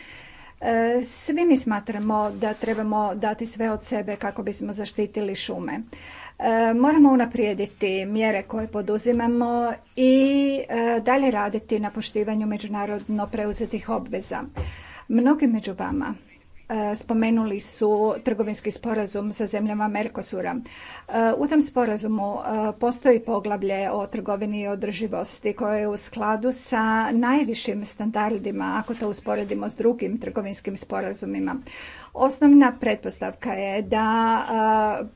E, svi mi smatramo da trebamo dati sve od sebe kako bismo zaštitili šume. E, moramo unaprijediti mjere koje poduzimamo i e, dalje raditi na poštivanju međunarodno preuzetih obveza. Mnogi među vama e, spomenuli su trgovinski sporazum sa zemljama Mercosura. U tom sporazumu postoji poglavlje o trgovini i održivosti koje je u skladu sa najvišim standardima ako to usporedimo s drugim trgovinskim sporazumima. Osnovna pretpostavka je da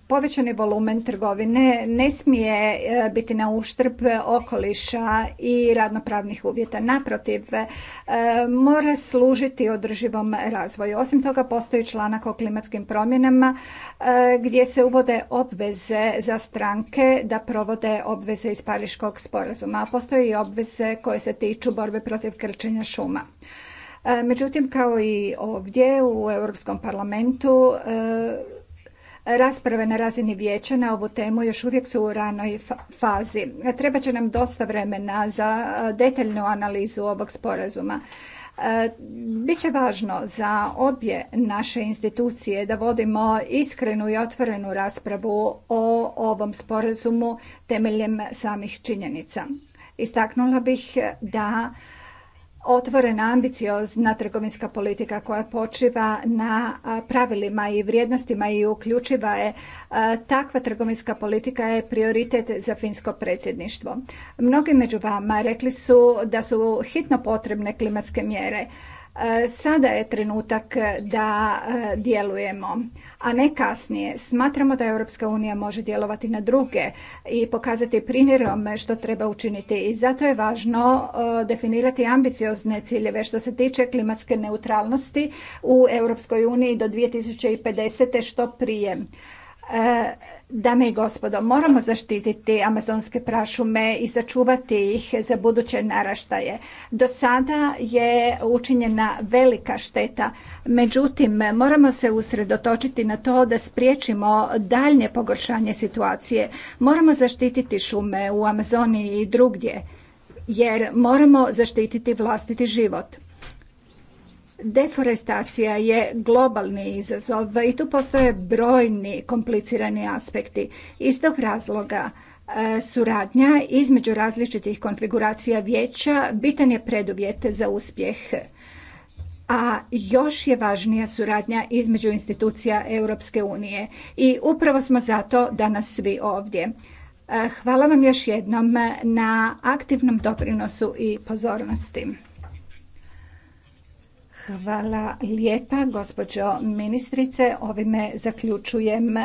povećani volumen trgovine ne smije e, biti na uštrb okoliša i radnopravnih uvjeta. Naprotiv, e, mora služiti održivom razvoju. Osim toga, postoji članak o klimatskim promjenama e, gdje se uvode obveze za stranke da provode obveze iz Pariškog sporazuma. A postoje i obveze koje se tiču borbe protiv krčenja šuma. E, međutim, kao i ovdje u Europskom parlamentu, e, rasprave na razini vijeća na ovu temu još uvijek su u ranoj fazi. E, treba će nam dosta vremena za detaljnu analizu ovog sporazuma. Biće važno za obje naše institucije da vodimo iskrenu i otvorenu raspravu o ovom sporazumu temeljem samih činjenica. Istaknula bih da otvorena ambiciozna trgovinska politika koja počiva na pravilima i vrijednostima i uključiva je takva trgovinska politika je prioritet za finsko predsjedništvo. Mnogi među vama rekli su da su hitno potrebne klimatske mjere. E, sada je trenutak da e, djelujemo, a ne kasnije. Smatramo da Europska unija može djelovati na druge i pokazati primjerom što treba učiniti i zato je važno e, definirati ambiciozne ciljeve što se tiče klimatske neutralnosti u Europskoj uniji do 2050. što prije. Dame i gospodo, moramo zaštititi amazonske prašume i sačuvati ih za buduće naraštaje. Do sada je učinjena velika šteta, međutim moramo se usredotočiti na to da spriječimo daljnje pogoršanje situacije. Moramo zaštititi šume u Amazoniji i drugdje, jer moramo zaštititi vlastiti život. Deforestacija je globalni izazov i tu postoje brojni komplicirani aspekti. Iz tog razloga e, suradnja između različitih konfiguracija vijeća bitan je preduvjet za uspjeh. A još je važnija suradnja između institucija Europske unije i upravo smo zato danas svi ovdje. E, hvala vam još jednom na aktivnom doprinosu i pozornosti. Hvala lijepa, gospođo ministrice. Ovime zaključujem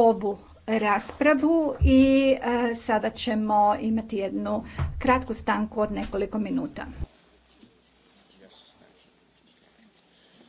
ovu raspravu i e, sada ćemo imati jednu kratku stanku od nekoliko minuta.